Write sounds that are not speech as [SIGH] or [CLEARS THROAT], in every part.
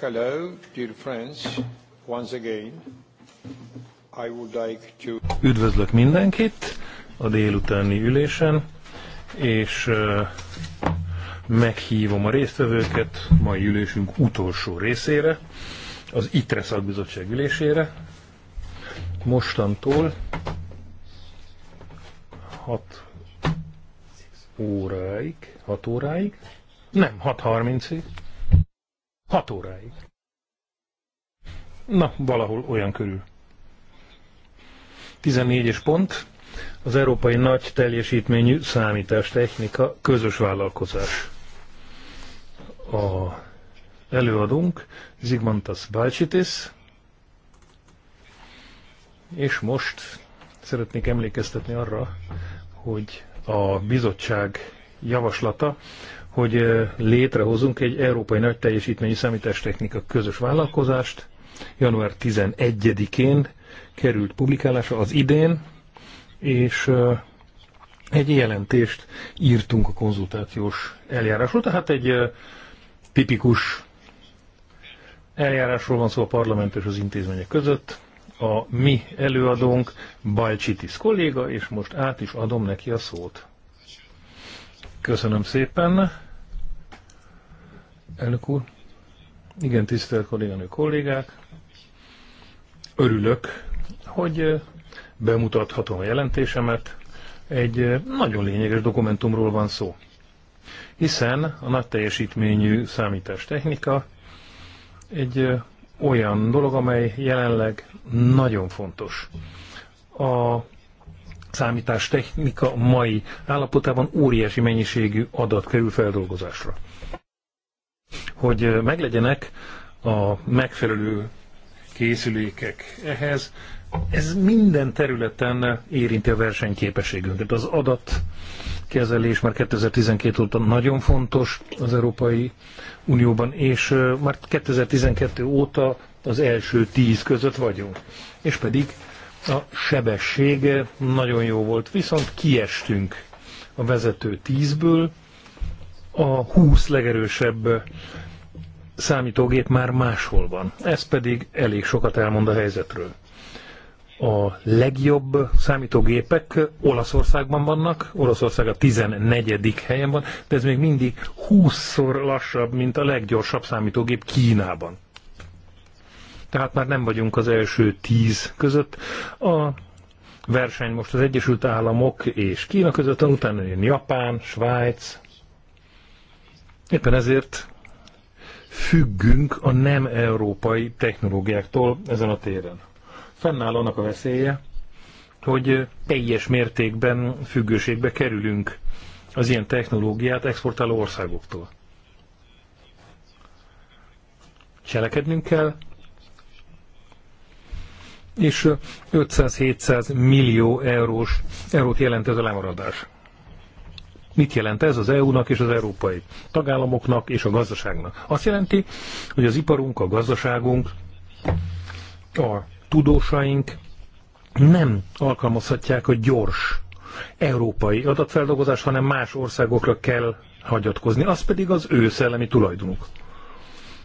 hello, dear friends, once again. I would like to... Üdvözlök mindenkit a délutáni ülésen, és uh, meghívom a résztvevőket mai ülésünk utolsó részére, az ITRE szakbizottság ülésére. Mostantól 6 óráig, 6 óráig, nem, 6.30-ig, 6 óráig. Na, valahol olyan körül. 14-es pont. Az Európai Nagy Teljesítményű Számítástechnika közös vállalkozás. A előadunk Zigmantas Balcsitis, és most szeretnék emlékeztetni arra, hogy a bizottság javaslata hogy létrehozunk egy európai nagy teljesítményi számítástechnika közös vállalkozást. Január 11-én került publikálása az idén, és egy jelentést írtunk a konzultációs eljárásról, tehát egy tipikus eljárásról van szó a parlament és az intézmények között. A mi előadónk Balcsitis kolléga, és most át is adom neki a szót. Köszönöm szépen. Elnök úr, igen, tisztelt kolléganő kollégák, örülök, hogy bemutathatom a jelentésemet. Egy nagyon lényeges dokumentumról van szó, hiszen a nagy teljesítményű számítástechnika egy olyan dolog, amely jelenleg nagyon fontos. A számítástechnika mai állapotában óriási mennyiségű adat kerül feldolgozásra hogy meglegyenek a megfelelő készülékek ehhez. Ez minden területen érinti a versenyképességünket. Az adatkezelés már 2012 óta nagyon fontos az Európai Unióban, és már 2012 óta az első tíz között vagyunk. És pedig a sebesség nagyon jó volt, viszont kiestünk a vezető tízből, a 20 legerősebb számítógép már máshol van. Ez pedig elég sokat elmond a helyzetről. A legjobb számítógépek Olaszországban vannak, Olaszország a 14. helyen van, de ez még mindig 20-szor lassabb, mint a leggyorsabb számítógép Kínában. Tehát már nem vagyunk az első tíz között. A verseny most az Egyesült Államok és Kína között, utána jön Japán, Svájc, Éppen ezért függünk a nem európai technológiáktól ezen a téren. Fennáll annak a veszélye, hogy teljes mértékben függőségbe kerülünk az ilyen technológiát exportáló országoktól. Cselekednünk kell, és 500-700 millió eurós, eurót jelent ez a lemaradás. Mit jelent ez az EU-nak és az európai tagállamoknak és a gazdaságnak? Azt jelenti, hogy az iparunk, a gazdaságunk, a tudósaink nem alkalmazhatják a gyors európai adatfeldolgozás, hanem más országokra kell hagyatkozni. Az pedig az ő szellemi tulajdonuk.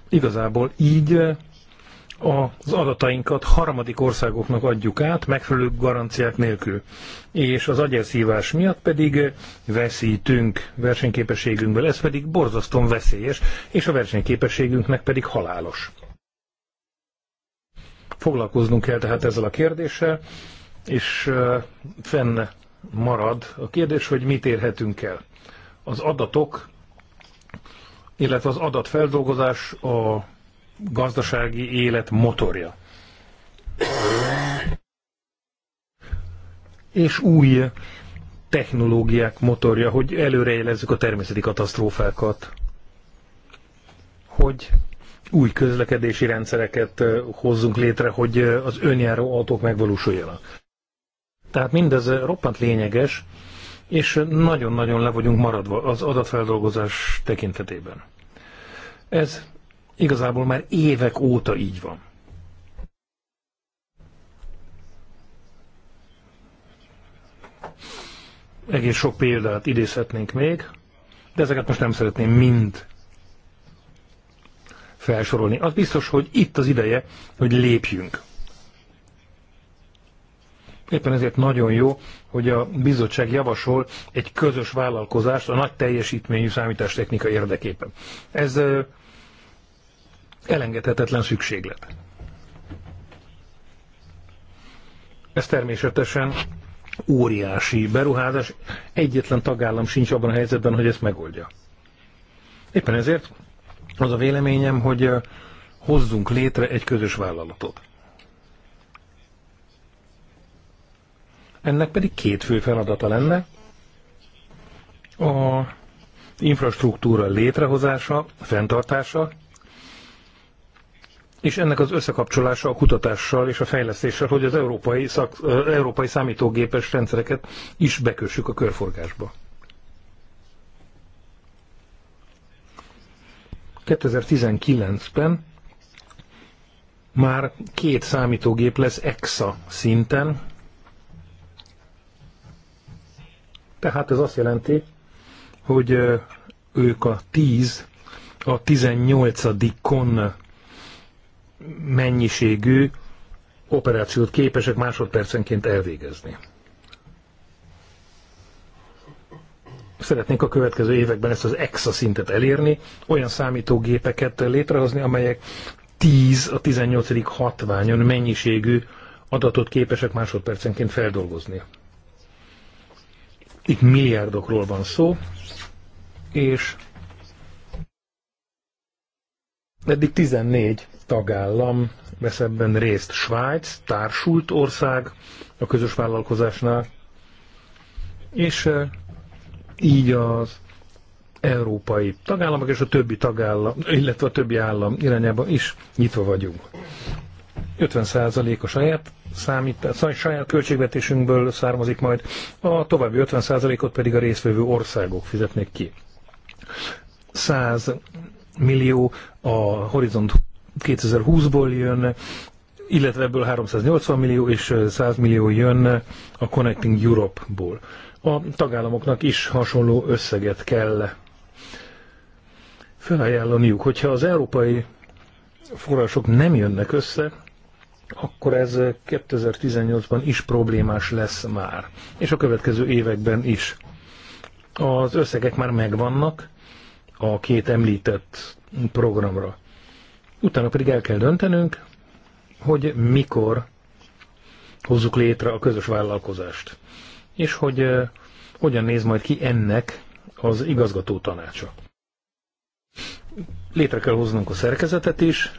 Igazából így az adatainkat harmadik országoknak adjuk át, megfelelő garanciák nélkül. És az agyelszívás miatt pedig veszítünk versenyképességünkből, ez pedig borzasztóan veszélyes, és a versenyképességünknek pedig halálos. Foglalkoznunk kell tehát ezzel a kérdéssel, és fenn marad a kérdés, hogy mit érhetünk el. Az adatok, illetve az adatfeldolgozás a gazdasági élet motorja. És új technológiák motorja, hogy előrejelezzük a természeti katasztrófákat, hogy új közlekedési rendszereket hozzunk létre, hogy az önjáró autók megvalósuljanak. Tehát mindez roppant lényeges, és nagyon-nagyon le vagyunk maradva az adatfeldolgozás tekintetében. Ez Igazából már évek óta így van. Egész sok példát idézhetnénk még, de ezeket most nem szeretném mind felsorolni. Az biztos, hogy itt az ideje, hogy lépjünk. Éppen ezért nagyon jó, hogy a bizottság javasol egy közös vállalkozást a nagy teljesítményű számítástechnika érdekében. Ez elengedhetetlen szükséglet. Ez természetesen óriási beruházás, egyetlen tagállam sincs abban a helyzetben, hogy ezt megoldja. Éppen ezért az a véleményem, hogy hozzunk létre egy közös vállalatot. Ennek pedig két fő feladata lenne. A infrastruktúra létrehozása, fenntartása, és ennek az összekapcsolása a kutatással és a fejlesztéssel, hogy az európai, szak, európai számítógépes rendszereket is bekössük a körforgásba. 2019-ben már két számítógép lesz EXA szinten, tehát ez azt jelenti, hogy ők a 10 a 18 kon mennyiségű operációt képesek másodpercenként elvégezni. Szeretnénk a következő években ezt az EXA szintet elérni, olyan számítógépeket létrehozni, amelyek 10 a 18. hatványon mennyiségű adatot képesek másodpercenként feldolgozni. Itt milliárdokról van szó, és eddig 14 tagállam vesz ebben részt. Svájc, társult ország a közös vállalkozásnál, és e, így az európai tagállamok és a többi tagállam, illetve a többi állam irányában is nyitva vagyunk. 50% a saját számít, a saját költségvetésünkből származik majd, a további 50%-ot pedig a részvevő országok fizetnék ki. 100 millió a Horizont 2020-ból jön, illetve ebből 380 millió és 100 millió jön a Connecting Europe-ból. A tagállamoknak is hasonló összeget kell felajánlaniuk. Hogyha az európai források nem jönnek össze, akkor ez 2018-ban is problémás lesz már, és a következő években is. Az összegek már megvannak a két említett programra. Utána pedig el kell döntenünk, hogy mikor hozzuk létre a közös vállalkozást, és hogy uh, hogyan néz majd ki ennek az igazgató tanácsa. Létre kell hoznunk a szerkezetet is,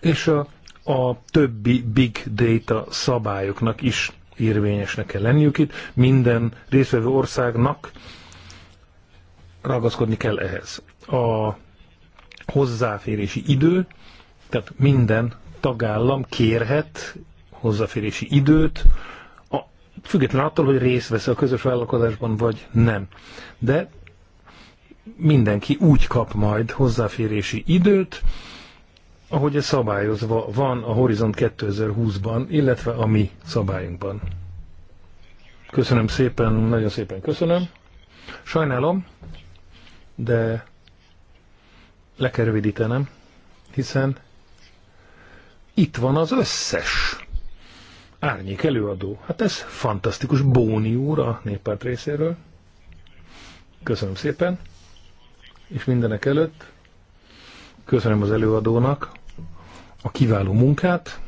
és a, a többi big data szabályoknak is érvényesnek kell lenniük itt, minden részvevő országnak ragaszkodni kell ehhez. A hozzáférési idő, tehát minden tagállam kérhet hozzáférési időt, a, független attól, hogy részt vesz a közös vállalkozásban, vagy nem. De mindenki úgy kap majd hozzáférési időt, ahogy ez szabályozva van a Horizont 2020-ban, illetve a mi szabályunkban. Köszönöm szépen, nagyon szépen köszönöm. Sajnálom, de le kell rövidítenem, hiszen itt van az összes árnyék előadó. Hát ez fantasztikus. Bóni úr a néppárt részéről. Köszönöm szépen. És mindenek előtt köszönöm az előadónak a kiváló munkát,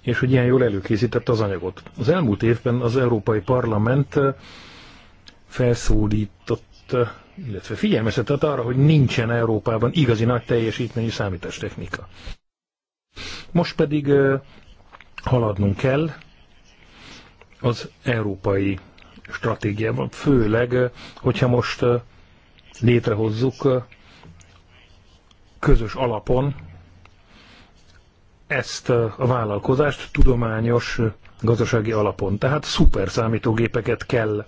és hogy ilyen jól előkészített az anyagot. Az elmúlt évben az Európai Parlament felszólított illetve figyelmeztetett arra, hogy nincsen Európában igazi nagy teljesítményű számítástechnika. Most pedig haladnunk kell az európai stratégiában, főleg, hogyha most létrehozzuk közös alapon ezt a vállalkozást tudományos gazdasági alapon. Tehát szuper számítógépeket kell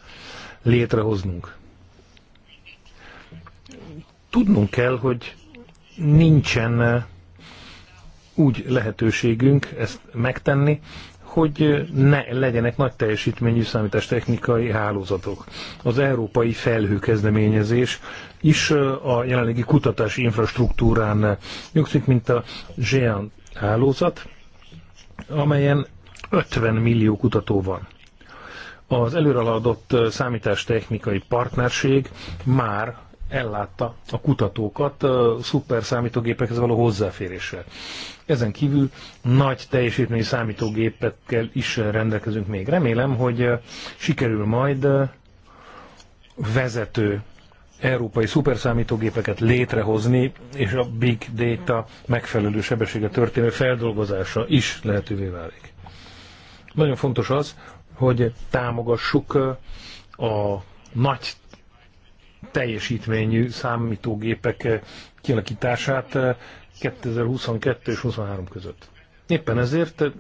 létrehoznunk. Tudnunk kell, hogy nincsen eh, úgy lehetőségünk ezt megtenni, hogy eh, ne legyenek nagy teljesítményű számítástechnikai hálózatok. Az európai felhőkezdeményezés is eh, a jelenlegi kutatási infrastruktúrán nyugszik, mint a GEAN hálózat, amelyen 50 millió kutató van. Az előreladott számítástechnikai partnerség már ellátta a kutatókat szuper számítógépekhez való hozzáféréssel. Ezen kívül nagy teljesítményű számítógépekkel is rendelkezünk még. Remélem, hogy sikerül majd vezető európai szuperszámítógépeket létrehozni, és a big data megfelelő sebessége történő feldolgozása is lehetővé válik. Nagyon fontos az, hogy támogassuk a nagy teljesítményű számítógépek eh, kialakítását 2022 eh, és 23 között. Éppen ezért eh,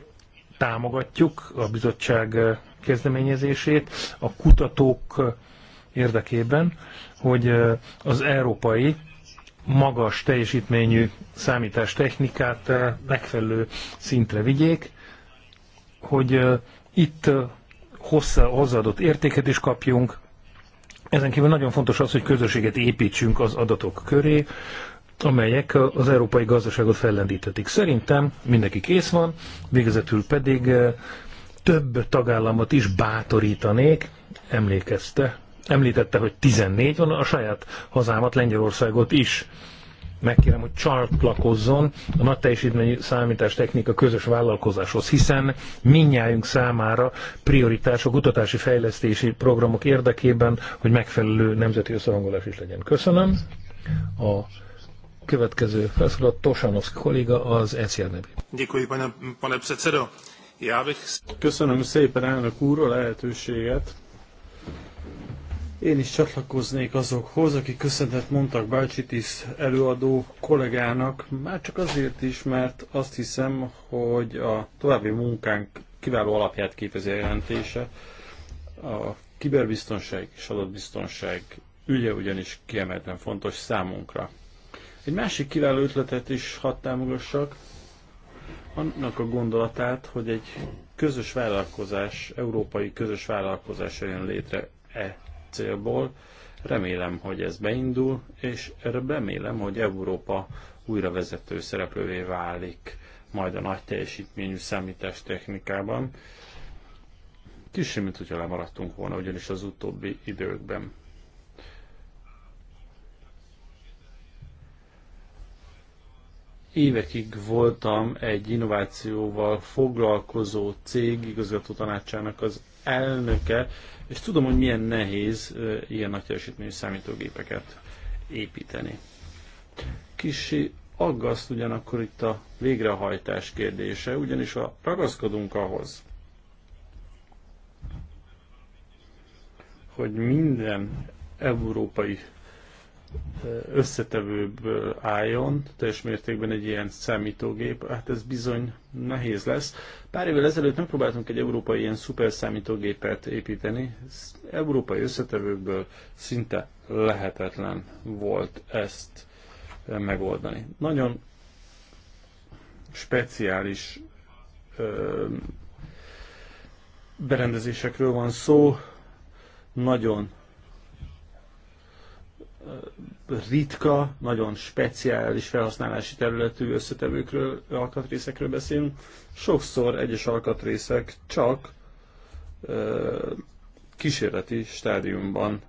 támogatjuk a bizottság kezdeményezését a kutatók érdekében, hogy az európai magas teljesítményű számítástechnikát megfelelő szintre vigyék, hogy itt hozzáadott értéket is kapjunk, ezen kívül nagyon fontos az, hogy közösséget építsünk az adatok köré, amelyek az európai gazdaságot fellendíthetik. Szerintem mindenki kész van, végezetül pedig eh, több tagállamot is bátorítanék, emlékezte, említette, hogy 14 van, a saját hazámat, Lengyelországot is megkérem, hogy csatlakozzon a nagy teljesítményű számítástechnika közös vállalkozáshoz, hiszen minnyájunk számára prioritások, kutatási fejlesztési programok érdekében, hogy megfelelő nemzeti összehangolás is legyen. Köszönöm. A következő felszólalt Tosanovszki kolléga az ECR nevében. Köszönöm szépen elnök úr a lehetőséget én is csatlakoznék azokhoz, akik köszönetet mondtak Bácsitis előadó kollégának, már csak azért is, mert azt hiszem, hogy a további munkánk kiváló alapját képezi a jelentése. A kiberbiztonság és adatbiztonság ügye ugyanis kiemelten fontos számunkra. Egy másik kiváló ötletet is hadd támogassak, annak a gondolatát, hogy egy közös vállalkozás, európai közös vállalkozás jön létre e célból. Remélem, hogy ez beindul, és remélem, hogy Európa újra vezető szereplővé válik majd a nagy teljesítményű számítástechnikában. Kicsi, mint hogyha lemaradtunk volna, ugyanis az utóbbi időkben. évekig voltam egy innovációval foglalkozó cég igazgató tanácsának az elnöke, és tudom, hogy milyen nehéz ilyen nagy teljesítményű számítógépeket építeni. Kisi aggaszt ugyanakkor itt a végrehajtás kérdése, ugyanis a ragaszkodunk ahhoz, hogy minden európai összetevőből álljon, teljes mértékben egy ilyen számítógép, hát ez bizony nehéz lesz. Pár évvel ezelőtt megpróbáltunk egy európai ilyen szuper számítógépet építeni, európai összetevőkből szinte lehetetlen volt ezt megoldani. Nagyon speciális ö, berendezésekről van szó, nagyon ritka, nagyon speciális felhasználási területű összetevőkről, alkatrészekről beszélünk. Sokszor egyes alkatrészek csak kísérleti stádiumban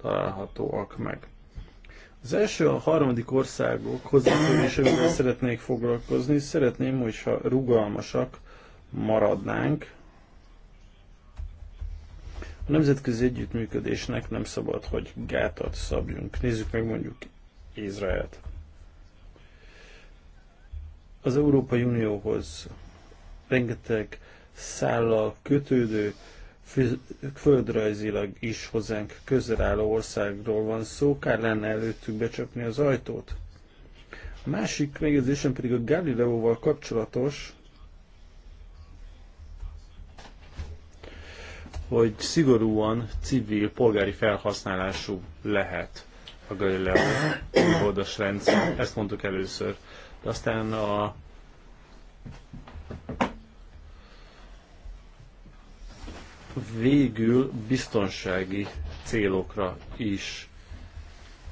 találhatóak meg. Az első a harmadik országok amivel szeretnék foglalkozni. Szeretném, hogyha rugalmasak maradnánk a nemzetközi együttműködésnek nem szabad, hogy gátat szabjunk. Nézzük meg mondjuk Izraelt. Az Európai Unióhoz rengeteg szállal kötődő, földrajzilag is hozzánk közel álló országról van szó, kár lenne előttük becsapni az ajtót. A másik megjegyzésem pedig a Galileóval kapcsolatos, hogy szigorúan civil, polgári felhasználású lehet a Galileo műholdas rendszer. Ezt mondtuk először. De aztán a végül biztonsági célokra is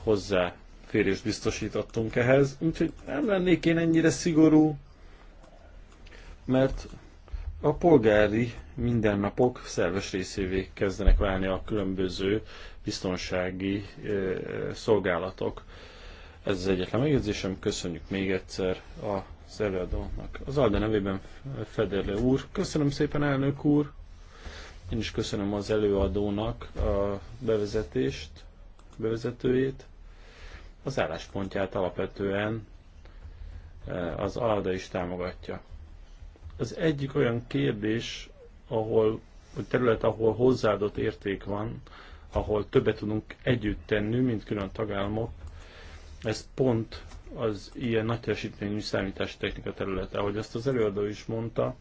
hozzá hozzáférést biztosítottunk ehhez, úgyhogy nem lennék én ennyire szigorú, mert a polgári mindennapok szerves részévé kezdenek válni a különböző biztonsági szolgálatok. Ez az egyetlen megjegyzésem. Köszönjük még egyszer az előadónak. Az Alda nevében Federle úr. Köszönöm szépen, elnök úr. Én is köszönöm az előadónak a bevezetést, bevezetőjét. Az álláspontját alapvetően az Alda is támogatja az egyik olyan kérdés, ahol, vagy terület, ahol hozzáadott érték van, ahol többet tudunk együtt tenni, mint külön tagállamok, ez pont az ilyen nagy teljesítményű számítási technika területe. Ahogy azt az előadó is mondta,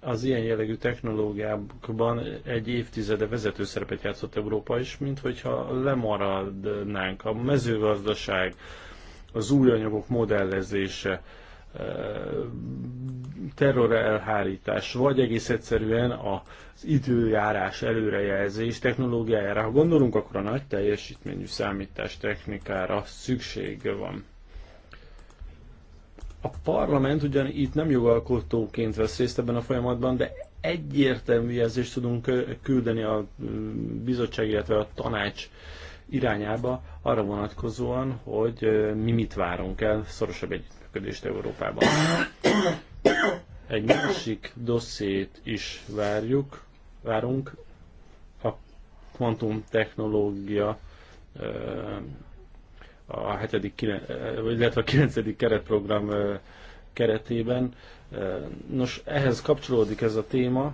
az ilyen jellegű technológiákban egy évtizede vezető szerepet játszott Európa is, mint hogyha lemaradnánk. A mezőgazdaság, az új anyagok modellezése, terror elhárítás, vagy egész egyszerűen az időjárás előrejelzés technológiájára. Ha gondolunk, akkor a nagy teljesítményű számítás technikára szüksége van. A parlament ugyan itt nem jogalkotóként vesz részt ebben a folyamatban, de egyértelmű jelzést tudunk küldeni a bizottság, illetve a tanács irányába arra vonatkozóan, hogy mi mit várunk el szorosabb együtt együttműködést Európában. Egy másik dossziét is várjuk, várunk, a kvantum technológia a 7. illetve a 9. keretprogram keretében. Nos, ehhez kapcsolódik ez a téma.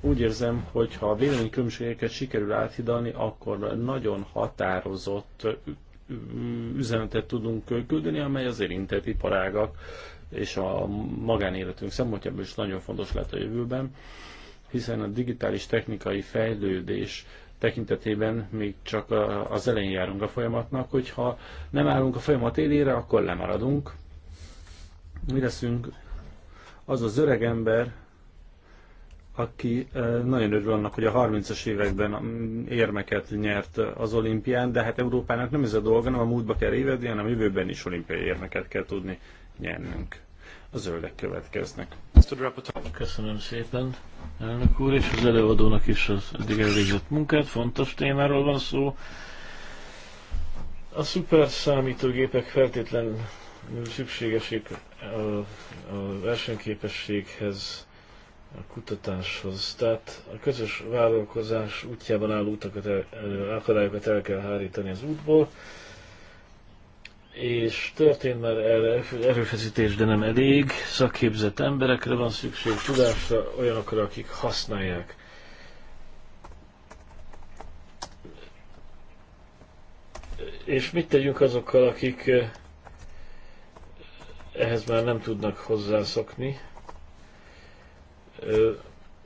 Úgy érzem, hogy ha a véleménykülönbségeket sikerül áthidalni, akkor nagyon határozott üzenetet tudunk küldeni, amely az érintett iparágak és a magánéletünk szempontjából is nagyon fontos lehet a jövőben, hiszen a digitális technikai fejlődés tekintetében még csak az elején járunk a folyamatnak, hogyha nem állunk a folyamat élére, akkor lemaradunk. Mi leszünk az az öreg ember, aki eh, nagyon örül annak, hogy a 30-as években mm, érmeket nyert az olimpián, de hát Európának nem ez a dolga, nem a múltba kell évedni, hanem a jövőben is olimpiai érmeket kell tudni nyernünk. A zöldek következnek. Köszönöm szépen, elnök úr, és az előadónak is az eddig elvégzett munkát. Fontos témáról van szó. A szuper számítógépek feltétlenül szükségesek a, a versenyképességhez a kutatáshoz. Tehát a közös vállalkozás útjában álló utakat, akadályokat el kell hárítani az útból, és történt már erre erőfeszítés, de nem elég. Szakképzett emberekre van szükség, tudásra, olyanokra, akik használják. És mit tegyünk azokkal, akik eh, ehhez már nem tudnak hozzászokni,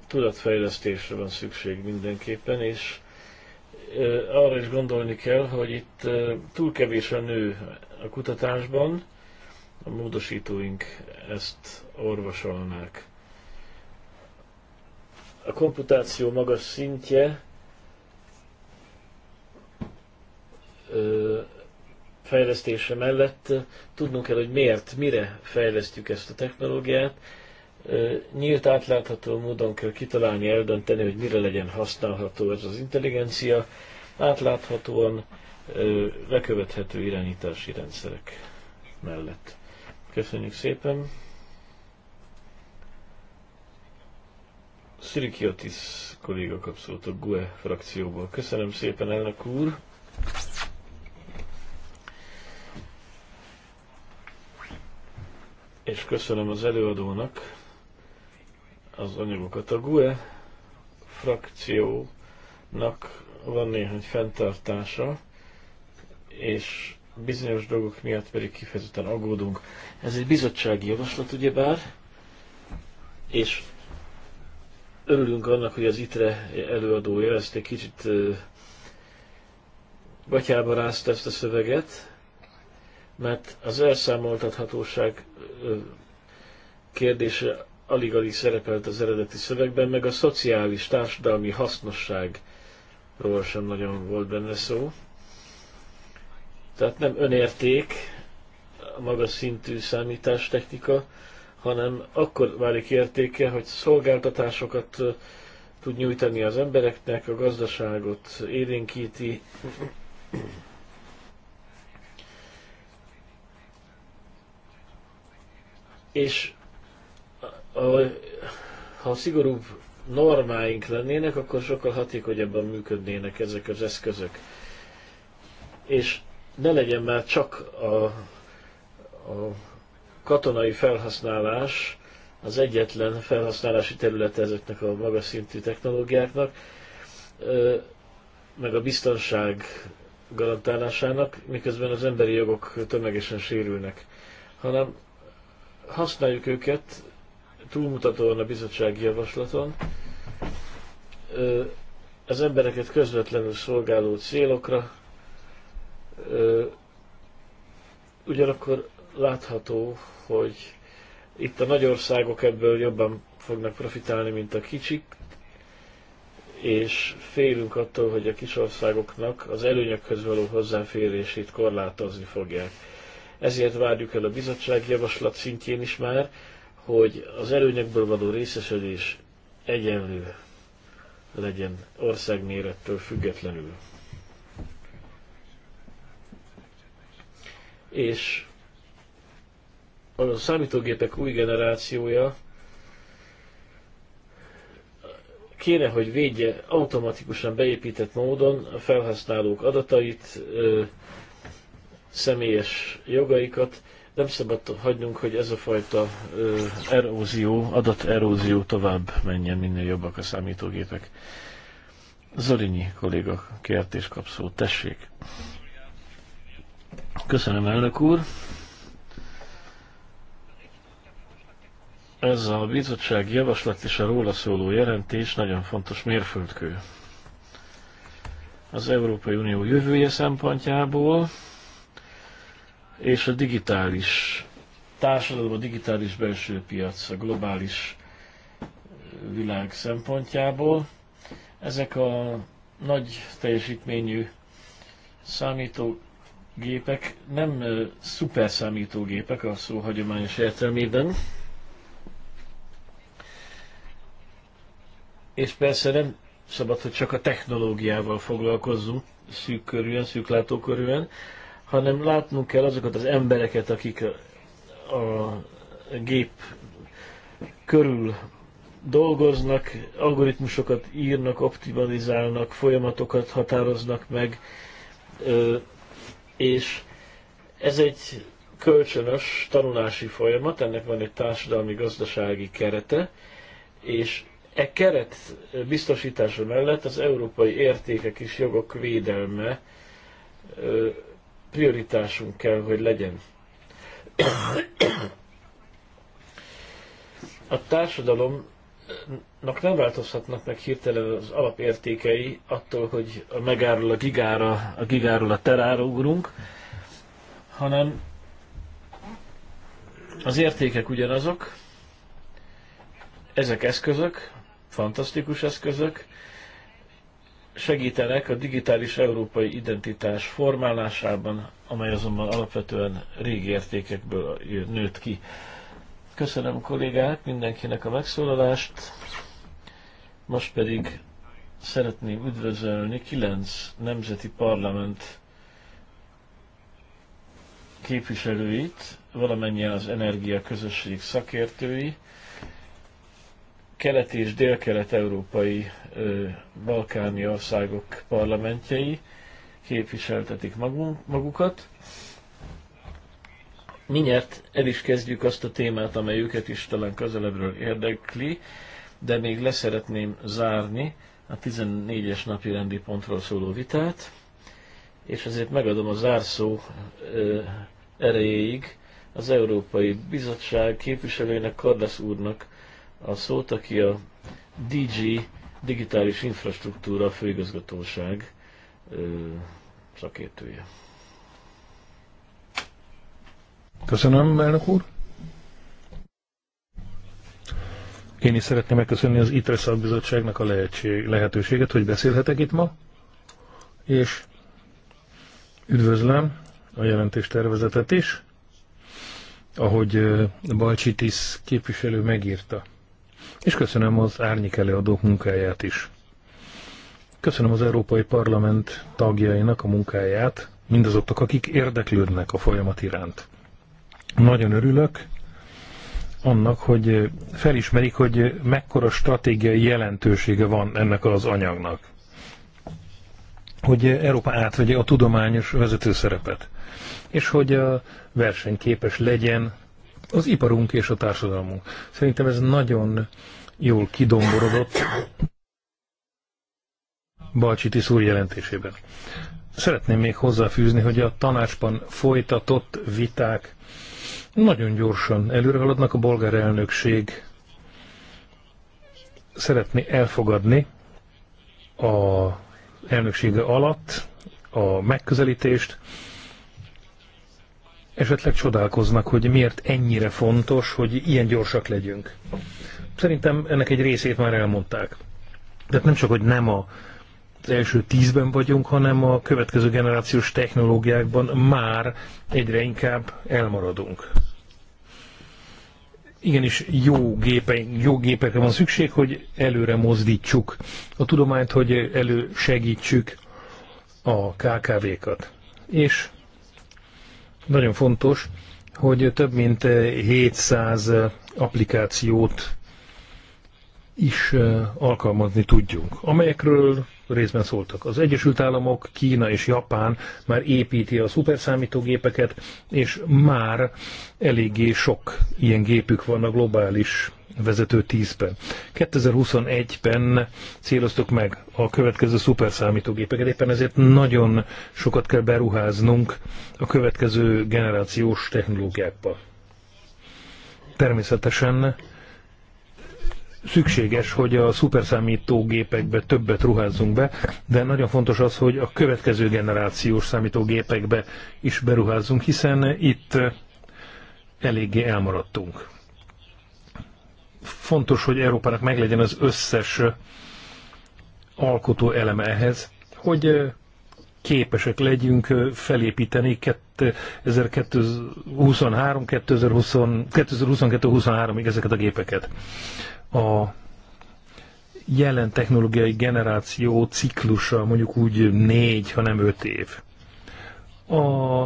tudatfejlesztésre van szükség mindenképpen, és arra is gondolni kell, hogy itt túl kevés a nő a kutatásban, a módosítóink ezt orvosolnák. A komputáció magas szintje fejlesztése mellett tudnunk kell, hogy miért, mire fejlesztjük ezt a technológiát, nyílt átlátható módon kell kitalálni, eldönteni, hogy mire legyen használható ez az intelligencia, átláthatóan lekövethető irányítási rendszerek mellett. Köszönjük szépen! Szirikiotis kolléga kapcsolt a GUE frakcióból. Köszönöm szépen, elnök úr! És köszönöm az előadónak, az anyagokat. A GUE frakciónak van néhány fenntartása, és bizonyos dolgok miatt pedig kifejezetten aggódunk. Ez egy bizottsági javaslat ugyebár, és örülünk annak, hogy az ITRE előadója ezt egy kicsit gatyába rázta ezt a szöveget, mert az elszámoltathatóság kérdése alig-alig szerepelt az eredeti szövegben, meg a szociális, társadalmi hasznosságról sem nagyon volt benne szó. Tehát nem önérték a magas szintű számítástechnika, hanem akkor válik értéke, hogy szolgáltatásokat tud nyújtani az embereknek, a gazdaságot élénkíti. És ha szigorúbb normáink lennének, akkor sokkal hatékonyabban működnének ezek az eszközök. És ne legyen már csak a, a katonai felhasználás az egyetlen felhasználási területe ezeknek a magas szintű technológiáknak, meg a biztonság garantálásának, miközben az emberi jogok tömegesen sérülnek, hanem használjuk őket túlmutatóan a bizottsági javaslaton. Az embereket közvetlenül szolgáló célokra ugyanakkor látható, hogy itt a nagy országok ebből jobban fognak profitálni, mint a kicsik, és félünk attól, hogy a kis országoknak az előnyökhöz való hozzáférését korlátozni fogják. Ezért várjuk el a bizottság javaslat szintjén is már, hogy az előnyekből való részesedés egyenlő legyen országmérettől függetlenül. És a számítógépek új generációja kéne, hogy védje automatikusan beépített módon a felhasználók adatait, személyes jogaikat, nem szabad hagynunk, hogy ez a fajta ö, erózió, erózió tovább menjen, minél jobbak a számítógépek. Zorinyi kolléga kért és kap szót. Tessék! Köszönöm, elnök úr! Ez a bizottság javaslat és a róla szóló jelentés nagyon fontos mérföldkő. Az Európai Unió jövője szempontjából, és a digitális társadalom, a digitális belső piac, a globális világ szempontjából. Ezek a nagy teljesítményű számítógépek nem szuper számítógépek a szó hagyományos értelmében, és persze nem szabad, hogy csak a technológiával foglalkozzunk szűk körűen, szűklátókörűen, hanem látnunk kell azokat az embereket, akik a gép körül dolgoznak, algoritmusokat írnak, optimalizálnak, folyamatokat határoznak meg, és ez egy kölcsönös tanulási folyamat, ennek van egy társadalmi-gazdasági kerete, és e keret biztosítása mellett az európai értékek és jogok védelme prioritásunk kell, hogy legyen. A társadalomnak nem változhatnak meg hirtelen az alapértékei attól, hogy a megáról a gigára, a gigáról a terára ugrunk, hanem az értékek ugyanazok, ezek eszközök, fantasztikus eszközök, segítenek a digitális európai identitás formálásában, amely azonban alapvetően régi értékekből nőtt ki. Köszönöm kollégák mindenkinek a megszólalást, most pedig szeretném üdvözölni kilenc nemzeti parlament képviselőit, valamennyien az energia közösség szakértői, keleti és délkelet-európai balkáni országok parlamentjei képviseltetik magunk, magukat. Minyert el is kezdjük azt a témát, amely őket is talán közelebbről érdekli, de még leszeretném zárni a 14-es napi rendi pontról szóló vitát, és ezért megadom a zárszó ö, erejéig az Európai Bizottság képviselőjének, Kardasz úrnak a szót, aki a DG Digitális Infrastruktúra Főigazgatóság szakértője. Köszönöm, elnök úr! Én is szeretném megköszönni az ITRE szakbizottságnak a lehetség, lehetőséget, hogy beszélhetek itt ma, és üdvözlöm a jelentéstervezetet is, ahogy Balcsitis képviselő megírta és köszönöm az árnyék előadók munkáját is. Köszönöm az Európai Parlament tagjainak a munkáját, mindazoknak, akik érdeklődnek a folyamat iránt. Nagyon örülök annak, hogy felismerik, hogy mekkora stratégiai jelentősége van ennek az anyagnak. Hogy Európa átvegye a tudományos vezető szerepet, és hogy a versenyképes legyen az iparunk és a társadalmunk. Szerintem ez nagyon jól kidomborodott Balcsi Tiszúr jelentésében. Szeretném még hozzáfűzni, hogy a tanácsban folytatott viták nagyon gyorsan előre haladnak. A bolgár elnökség szeretné elfogadni a elnöksége alatt a megközelítést, esetleg csodálkoznak, hogy miért ennyire fontos, hogy ilyen gyorsak legyünk. Szerintem ennek egy részét már elmondták. Tehát nem csak, hogy nem a, az első tízben vagyunk, hanem a következő generációs technológiákban már egyre inkább elmaradunk. Igenis jó, gépe, jó gépekre van szükség, hogy előre mozdítsuk a tudományt, hogy elő segítsük a KKV-kat. És nagyon fontos, hogy több mint 700 applikációt is alkalmazni tudjunk, amelyekről részben szóltak. Az Egyesült Államok, Kína és Japán már építi a szuperszámítógépeket, és már eléggé sok ilyen gépük van a globális vezető 10-ben. 2021-ben céloztuk meg a következő szuperszámítógépeket, éppen ezért nagyon sokat kell beruháznunk a következő generációs technológiákba. Természetesen szükséges, hogy a szuperszámítógépekbe többet ruházzunk be, de nagyon fontos az, hogy a következő generációs számítógépekbe is beruházzunk, hiszen itt eléggé elmaradtunk fontos, hogy Európának meglegyen az összes alkotó eleme ehhez, hogy képesek legyünk felépíteni 2023-2022-23-ig ezeket a gépeket. A jelen technológiai generáció ciklusa mondjuk úgy négy, hanem öt év. A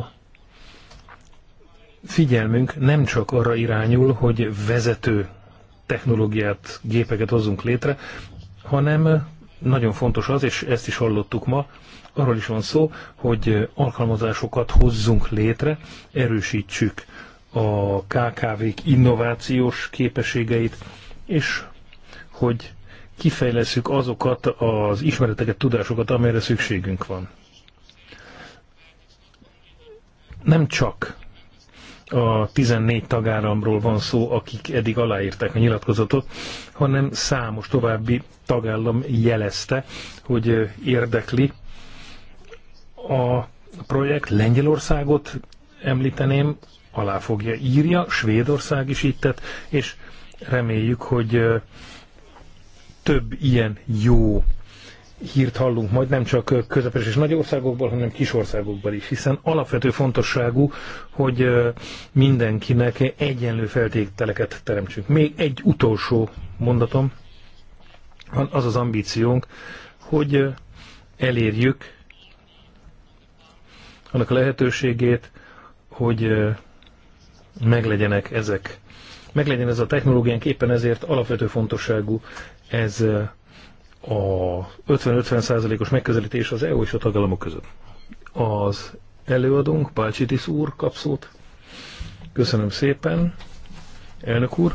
figyelmünk nem csak arra irányul, hogy vezető technológiát, gépeket hozzunk létre, hanem nagyon fontos az, és ezt is hallottuk ma, arról is van szó, hogy alkalmazásokat hozzunk létre, erősítsük a KKV-k innovációs képességeit, és hogy kifejleszünk azokat az ismereteket, tudásokat, amelyre szükségünk van. Nem csak a 14 tagállamról van szó, akik eddig aláírták a nyilatkozatot, hanem számos további tagállam jelezte, hogy érdekli a projekt. Lengyelországot említeném, alá fogja írja, Svédország is itt tett, és reméljük, hogy több ilyen jó hírt hallunk majd nem csak közepes és nagy országokból, hanem kis országokból is, hiszen alapvető fontosságú, hogy mindenkinek egyenlő feltételeket teremtsünk. Még egy utolsó mondatom, az az ambíciónk, hogy elérjük annak a lehetőségét, hogy meglegyenek ezek. Meglegyen ez a technológiánk, éppen ezért alapvető fontosságú ez a 50-50 százalékos megközelítés az EU és a tagállamok között. Az előadónk, Pálcsitis úr kap szót. Köszönöm szépen, elnök úr.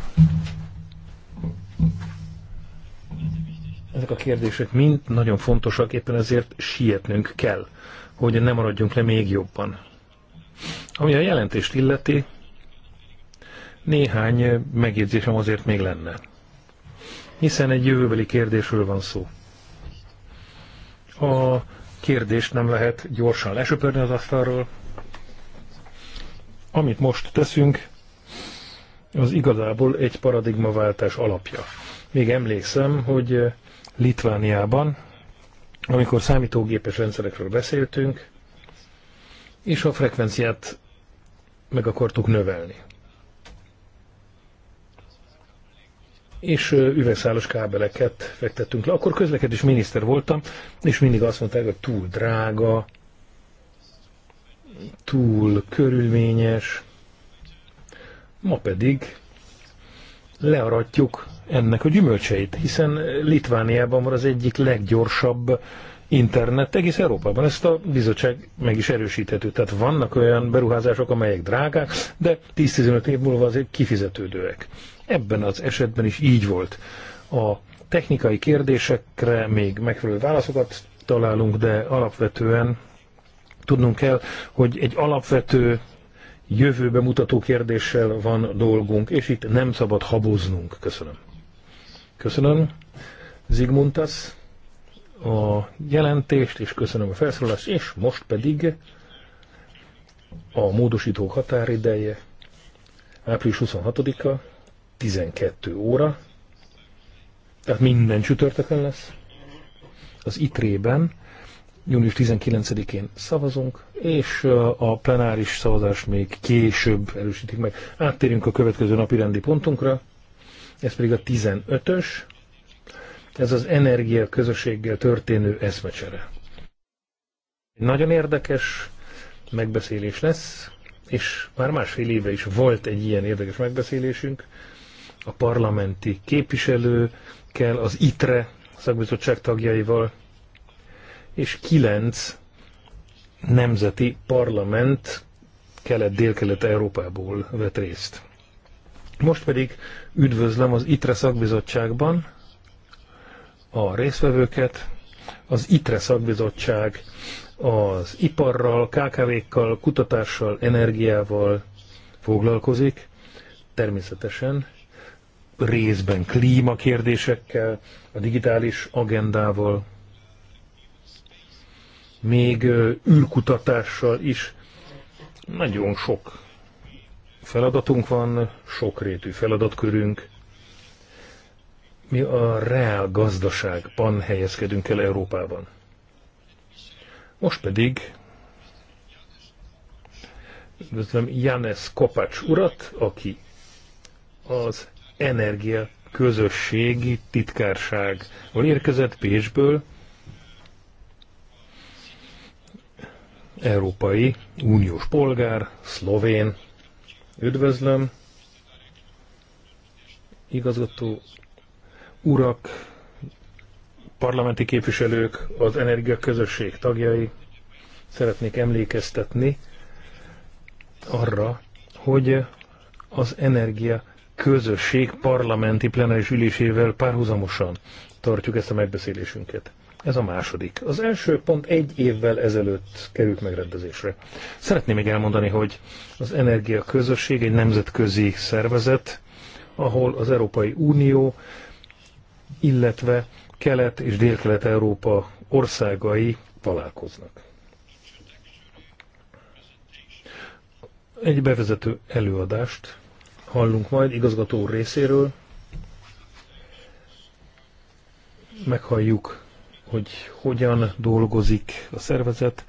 Ezek a kérdések mind nagyon fontosak, éppen ezért sietnünk kell, hogy ne maradjunk le még jobban. Ami a jelentést illeti, néhány megjegyzésem azért még lenne hiszen egy jövőbeli kérdésről van szó. A kérdést nem lehet gyorsan lesöpörni az asztalról. Amit most teszünk, az igazából egy paradigmaváltás alapja. Még emlékszem, hogy eh, Litvániában, amikor számítógépes rendszerekről beszéltünk, és a frekvenciát meg akartuk növelni. és üvegszálos kábeleket fektettünk le. Akkor közlekedés miniszter voltam, és mindig azt mondták, hogy túl drága, túl körülményes. Ma pedig learatjuk ennek a gyümölcseit, hiszen Litvániában van az egyik leggyorsabb internet egész Európában. Ezt a bizottság meg is erősíthető. Tehát vannak olyan beruházások, amelyek drágák, de 10-15 év múlva azért kifizetődőek. Ebben az esetben is így volt. A technikai kérdésekre még megfelelő válaszokat találunk, de alapvetően tudnunk kell, hogy egy alapvető jövőbe mutató kérdéssel van dolgunk, és itt nem szabad haboznunk. Köszönöm. Köszönöm. Zigmuntas a jelentést, és köszönöm a felszólalást, és most pedig a módosítók határideje április 26-a, 12 óra, tehát minden csütörtökön lesz. Az ITRE-ben június 19-én szavazunk, és uh, a plenáris szavazás még később erősítik meg. Áttérünk a következő napi rendi pontunkra, ez pedig a 15-ös, ez az energia közösséggel történő eszmecsere. Nagyon érdekes megbeszélés lesz, és már másfél éve is volt egy ilyen érdekes megbeszélésünk, a parlamenti képviselőkkel, az ITRE szakbizottság tagjaival, és kilenc nemzeti parlament kelet-dél-kelet-európából vett részt. Most pedig üdvözlöm az ITRE szakbizottságban a résztvevőket. Az ITRE szakbizottság az iparral, KKV-kkal, kutatással, energiával foglalkozik. Természetesen részben klímakérdésekkel, a digitális agendával, még űrkutatással is. Nagyon sok feladatunk van, sokrétű feladatkörünk. Mi a reál gazdaságban helyezkedünk el Európában. Most pedig üdvözlöm Janes Kopács urat, aki az energia közösségi Hol érkezett Pécsből, európai uniós polgár, szlovén. Üdvözlöm, igazgató urak, parlamenti képviselők, az energia közösség tagjai. Szeretnék emlékeztetni arra, hogy az energia közösség parlamenti plenáris ülésével párhuzamosan tartjuk ezt a megbeszélésünket. Ez a második. Az első pont egy évvel ezelőtt került megrendezésre. Szeretném még elmondani, hogy az Energia Közösség egy nemzetközi szervezet, ahol az Európai Unió, illetve Kelet- és Dél-Kelet-Európa országai találkoznak. Egy bevezető előadást hallunk majd igazgató úr részéről. Meghalljuk, hogy hogyan dolgozik a szervezet.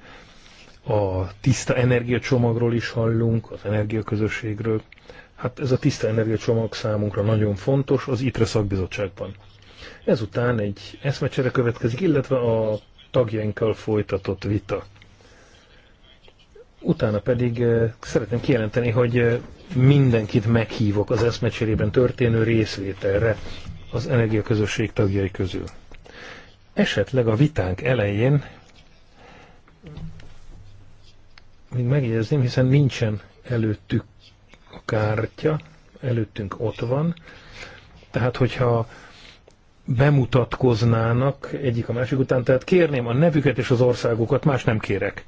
A tiszta energiacsomagról is hallunk, az energiaközösségről. Hát ez a tiszta energiacsomag számunkra nagyon fontos az ITRE szakbizottságban. Ezután egy eszmecsere következik, illetve a tagjainkkal folytatott vita. Utána pedig szeretném kijelenteni, hogy mindenkit meghívok az eszmecserében történő részvételre az energiaközösség tagjai közül. Esetleg a vitánk elején még megjegyezném, hiszen nincsen előttük a kártya, előttünk ott van, tehát hogyha bemutatkoznának egyik a másik után, tehát kérném a nevüket és az országukat, más nem kérek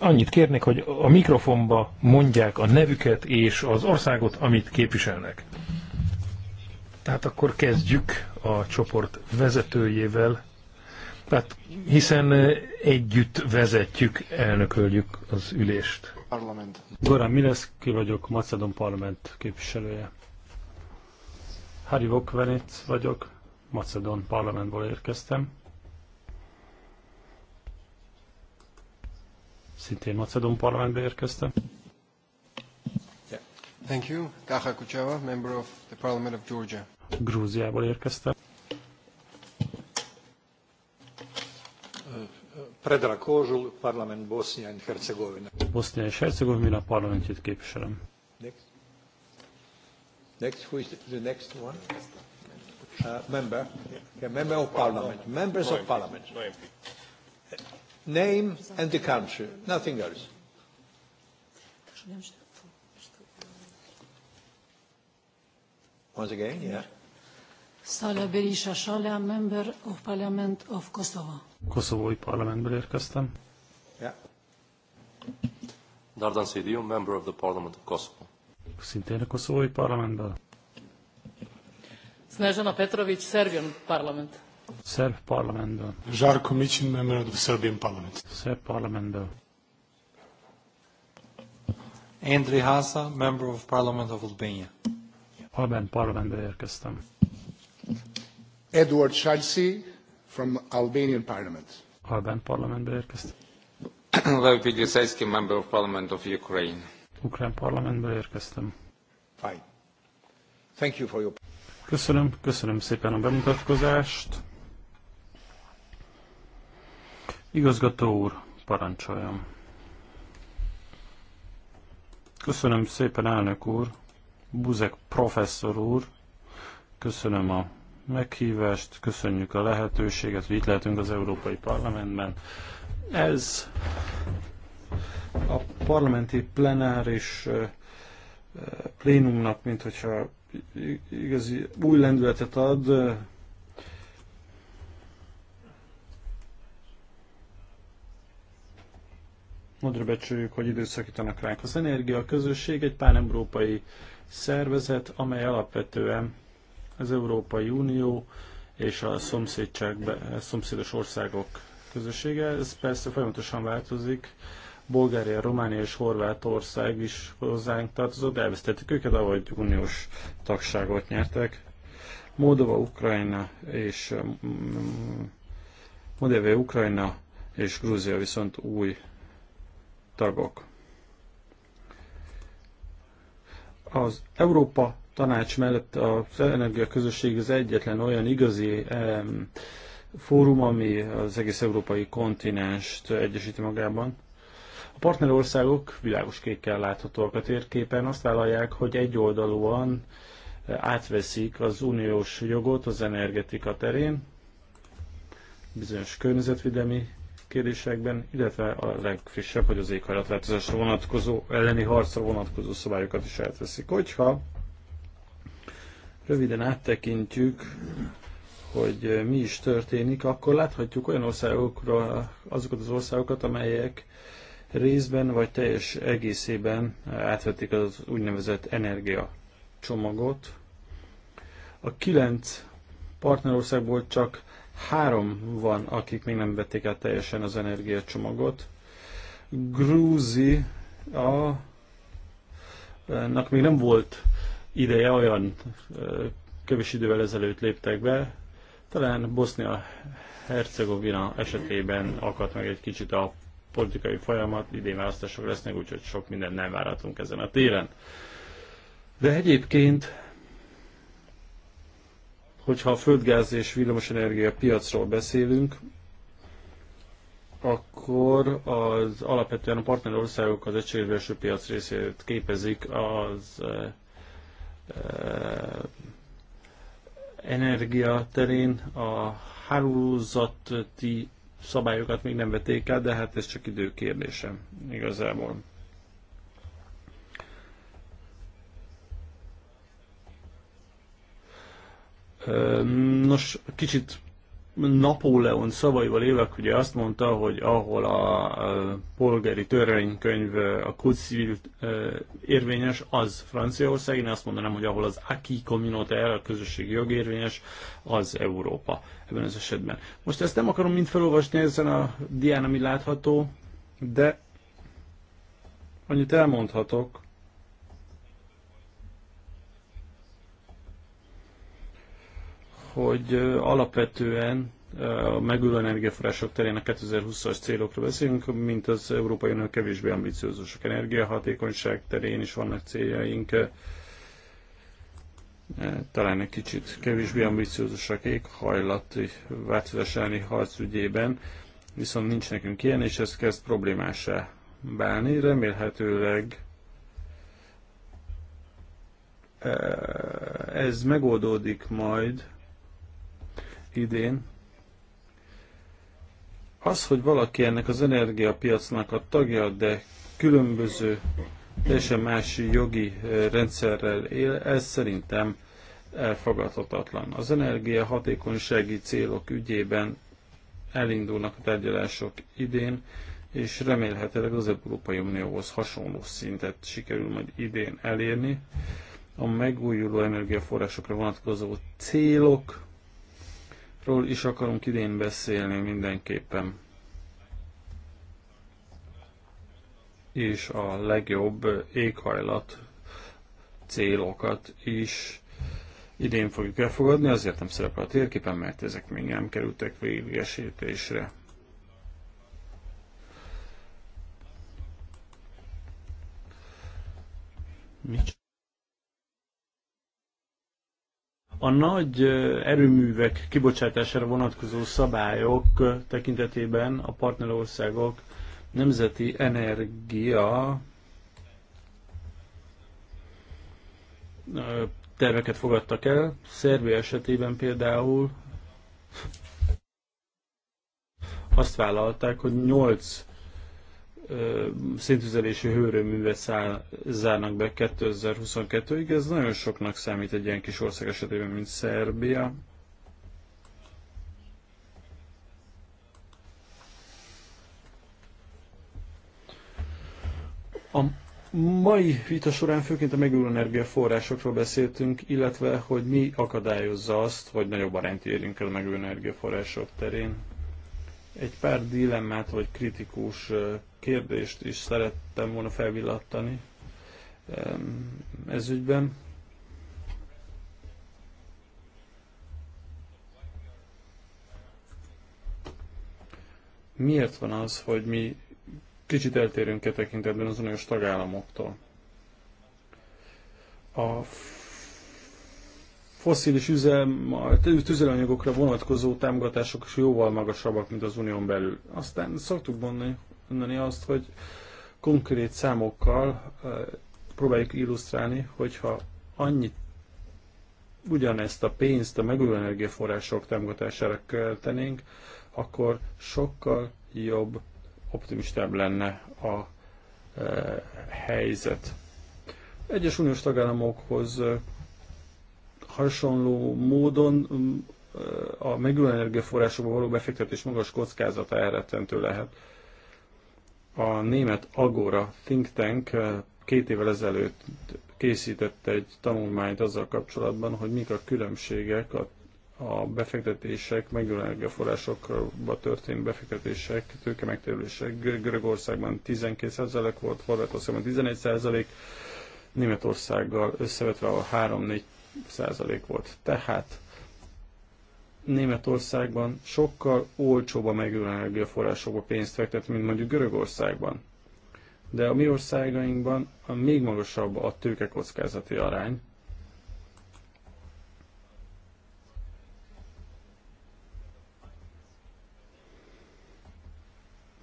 annyit kérnék, hogy a mikrofonba mondják a nevüket és az országot, amit képviselnek. Tehát akkor kezdjük a csoport vezetőjével. Tehát hiszen együtt vezetjük, elnököljük az ülést. Parlament. Goran Mileszki vagyok, Macedon Parlament képviselője. Harry Vokvenec vagyok, Macedon Parlamentból érkeztem. szintén Macedón parlamentbe érkeztem. Thank you. Kaha Kuchava, member of the Parliament of Georgia. Grúziából érkeztem. Predrag Kozul, parlament Bosnia and Herzegovina. Bosnia és Herzegovina parlamentjét képviselem. Next. Next, who is the next one? Uh, member. Yeah, member of parliament. Members of parliament name and the country, nothing else. Once again, yeah. Szala Berisha, Sala, member of Parliament of Kosovo. Koszovói parlamentből érkeztem. Yeah. Dardan Sidiu, member of the Parliament of Kosovo. Szintén a koszovói parlamentből. Snežana Petrović, Serbian Parliament. Szerb parlamentből. Žarko Mićin, member of the Serbian parliament. Szerb parlamentből. Andri Haza, member of parliament of Albania. Albán parlamentből érkeztem. Edward Chalsi, from Albanian parliament. Alban Parlamento érkeztem. Lev [CLEARS THROAT] Pigliseski, member of parliament of Ukraine. Ukrán parlamentből érkeztem. Fine. Thank you for your... Köszönöm, köszönöm szépen a bemutatkozást. Igazgató úr, parancsoljon. Köszönöm szépen, elnök úr, Buzek professzor úr, köszönöm a meghívást, köszönjük a lehetőséget, hogy itt lehetünk az Európai Parlamentben. Ez a parlamenti plenáris plénumnak, mint hogyha igazi új lendületet ad, Nagyra becsüljük, hogy időszakítanak ránk az energia. A közösség egy pár európai szervezet, amely alapvetően az Európai Unió és a szomszédos országok közössége. Ez persze folyamatosan változik. Bulgária, Románia és Horvátország is hozzánk tartozott, elvesztettük őket, ahogy uniós tagságot nyertek. Moldova, Ukrajna és mm, Moldova, Ukrajna és Grúzia viszont új tagok. Az Európa tanács mellett az energiaközösség az egyetlen olyan igazi em, fórum, ami az egész európai kontinenst egyesíti magában. A partnerországok világos kékkel láthatóak a térképen, azt vállalják, hogy egyoldalúan átveszik az uniós jogot az energetika terén, bizonyos környezetvédelmi kérdésekben, illetve a legfrissebb, hogy az éghajlatváltozásra vonatkozó, elleni harcra vonatkozó szabályokat is elteszik. Hogyha röviden áttekintjük, hogy mi is történik, akkor láthatjuk olyan országokra, azokat az országokat, amelyek részben vagy teljes egészében átvették az úgynevezett energia csomagot. A kilenc partnerországból csak Három van, akik még nem vették át teljesen az energiacsomagot. Grúzi a nak még nem volt ideje, olyan kevés idővel ezelőtt léptek be. Talán bosnia hercegovina esetében akadt meg egy kicsit a politikai folyamat, idén választások lesznek, úgyhogy sok mindent nem várhatunk ezen a téren. De egyébként Hogyha a földgáz és villamosenergia piacról beszélünk, akkor az alapvetően a partnerországok az egységes piac részét képezik az e, e, energia terén. A hálózati szabályokat még nem vették el, de hát ez csak idő kérdése igazából. Nos, kicsit Napóleon szavaival élek, ugye azt mondta, hogy ahol a polgári törvénykönyv, a Code Civil érvényes, az Franciaország. Én azt mondanám, hogy ahol az Aki Communautaire, a közösségi jog érvényes, az Európa ebben az esetben. Most ezt nem akarom mind felolvasni ezen a dián, ami látható, de annyit elmondhatok, hogy alapvetően a megújuló energiaforrások terén a 2020-as célokra beszélünk, mint az Európai Unió kevésbé ambiciózusok. Energiahatékonyság terén is vannak céljaink, talán egy kicsit kevésbé ambiciózusak éghajlati változás elleni harc ügyében, viszont nincs nekünk ilyen, és ez kezd problémásá válni. Remélhetőleg ez megoldódik majd idén. Az, hogy valaki ennek az energiapiacnak a tagja, de különböző, teljesen más jogi eh, rendszerrel él, ez szerintem elfogadhatatlan. Az energia hatékonysági célok ügyében elindulnak a tárgyalások idén, és remélhetőleg az Európai Unióhoz hasonló szintet sikerül majd idén elérni. A megújuló energiaforrásokra vonatkozó célok ról is akarunk idén beszélni mindenképpen. És a legjobb éghajlat célokat is idén fogjuk elfogadni, azért nem szerepel a térképen, mert ezek még nem kerültek végesítésre. Mit? A nagy erőművek kibocsátására vonatkozó szabályok tekintetében a partnerországok nemzeti energia terveket fogadtak el. Szerbia esetében például azt vállalták, hogy 8 szintüzelési hőrőművet zárnak be 2022-ig. Ez nagyon soknak számít egy ilyen kis ország esetében, mint Szerbia. A mai vita során főként a megújuló energiaforrásokról beszéltünk, illetve hogy mi akadályozza azt, hogy nagyobb arányt érjünk el a megújuló energiaforrások terén. Egy pár dilemmát vagy kritikus kérdést is szerettem volna felvillattani ez ügyben. Miért van az, hogy mi kicsit eltérünk e tekintetben az uniós tagállamoktól? A fosszilis üzem, tüzelőanyagokra vonatkozó támogatások is jóval magasabbak, mint az unión belül. Aztán szoktuk mondani, mondani azt, hogy konkrét számokkal próbáljuk illusztrálni, hogyha annyit ugyanezt a pénzt a megújuló energiaforrások támogatására költenénk, akkor sokkal jobb, optimistább lenne a e, helyzet. Egyes uniós tagállamokhoz hasonló módon mm, a megújuló energiaforrásokba való befektetés magas kockázata elrettentő lehet. A német Agora Think Tank eh, két évvel ezelőtt készített egy tanulmányt azzal kapcsolatban, hogy mik a különbségek a, a befektetések, megújuló energiaforrásokba történő befektetések, tőke megterülések. Görögországban 12% volt, Horvátországban 11%, Németországgal összevetve a 3-4 százalék volt. Tehát Németországban sokkal olcsóbb a megújuló energiaforrásokba pénzt fektet, mint mondjuk Görögországban. De a mi országainkban a még magasabb a kockázati arány.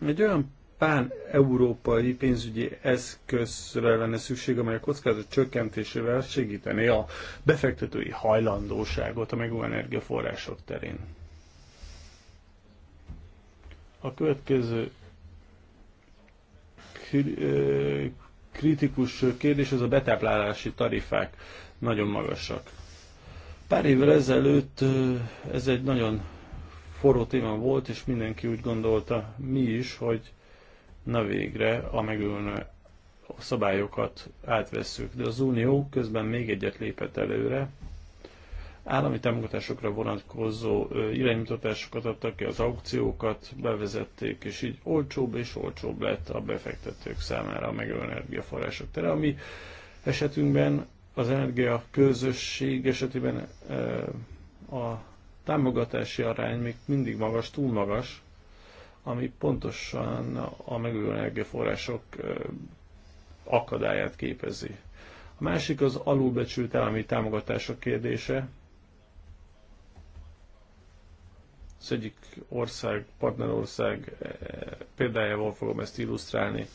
Egy olyan pán-európai pénzügyi eszközre lenne szükség, amely a kockázat csökkentésével segítené a befektetői hajlandóságot a megújuló energiaforrások terén. A következő kritikus kérdés az a betáplálási tarifák nagyon magasak. Pár évvel ezelőtt ez egy nagyon forró téma volt, és mindenki úgy gondolta, mi is, hogy na végre a megülő szabályokat átvesszük. De az Unió közben még egyet lépett előre, állami támogatásokra vonatkozó iránymutatásokat adtak ki, az aukciókat bevezették, és így olcsóbb és olcsóbb lett a befektetők számára a megölő energiaforrások tere, ami esetünkben az energia közösség esetében a támogatási arány még mindig magas, túl magas, ami pontosan a megújuló energiaforrások akadályát képezi. A másik az alulbecsült állami támogatások kérdése. Az egyik ország, partnerország e, példájával fogom ezt illusztrálni.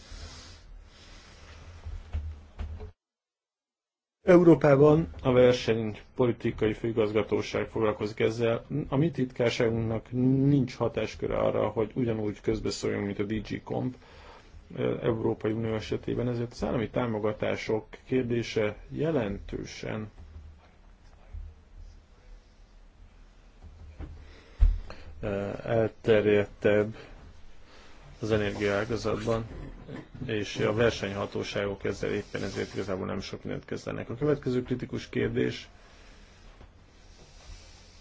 Európában a versenypolitikai főigazgatóság foglalkozik ezzel. A mi titkárságunknak nincs hatásköre arra, hogy ugyanúgy közbeszóljon, mint a DG Comp Európai Unió esetében, ezért az állami támogatások kérdése jelentősen elterjedtebb az energiaágazatban, és a versenyhatóságok ezzel éppen ezért igazából nem sok mindent kezdenek. A következő kritikus kérdés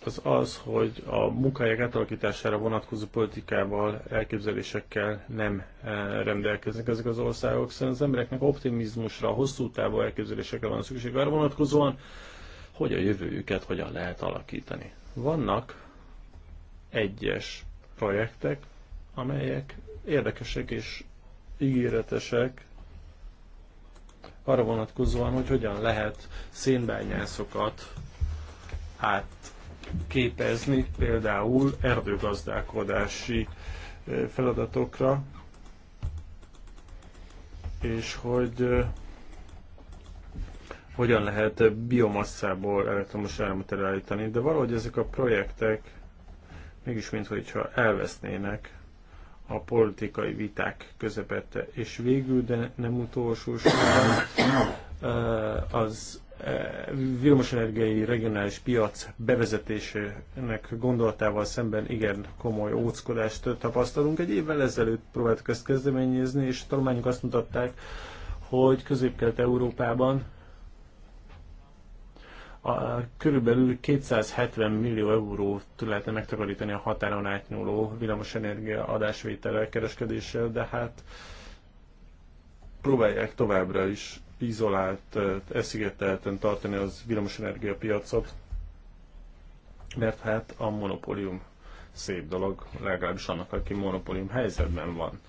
az az, hogy a munkahelyek átalakítására vonatkozó politikával, elképzelésekkel nem eh, rendelkeznek ezek az országok, szóval az embereknek optimizmusra, hosszú távú elképzelésekre van szükség arra vonatkozóan, hogy a jövőjüket hogyan lehet alakítani. Vannak egyes projektek, amelyek érdekesek és ígéretesek arra vonatkozóan, hogy hogyan lehet szénbányászokat átképezni például erdőgazdálkodási feladatokra, és hogy hogyan lehet biomasszából elektromos elmet elállítani, de valahogy ezek a projektek mégis mintha elvesznének a politikai viták közepette. És végül, de nem utolsó sorban, az villamosenergiai regionális piac bevezetésének gondolatával szemben igen komoly óckodást tapasztalunk. Egy évvel ezelőtt próbáltuk ezt kezdeményezni, és a tanulmányok azt mutatták, hogy Közép-Kelet-Európában a, körülbelül 270 millió eurót lehetne megtakarítani a határon átnyúló villamosenergia adásvétele kereskedéssel, de hát próbálják továbbra is izolált, eszigetelten tartani az villamosenergia piacot, mert hát a monopólium szép dolog, legalábbis annak, aki monopólium helyzetben van.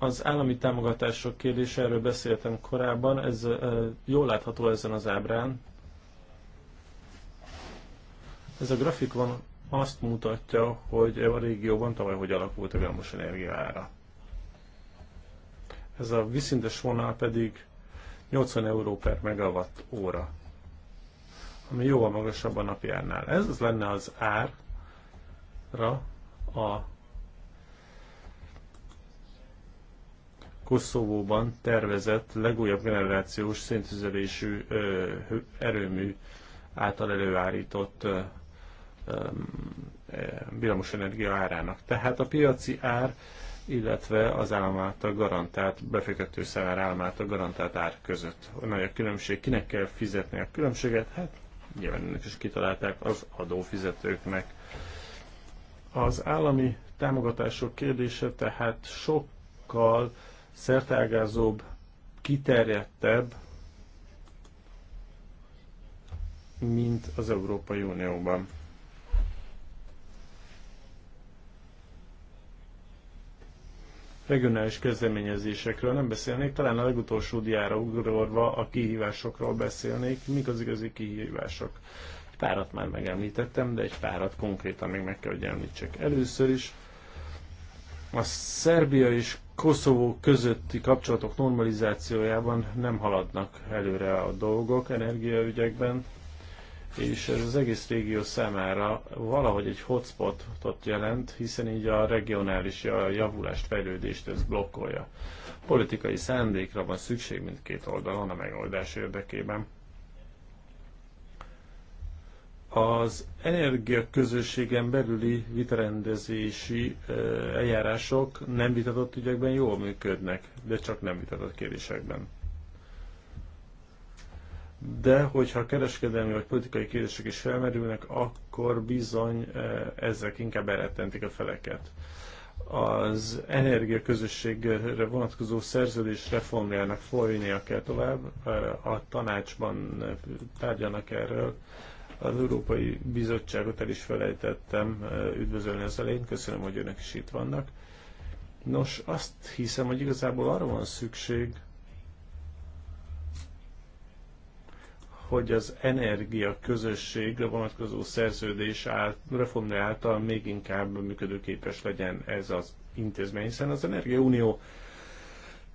Az állami támogatások kérdése, erről beszéltem korábban, ez jól látható ezen az ábrán. Ez a grafikon azt mutatja, hogy a régióban tavaly hogy alakult a villamos ára. Ez a viszintes vonal pedig 80 euró per megawatt óra, ami jóval magasabb a napjárnál. Ez az lenne az árra a Koszovóban tervezett legújabb generációs széntüzelésű erőmű által előállított e, villamosenergia árának. Tehát a piaci ár, illetve az állam által garantált, befektető szemár állam által garantált ár között. Nagy a különbség. Kinek kell fizetni a különbséget? Hát nyilván ennek is kitalálták az adófizetőknek. Az állami támogatások kérdése tehát sokkal szertágázóbb, kiterjedtebb, mint az Európai Unióban. Regionális kezdeményezésekről nem beszélnék, talán a legutolsó diára ugorva a kihívásokról beszélnék. Mik az igazi kihívások? Párat már megemlítettem, de egy párat konkrétan még meg kell, hogy említsek. Először is a Szerbia és Koszovó közötti kapcsolatok normalizációjában nem haladnak előre a dolgok energiaügyekben, és ez az egész régió számára valahogy egy hotspotot jelent, hiszen így a regionális javulást, fejlődést ez blokkolja. Politikai szándékra van szükség mindkét oldalon a megoldás érdekében. Az energiaközösségen belüli vitarendezési eljárások nem vitatott ügyekben jól működnek, de csak nem vitatott kérdésekben. De hogyha kereskedelmi vagy politikai kérdések is felmerülnek, akkor bizony ezek inkább elrettentik a feleket az energiaközösségre vonatkozó szerződés reformjának folynia kell tovább. A tanácsban tárgyalnak erről. Az Európai Bizottságot el is felejtettem üdvözölni az elején, köszönöm, hogy önök is itt vannak. Nos, azt hiszem, hogy igazából arra van szükség, hogy az energia közösségre vonatkozó szerződés át, reformja által még inkább működőképes legyen ez az intézmény, hiszen az energia Unió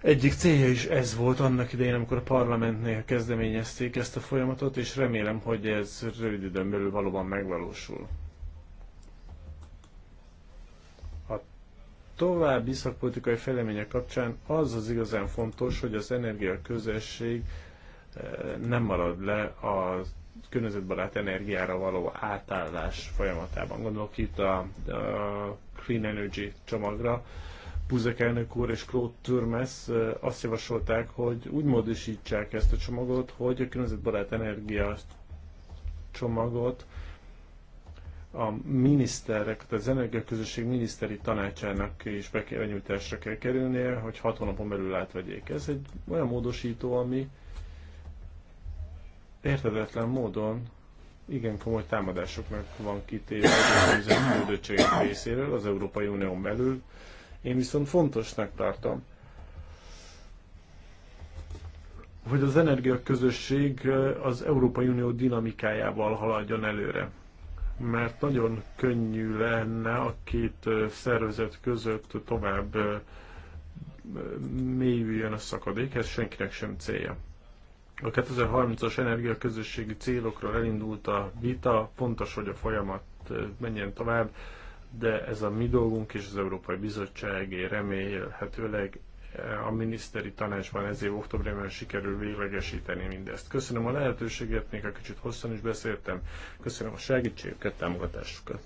egyik célja is ez volt annak idején, amikor a parlamentnél kezdeményezték ezt a folyamatot, és remélem, hogy ez rövid időn belül valóban megvalósul. A további szakpolitikai fejlemények kapcsán az az igazán fontos, hogy az energiaközösség eh, nem marad le a környezetbarát energiára való átállás folyamatában. Gondolok itt a, a Clean Energy csomagra, Buzek elnök úr és Claude Turmes azt javasolták, hogy úgy módosítsák ezt a csomagot, hogy a környezetbarát energia csomagot a miniszterek, az energiaközösség miniszteri tanácsának is be kell, nyújtásra kell kerülnie, hogy hat hónapon belül átvegyék. Ez egy olyan módosító, ami érthetetlen módon igen komoly támadásoknak van kitéve a közöttségek részéről az Európai Unión belül, én viszont fontosnak tartom, hogy az energiaközösség az Európai Unió dinamikájával haladjon előre. Mert nagyon könnyű lenne a két szervezet között tovább mélyüljön a szakadék, ez senkinek sem célja. A 2030-as energiaközösségi célokról elindult a vita, fontos, hogy a folyamat menjen tovább, de ez a mi dolgunk és az Európai Bizottságé remélhetőleg eh, a miniszteri tanácsban ez év októberben sikerül véglegesíteni mindezt. Köszönöm a lehetőséget, még a kicsit hosszan is beszéltem. Köszönöm a segítségüket, támogatásukat.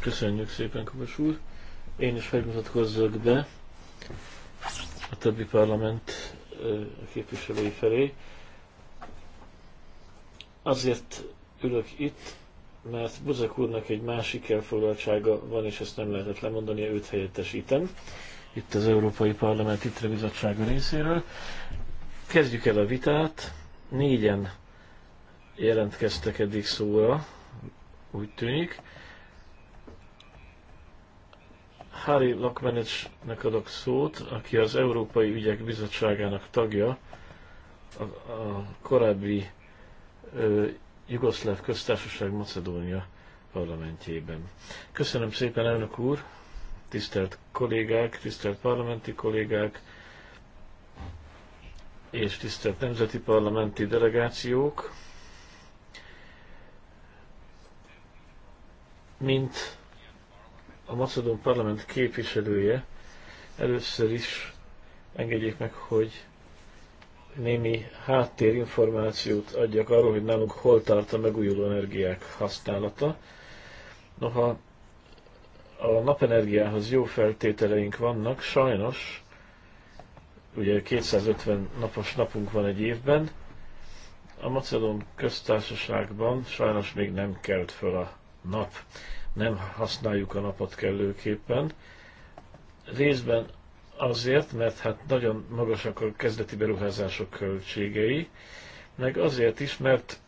Köszönjük szépen, Kubas úr. Én is megmutatkozzak be a többi parlament eh, képviselői felé. Azért ülök itt, mert Buzek úrnak egy másik elfoglaltsága van, és ezt nem lehetett lemondani, őt helyettesítem itt az Európai Parlament Itre Bizottsága részéről. Kezdjük el a vitát. Négyen jelentkeztek eddig szóra, úgy tűnik. Harry Lakmenecsnek adok szót, aki az Európai Ügyek Bizottságának tagja, a, a korábbi ö, Jugoszláv Köztársaság Macedónia parlamentjében. Köszönöm szépen, elnök úr, tisztelt kollégák, tisztelt parlamenti kollégák, és tisztelt nemzeti parlamenti delegációk, mint a Macedón parlament képviselője, először is engedjék meg, hogy némi háttérinformációt adjak arról, hogy nálunk hol tart a megújuló energiák használata. Noha a napenergiához jó feltételeink vannak, sajnos, ugye 250 napos napunk van egy évben, a Macedon köztársaságban sajnos még nem kelt föl a nap. Nem használjuk a napot kellőképpen. Részben azért, mert hát nagyon magasak a kezdeti beruházások költségei, meg azért is, mert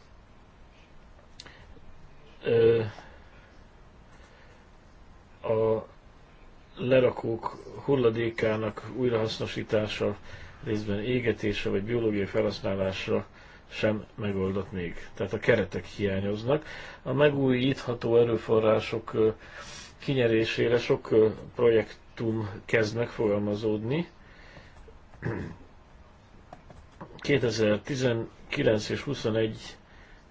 ö, a lerakók hulladékának újrahasznosítása, részben égetése vagy biológiai felhasználása sem megoldott még. Tehát a keretek hiányoznak. A megújítható erőforrások kinyerésére sok projekt konfliktum kezd megfogalmazódni. 2019 és 21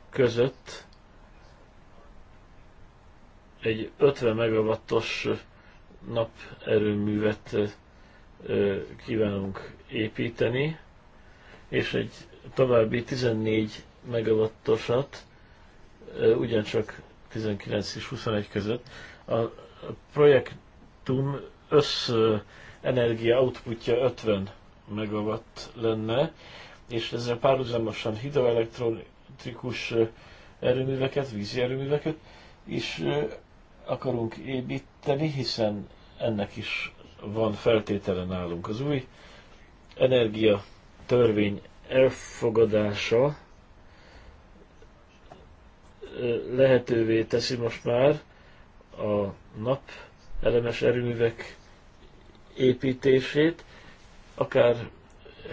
között egy 50 megawattos naperőművet kívánunk építeni, és egy további 14 megawattosat ugyancsak 19 és 21 között. A projektum össz energia outputja 50 megawatt lenne, és ezzel párhuzamosan hidroelektronikus erőműveket, vízi erőműveket is akarunk építeni, hiszen ennek is van feltétele nálunk. Az új energia törvény elfogadása lehetővé teszi most már a nap elemes erőművek építését, akár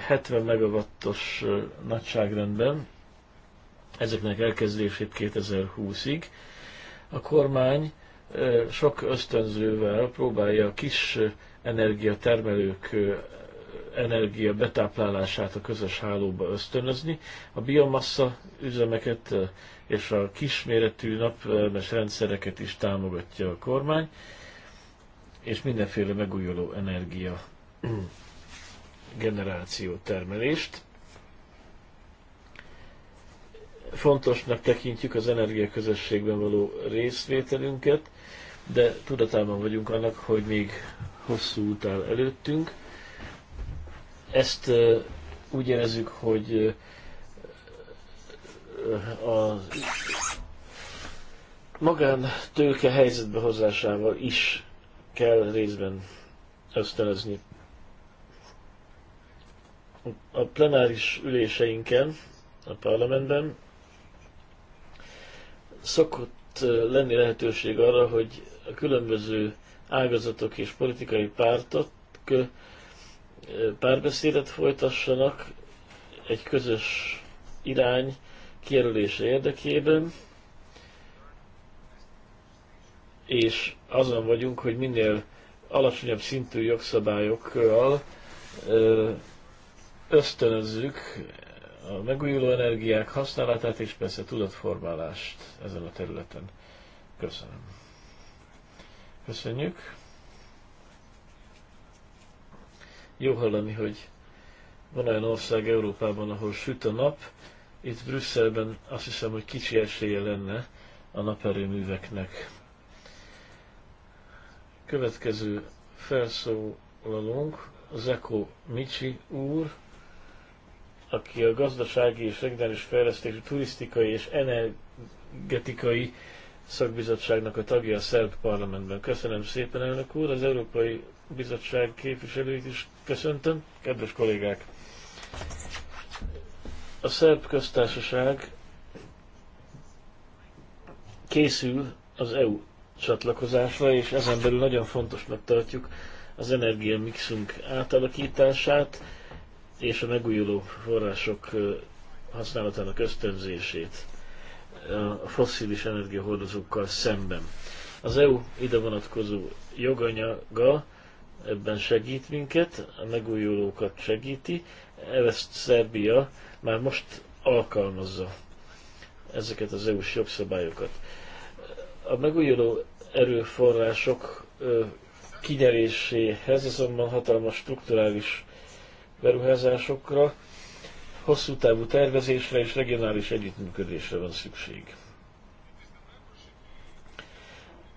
70 megawattos nagyságrendben, ezeknek elkezdését 2020-ig. A kormány sok ösztönzővel próbálja a kis energiatermelők energia betáplálását a közös hálóba ösztönözni. A biomassa üzemeket és a kisméretű napelemes rendszereket is támogatja a kormány és mindenféle megújuló energia generáció termelést. Fontosnak tekintjük az energiaközösségben való részvételünket, de tudatában vagyunk annak, hogy még hosszú út áll előttünk. Ezt úgy érezzük, hogy a magán tőke helyzetbe hozásával is kell részben ösztönözni. A plenáris üléseinken a parlamentben szokott lenni lehetőség arra, hogy a különböző ágazatok és politikai pártok párbeszédet folytassanak egy közös irány kijelölése érdekében, és azon vagyunk, hogy minél alacsonyabb szintű jogszabályokkal ösztönözzük a megújuló energiák használatát és persze tudatformálást ezen a területen. Köszönöm. Köszönjük. Jó hallani, hogy van olyan ország Európában, ahol süt a nap. Itt Brüsszelben azt hiszem, hogy kicsi esélye lenne a naperőműveknek. Következő felszólalónk Zeko Micsi úr, aki a gazdasági és regionális fejlesztési, turisztikai és energetikai szakbizottságnak a tagja a szerb parlamentben. Köszönöm szépen, elnök úr, az Európai Bizottság képviselőit is köszöntöm, kedves kollégák! A szerb köztársaság készül az EU csatlakozásra, és ezen belül nagyon fontosnak tartjuk az energiamixünk átalakítását és a megújuló források használatának ösztönzését a fosszilis energiahordozókkal szemben. Az EU ide vonatkozó joganyaga ebben segít minket, a megújulókat segíti, ezt Szerbia már most alkalmazza ezeket az EU-s jogszabályokat. A megújuló erőforrások kinyeréséhez azonban hatalmas strukturális beruházásokra, hosszú távú tervezésre és regionális együttműködésre van szükség.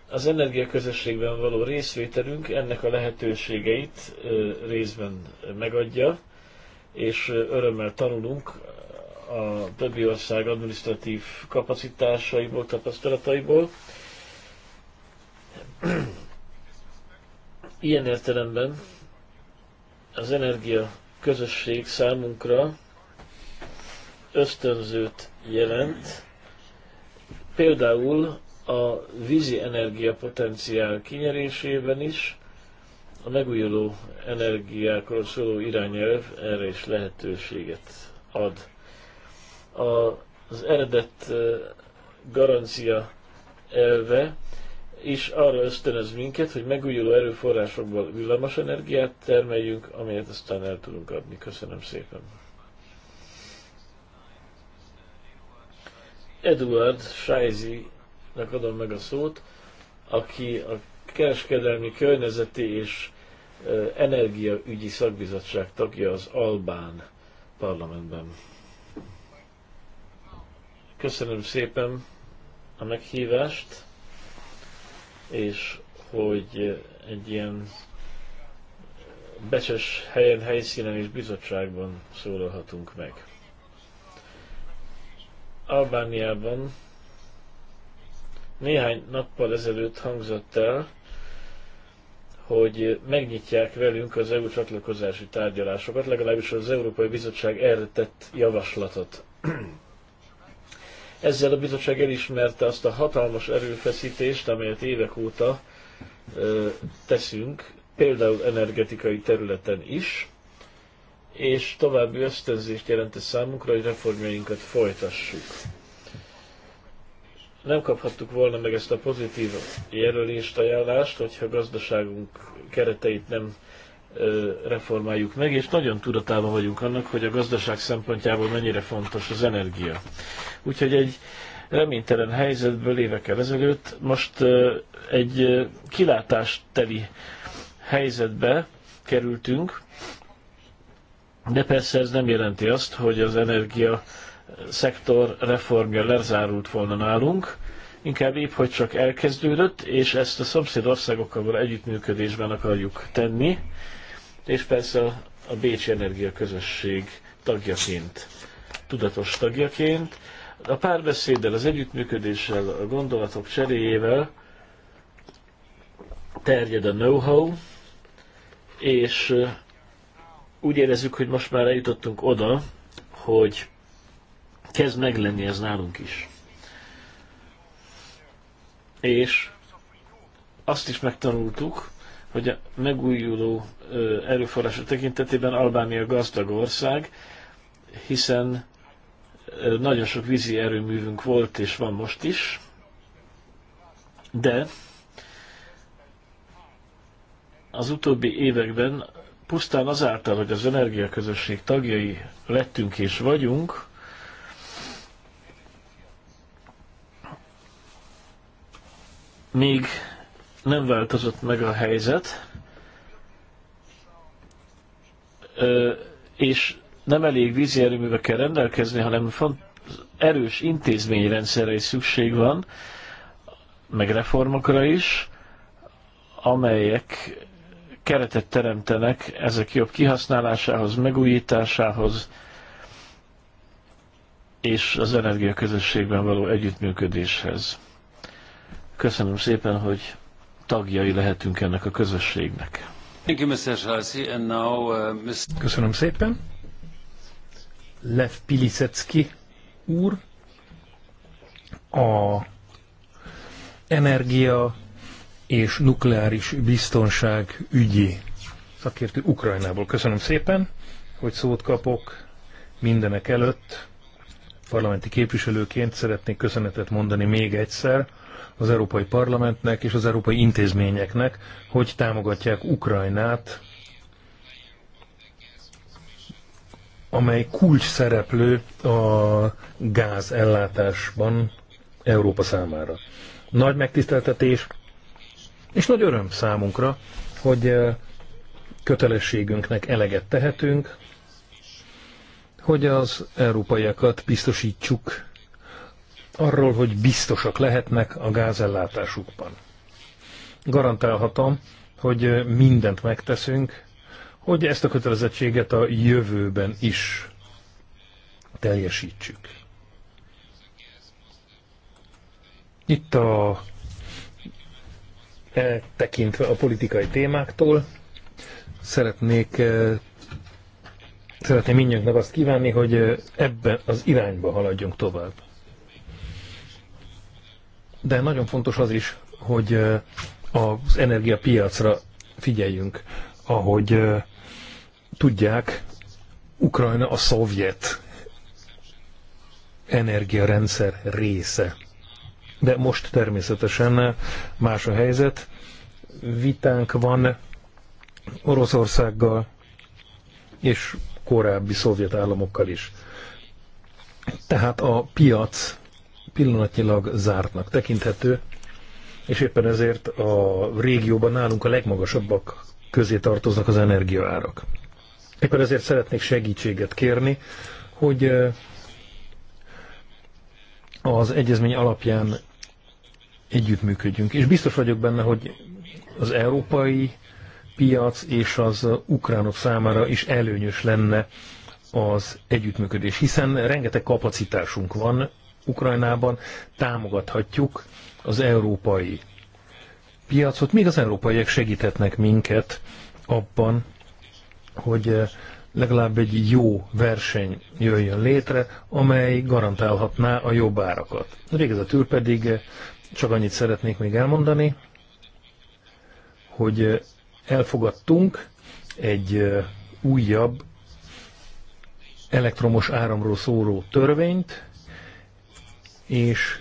Az energiaközösségben való részvételünk ennek a lehetőségeit részben megadja, és örömmel tanulunk a többi ország administratív kapacitásaiból, tapasztalataiból. Ilyen értelemben az energia közösség számunkra ösztönzőt jelent, például a vízi energia potenciál kinyerésében is, a megújuló energiákról szóló irányelv erre is lehetőséget ad. az eredet eh, garancia elve is arra ösztönöz minket, hogy megújuló erőforrásokból villamos energiát termeljünk, amelyet aztán el tudunk adni. Köszönöm szépen. Eduard Sájzinak adom meg a szót, aki a kereskedelmi, környezeti és energiaügyi szakbizottság tagja az Albán parlamentben. Köszönöm szépen a meghívást és hogy egy ilyen becses helyen, helyszínen és bizottságban szólalhatunk meg. Albániában néhány nappal ezelőtt hangzott el, hogy megnyitják velünk az EU csatlakozási tárgyalásokat, legalábbis az Európai Bizottság erre tett javaslatot. Ezzel a bizottság elismerte azt a hatalmas erőfeszítést, amelyet évek óta ö, teszünk, például energetikai területen is, és további ösztönzést jelentett számunkra, hogy reformjainkat folytassuk. Nem kaphattuk volna meg ezt a pozitív jelölést, ajánlást, hogyha gazdaságunk kereteit nem reformáljuk meg, és nagyon tudatában vagyunk annak, hogy a gazdaság szempontjából mennyire fontos az energia. Úgyhogy egy reménytelen helyzetből évekkel ezelőtt most egy kilátásteli helyzetbe kerültünk, de persze ez nem jelenti azt, hogy az energia szektor reformja lezárult volna nálunk, inkább épp, hogy csak elkezdődött, és ezt a szomszéd országokkal való együttműködésben akarjuk tenni, és persze a Bécsi Energia Közösség tagjaként, tudatos tagjaként, a párbeszéddel, az együttműködéssel, a gondolatok cseréjével terjed a know-how, és úgy érezzük, hogy most már eljutottunk oda, hogy kezd meglenni ez nálunk is. És azt is megtanultuk, hogy a megújuló erőforrások tekintetében Albánia gazdag ország, hiszen nagyon sok vízi erőművünk volt és van most is, de az utóbbi években pusztán azáltal, hogy az energiaközösség tagjai lettünk és vagyunk, még nem változott meg a helyzet, és nem elég vízi erőművekkel rendelkezni, hanem erős intézményrendszerre is szükség van, meg reformokra is, amelyek keretet teremtenek ezek jobb kihasználásához, megújításához és az energiaközösségben való együttműködéshez. Köszönöm szépen, hogy tagjai lehetünk ennek a közösségnek. Uh, Köszönöm szépen. Lev Piliszecki úr a energia és nukleáris biztonság ügyi szakértő Ukrajnából. Köszönöm szépen, hogy szót kapok mindenek előtt. Parlamenti képviselőként szeretnék köszönetet mondani még egyszer az Európai Parlamentnek és az Európai Intézményeknek, hogy támogatják Ukrajnát amely kulcs szereplő a gázellátásban Európa számára. Nagy megtiszteltetés, és nagy öröm számunkra, hogy eh, kötelességünknek eleget tehetünk, hogy az európaiakat biztosítsuk arról, hogy biztosak lehetnek a gázellátásukban. Garantálhatom, hogy eh, mindent megteszünk, hogy ezt a kötelezettséget a jövőben is teljesítsük. Itt a e, tekintve a politikai témáktól szeretnék e, szeretném mindjárt azt kívánni, hogy ebben az irányba haladjunk tovább. De nagyon fontos az is, hogy e, az energiapiacra figyeljünk. Ahogy tudják, Ukrajna a szovjet energiarendszer része. De most természetesen más a helyzet. Vitánk van Oroszországgal és korábbi szovjet államokkal is. Tehát a piac pillanatnyilag zártnak tekinthető, és éppen ezért a régióban nálunk a legmagasabbak közé tartoznak az energiaárak. Éppen ezért szeretnék segítséget kérni, hogy az egyezmény alapján együttműködjünk. És biztos vagyok benne, hogy az európai piac és az ukránok számára is előnyös lenne az együttműködés, hiszen rengeteg kapacitásunk van Ukrajnában, támogathatjuk az európai piacot, még az európaiak segíthetnek minket abban, hogy eh, legalább egy jó verseny jöjjön létre, amely garantálhatná a jobb árakat. Végezetül pedig eh, csak annyit szeretnék még elmondani, hogy eh, elfogadtunk egy újabb elektromos áramról szóló törvényt, és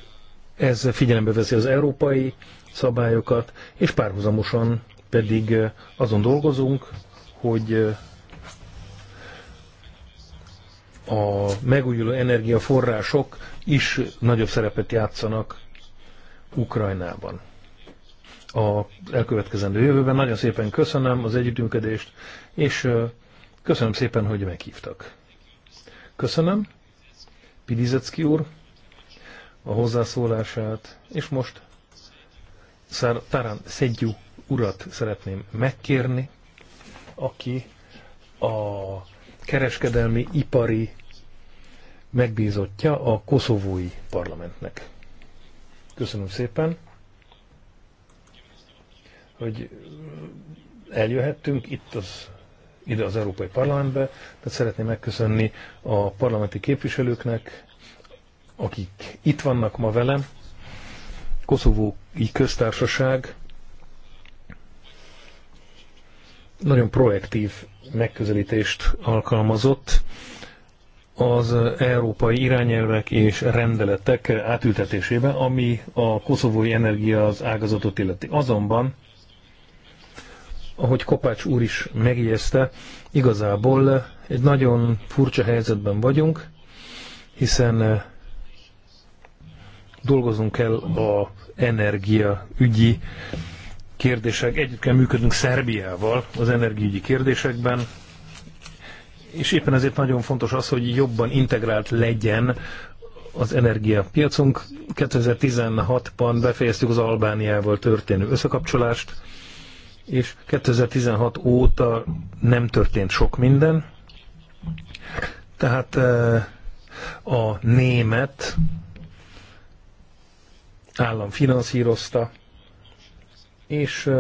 ez figyelembe veszi az európai szabályokat, és párhuzamosan pedig azon dolgozunk, hogy a megújuló energiaforrások is nagyobb szerepet játszanak Ukrajnában. A elkövetkezendő jövőben nagyon szépen köszönöm az együttműködést, és köszönöm szépen, hogy meghívtak. Köszönöm Pidizecki úr a hozzászólását, és most Taran Szedjú urat szeretném megkérni, aki a kereskedelmi, ipari megbízottja a koszovói parlamentnek. Köszönöm szépen, hogy eljöhettünk itt az, ide az Európai Parlamentbe, tehát szeretném megköszönni a parlamenti képviselőknek, akik itt vannak ma velem, koszovói köztársaság nagyon proaktív megközelítést alkalmazott az európai irányelvek és rendeletek átültetésében, ami a koszovói energia az ágazatot illeti. Azonban, ahogy Kopács úr is megjegyezte, igazából egy nagyon furcsa helyzetben vagyunk, hiszen dolgozunk kell a energia ügyi kérdések, együtt kell működnünk Szerbiával az energiaügyi kérdésekben, és éppen ezért nagyon fontos az, hogy jobban integrált legyen az energiapiacunk. 2016-ban befejeztük az Albániával történő összekapcsolást, és 2016 óta nem történt sok minden. Tehát eh, a német állam finanszírozta, és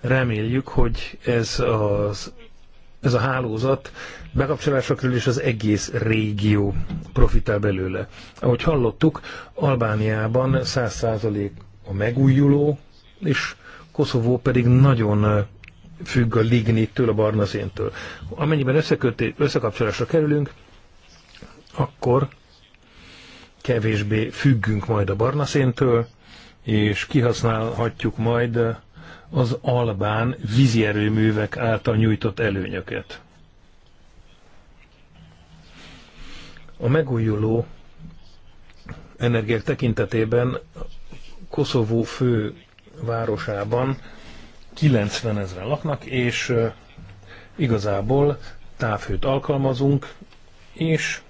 reméljük, hogy ez, az, ez a hálózat bekapcsolásra is az egész régió profitál belőle. Ahogy hallottuk, Albániában 100% a megújuló, és Koszovó pedig nagyon függ a lignittől, a barnazéntől. Amennyiben összeköté, összekapcsolásra kerülünk, akkor kevésbé függünk majd a barnaszéntől, és kihasználhatjuk majd az albán vízi erőművek által nyújtott előnyöket. A megújuló energiák tekintetében Koszovó fő városában 90 ezeren laknak, és igazából távhőt alkalmazunk, és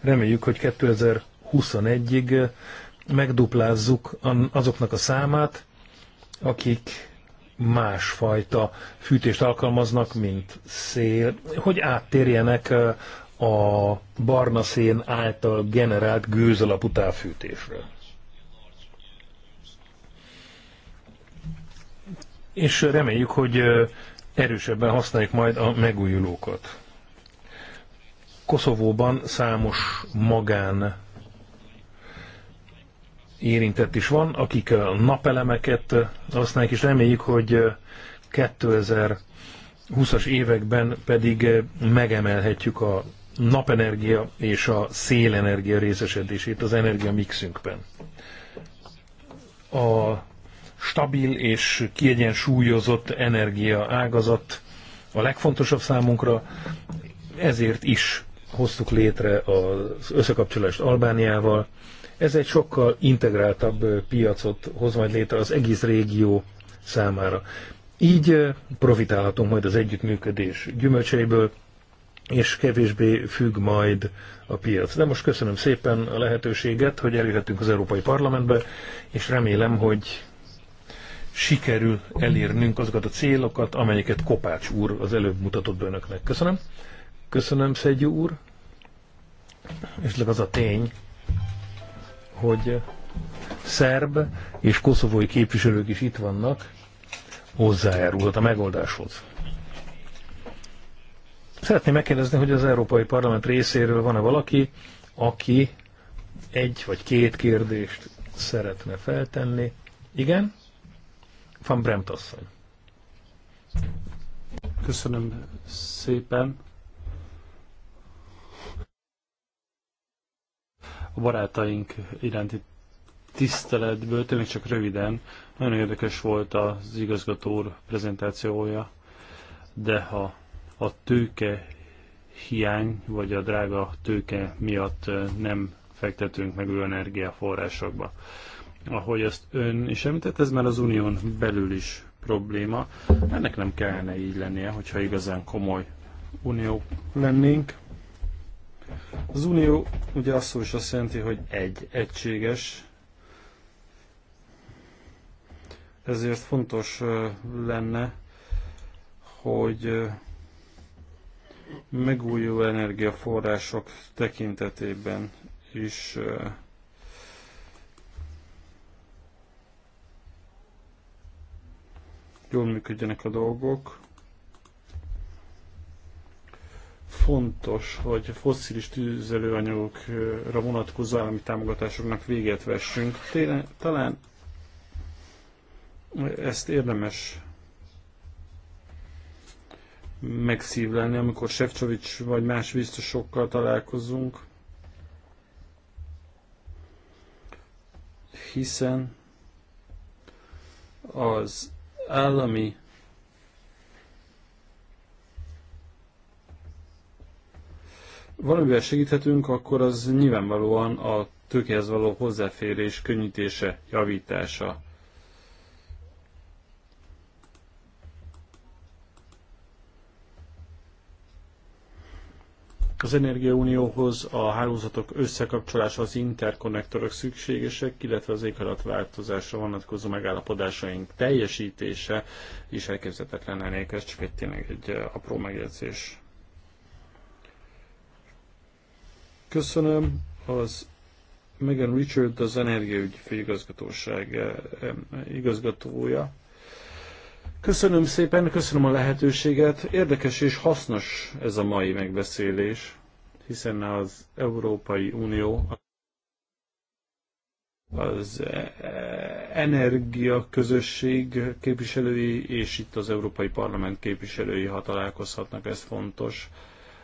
reméljük, hogy 2021-ig megduplázzuk azoknak a számát, akik másfajta fűtést alkalmaznak, mint szél, hogy áttérjenek a barna szén által generált gőz alapú távfűtésre. És reméljük, hogy erősebben használjuk majd a megújulókat. Koszovóban számos magán érintett is van, akik a napelemeket használják, és reméljük, hogy 2020-as években pedig megemelhetjük a napenergia és a szélenergia részesedését az energia mixünkben. A stabil és kiegyensúlyozott energia ágazat a legfontosabb számunkra, ezért is hoztuk létre az összekapcsolást Albániával, ez egy sokkal integráltabb piacot hoz majd létre az egész régió számára. Így profitálhatunk majd az együttműködés gyümölcseiből, és kevésbé függ majd a piac. De most köszönöm szépen a lehetőséget, hogy elérhetünk az Európai Parlamentbe, és remélem, hogy sikerül elérnünk azokat a célokat, amelyeket Kopács úr az előbb mutatott önöknek. Köszönöm. Köszönöm, Szegyú úr. És az a tény, hogy szerb és koszovói képviselők is itt vannak, hozzájárulhat a megoldáshoz. Szeretném megkérdezni, hogy az Európai Parlament részéről van-e valaki, aki egy vagy két kérdést szeretne feltenni. Igen? Van Bremt asszony. Köszönöm szépen. a barátaink iránti tiszteletből, tényleg csak röviden, nagyon érdekes volt az igazgató úr prezentációja, de ha a tőke hiány, vagy a drága tőke miatt nem fektetünk meg ő energiaforrásokba. Ahogy ezt ön is említett, ez már az unión belül is probléma. Ennek nem kellene így lennie, hogyha igazán komoly unió lennénk. Az unió ugye azt szó is azt jelenti, hogy egy, egységes. Ezért fontos lenne, hogy megújuló energiaforrások tekintetében is jól működjenek a dolgok. fontos, hogy fosszilis tüzelőanyagokra vonatkozó állami támogatásoknak véget vessünk. Tényleg, talán ezt érdemes megszívlelni, amikor Sefcsovics vagy más biztosokkal találkozunk, hiszen az állami valamivel segíthetünk, akkor az nyilvánvalóan a tőkéhez való hozzáférés könnyítése, javítása. Az energiaunióhoz a hálózatok összekapcsolása, az interkonnektorok szükségesek, illetve az éghajlatváltozásra vonatkozó megállapodásaink teljesítése is elképzelhetetlen elnék, ez csak egy tényleg egy apró megjegyzés. Köszönöm. Az Megan Richard az Energiaügyi Főigazgatóság eh, igazgatója. Köszönöm szépen, köszönöm a lehetőséget. Érdekes és hasznos ez a mai megbeszélés, hiszen az Európai Unió az eh, energia közösség képviselői és itt az Európai Parlament képviselői, ha találkozhatnak, ez fontos.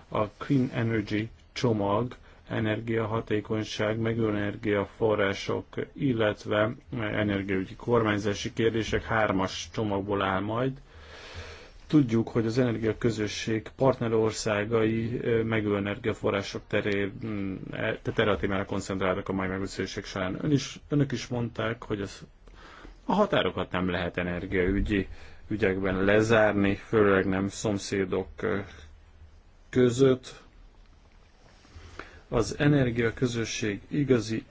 A Clean Energy csomag energiahatékonyság, megújuló energiaforrások, illetve energiaügyi kormányzási kérdések hármas csomagból áll majd. Tudjuk, hogy az energiaközösség partnerországai megújuló energiaforrások terén, e, erre a témára koncentráltak a mai megbeszélések során. Ön is, önök is mondták, hogy az, a határokat nem lehet energiaügyi ügyekben lezárni, főleg nem szomszédok között, az energiaközösség igazi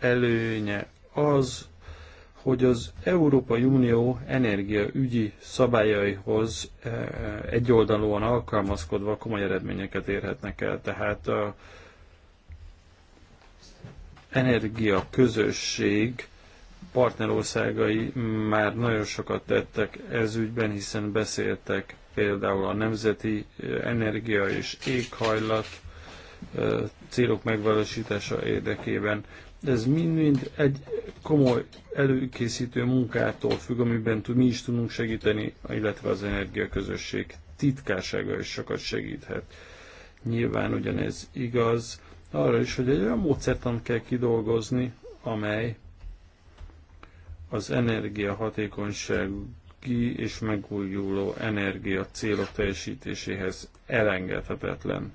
előnye az, hogy az Európai Unió energiaügyi szabályaihoz eh, eh, egyoldalúan alkalmazkodva komoly eredményeket érhetnek el. Tehát a energia közösség partnerországai már nagyon sokat tettek ez ügyben, hiszen beszéltek például a Nemzeti eh, Energia és Éghajlat célok megvalósítása érdekében. Ez mind-mind egy komoly előkészítő munkától függ, amiben mi is tudunk segíteni, illetve az energiaközösség titkársága is sokat segíthet. Nyilván ugyanez igaz arra is, hogy egy olyan módszertant kell kidolgozni, amely az energiahatékonysági és megújuló energia célok teljesítéséhez elengedhetetlen.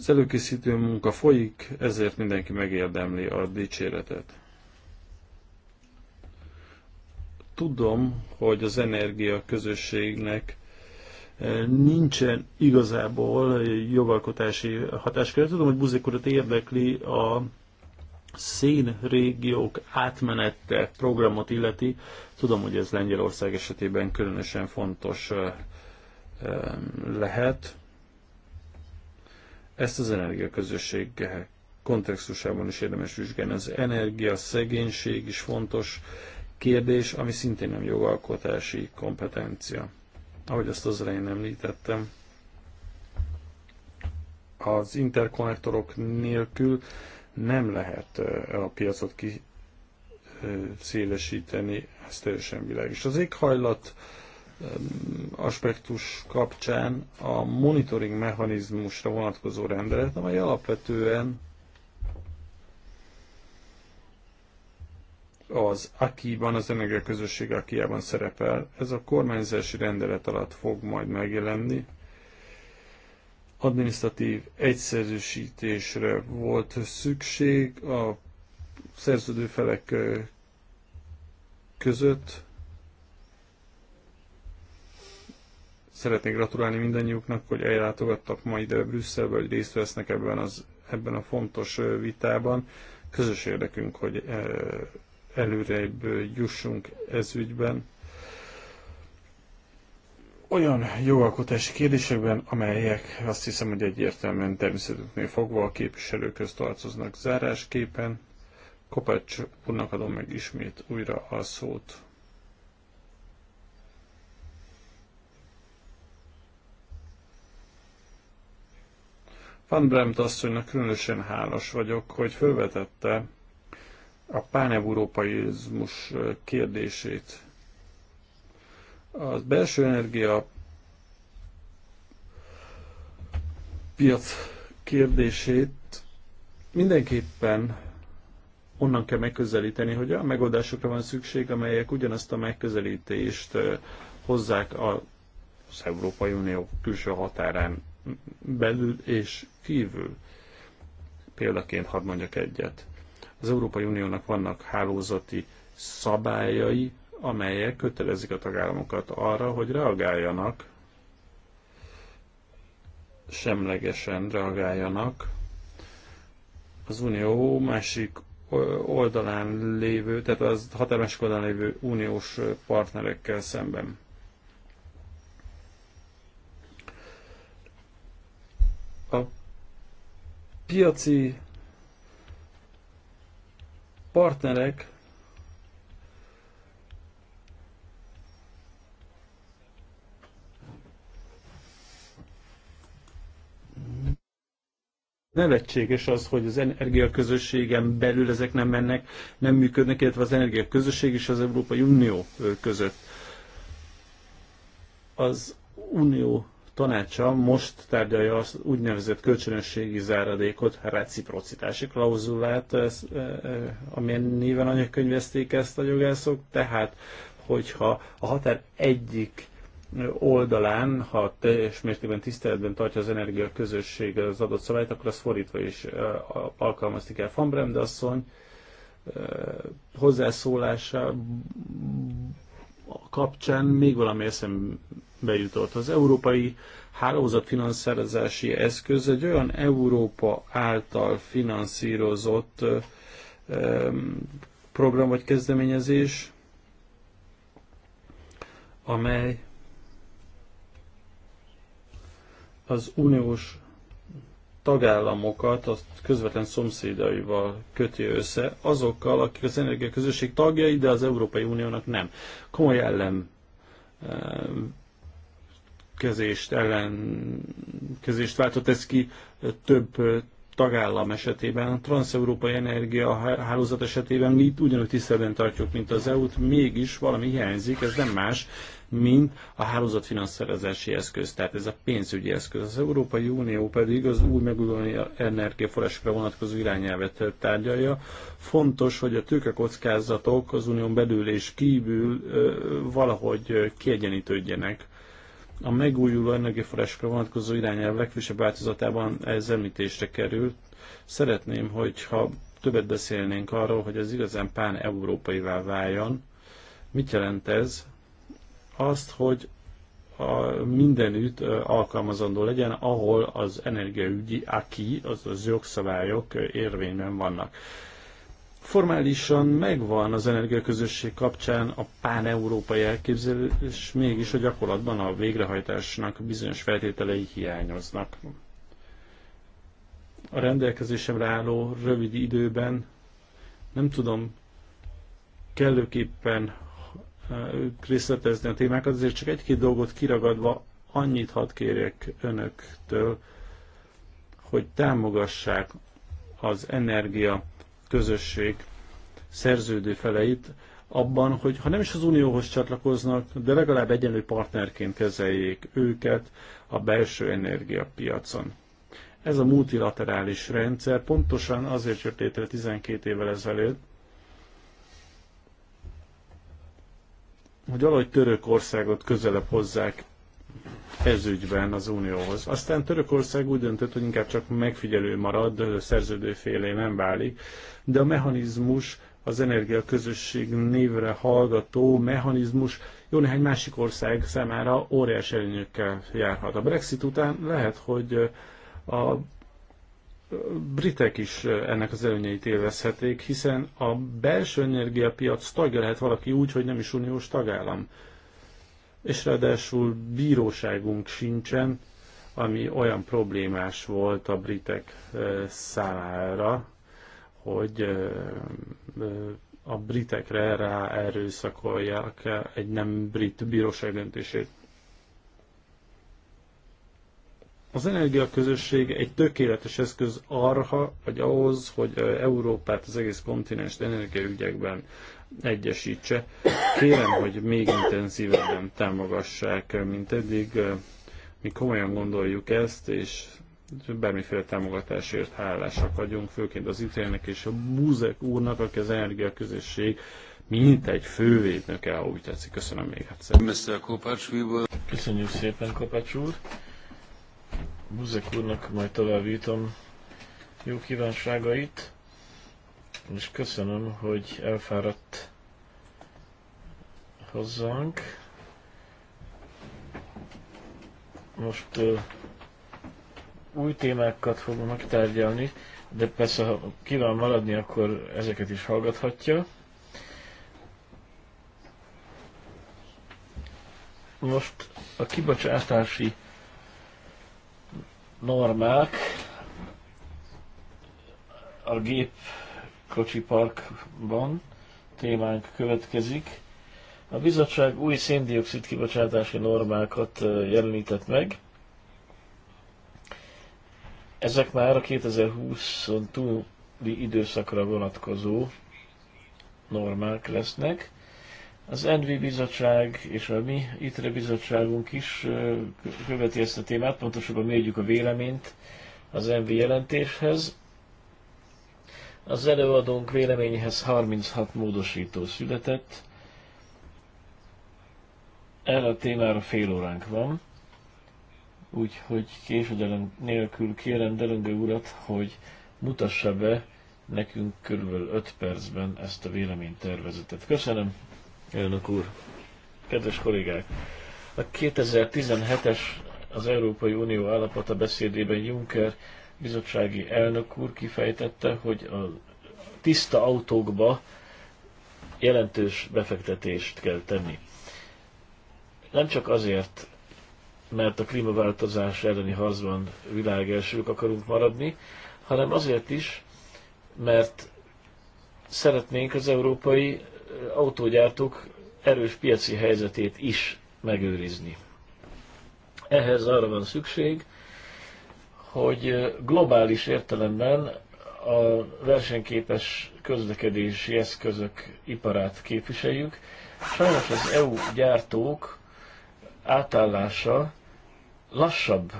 Az előkészítő munka folyik, ezért mindenki megérdemli a dicséretet. Tudom, hogy az energia közösségnek eh, nincsen igazából jogalkotási hatáskör. Tudom, hogy Buzék érdekli a szénrégiók átmenete programot illeti. Tudom, hogy ez Lengyelország esetében különösen fontos eh, eh, lehet. Ezt az energiaközösség kontextusában is érdemes vizsgálni. Az energia, szegénység is fontos kérdés, ami szintén nem jogalkotási kompetencia. Ahogy azt az elején említettem, az interkonnektorok nélkül nem lehet a piacot kiszélesíteni, ez teljesen világos. Az éghajlat Um, aspektus kapcsán a monitoring mechanizmusra vonatkozó rendelet, amely alapvetően az AKI-ban, az Közösség AKI-ban szerepel. Ez a kormányzási rendelet alatt fog majd megjelenni. Administratív egyszerűsítésre volt szükség a szerződő felek között Szeretnék gratulálni mindannyiuknak, hogy ellátogattak ma ide Brüsszelbe, hogy részt vesznek ebben, az, ebben a fontos vitában. Közös érdekünk, hogy előrebb jussunk ez ügyben. Olyan jogalkotási kérdésekben, amelyek azt hiszem, hogy egyértelműen természetüknél fogva a képviselőköz tartoznak zárásképpen. Kopács úrnak adom meg ismét újra a szót. Van Bremt asszonynak különösen hálás vagyok, hogy felvetette a páneurópaizmus kérdését. A belső energia piac kérdését mindenképpen onnan kell megközelíteni, hogy olyan megoldásokra van szükség, amelyek ugyanazt a megközelítést hozzák az Európai Unió külső határán belül és kívül. Példaként hadd mondjak egyet. Az Európai Uniónak vannak hálózati szabályai, amelyek kötelezik a tagállamokat arra, hogy reagáljanak, semlegesen reagáljanak az Unió másik oldalán lévő, tehát az határmásik oldalán lévő uniós partnerekkel szemben. a piaci partnerek nevetséges az, hogy az energiaközösségen belül ezek nem mennek, nem működnek, illetve az energiaközösség és az Európai Unió között. Az Unió tanácsa most tárgyalja az úgynevezett kölcsönösségi záradékot, reciprocitási klauzulát, e, e, amilyen néven anyakönyvezték ezt a jogászok, tehát hogyha a határ egyik oldalán, ha teljes mértékben tiszteletben tartja az energia közösség az adott szabályt, akkor az fordítva is e, alkalmazni kell. Van Bremde asszony hozzászólása kapcsán még valami eszembe jutott. Az európai hálózatfinanszírozási eszköz egy olyan Európa által finanszírozott program vagy kezdeményezés, amely az uniós tagállamokat a közvetlen szomszédaival köti össze, azokkal, akik az energiaközösség tagjai, de az Európai Uniónak nem. Komoly ellen eh, kezést, ellen kezést váltott ez ki eh, több eh, tagállam esetében, a transeurópai hálózat esetében mi ugyanúgy tiszteletben tartjuk, mint az EU-t, mégis valami hiányzik, ez nem más, mint a hálózatfinanszírozási eszköz, tehát ez a pénzügyi eszköz. Az Európai Unió pedig az új megújulói energiaforrásokra vonatkozó irányelvet tárgyalja. Fontos, hogy a tőkekockázatok az unión belül és kívül valahogy kiegyenítődjenek. A megújuló energiaforrásokra vonatkozó irányelv legfősebb változatában ez említésre került. Szeretném, hogyha többet beszélnénk arról, hogy ez igazán pán-európaivá váljon. Mit jelent ez? azt, hogy a mindenütt alkalmazandó legyen, ahol az energiaügyi aki, azaz jogszabályok érvényben vannak. Formálisan megvan az energiaközösség kapcsán a pán-európai elképzelés, mégis a gyakorlatban a végrehajtásnak bizonyos feltételei hiányoznak. A rendelkezésemre álló rövid időben nem tudom kellőképpen részletezni a témákat, azért csak egy-két dolgot kiragadva annyit hadd kérjek önöktől, hogy támogassák az energia közösség szerződő feleit abban, hogy ha nem is az Unióhoz csatlakoznak, de legalább egyenlő partnerként kezeljék őket a belső energiapiacon. Ez a multilaterális rendszer pontosan azért jött létre 12 évvel ezelőtt, hogy valahogy Törökországot közelebb hozzák ez ügyben az Unióhoz. Aztán Törökország úgy döntött, hogy inkább csak megfigyelő marad, szerződő félé nem válik, de a mechanizmus, az energiaközösség névre hallgató mechanizmus jó néhány másik ország számára óriás előnyökkel járhat. A Brexit után lehet, hogy a britek is ennek az előnyeit élvezhetik, hiszen a belső energiapiac tagja lehet valaki úgy, hogy nem is uniós tagállam. És ráadásul bíróságunk sincsen, ami olyan problémás volt a britek számára, hogy a britekre erőszakolják egy nem brit bíróság döntését. Az energiaközösség egy tökéletes eszköz arra, vagy ahhoz, hogy Európát, az egész kontinens energiaügyekben egyesítse. Kérem, hogy még intenzívebben támogassák, mint eddig. Mi komolyan gondoljuk ezt, és bármiféle támogatásért hálásak vagyunk, főként az ítélnek és a Búzek úrnak, aki az energiaközösség mint egy fővédnöke, ahogy tetszik. Köszönöm még egyszer. Köszönjük szépen, Kopács úr. Buzek úrnak majd továbbítom jó kívánságait, és köszönöm, hogy elfáradt hozzánk. Most uh, új témákat fogunk megtárgyalni, de persze, ha kíván maradni, akkor ezeket is hallgathatja. Most a kibocsátási normák a gép kocsi parkban témánk következik. A bizottság új széndiokszid kibocsátási normákat jelenített meg. Ezek már a 2020-on túli időszakra vonatkozó normák lesznek. Az NV bizottság és a mi ITRE bizottságunk is követi ezt a témát, pontosabban mérjük a véleményt az NV jelentéshez. Az előadónk véleményhez 36 módosító született. Erre a témára fél óránk van, úgyhogy késedelem nélkül kérem Delenge urat, hogy mutassa be nekünk körülbelül 5 percben ezt a véleménytervezetet. Köszönöm! elnök úr. Kedves kollégák! A 2017-es az Európai Unió állapota beszédében Juncker bizottsági elnök úr kifejtette, hogy a tiszta autókba jelentős befektetést kell tenni. Nem csak azért, mert a klímaváltozás elleni harcban világelsők akarunk maradni, hanem azért is, mert szeretnénk az európai autógyártók erős piaci helyzetét is megőrizni. Ehhez arra van szükség, hogy globális értelemben a versenyképes közlekedési eszközök iparát képviseljük. Sajnos az EU gyártók átállása lassabb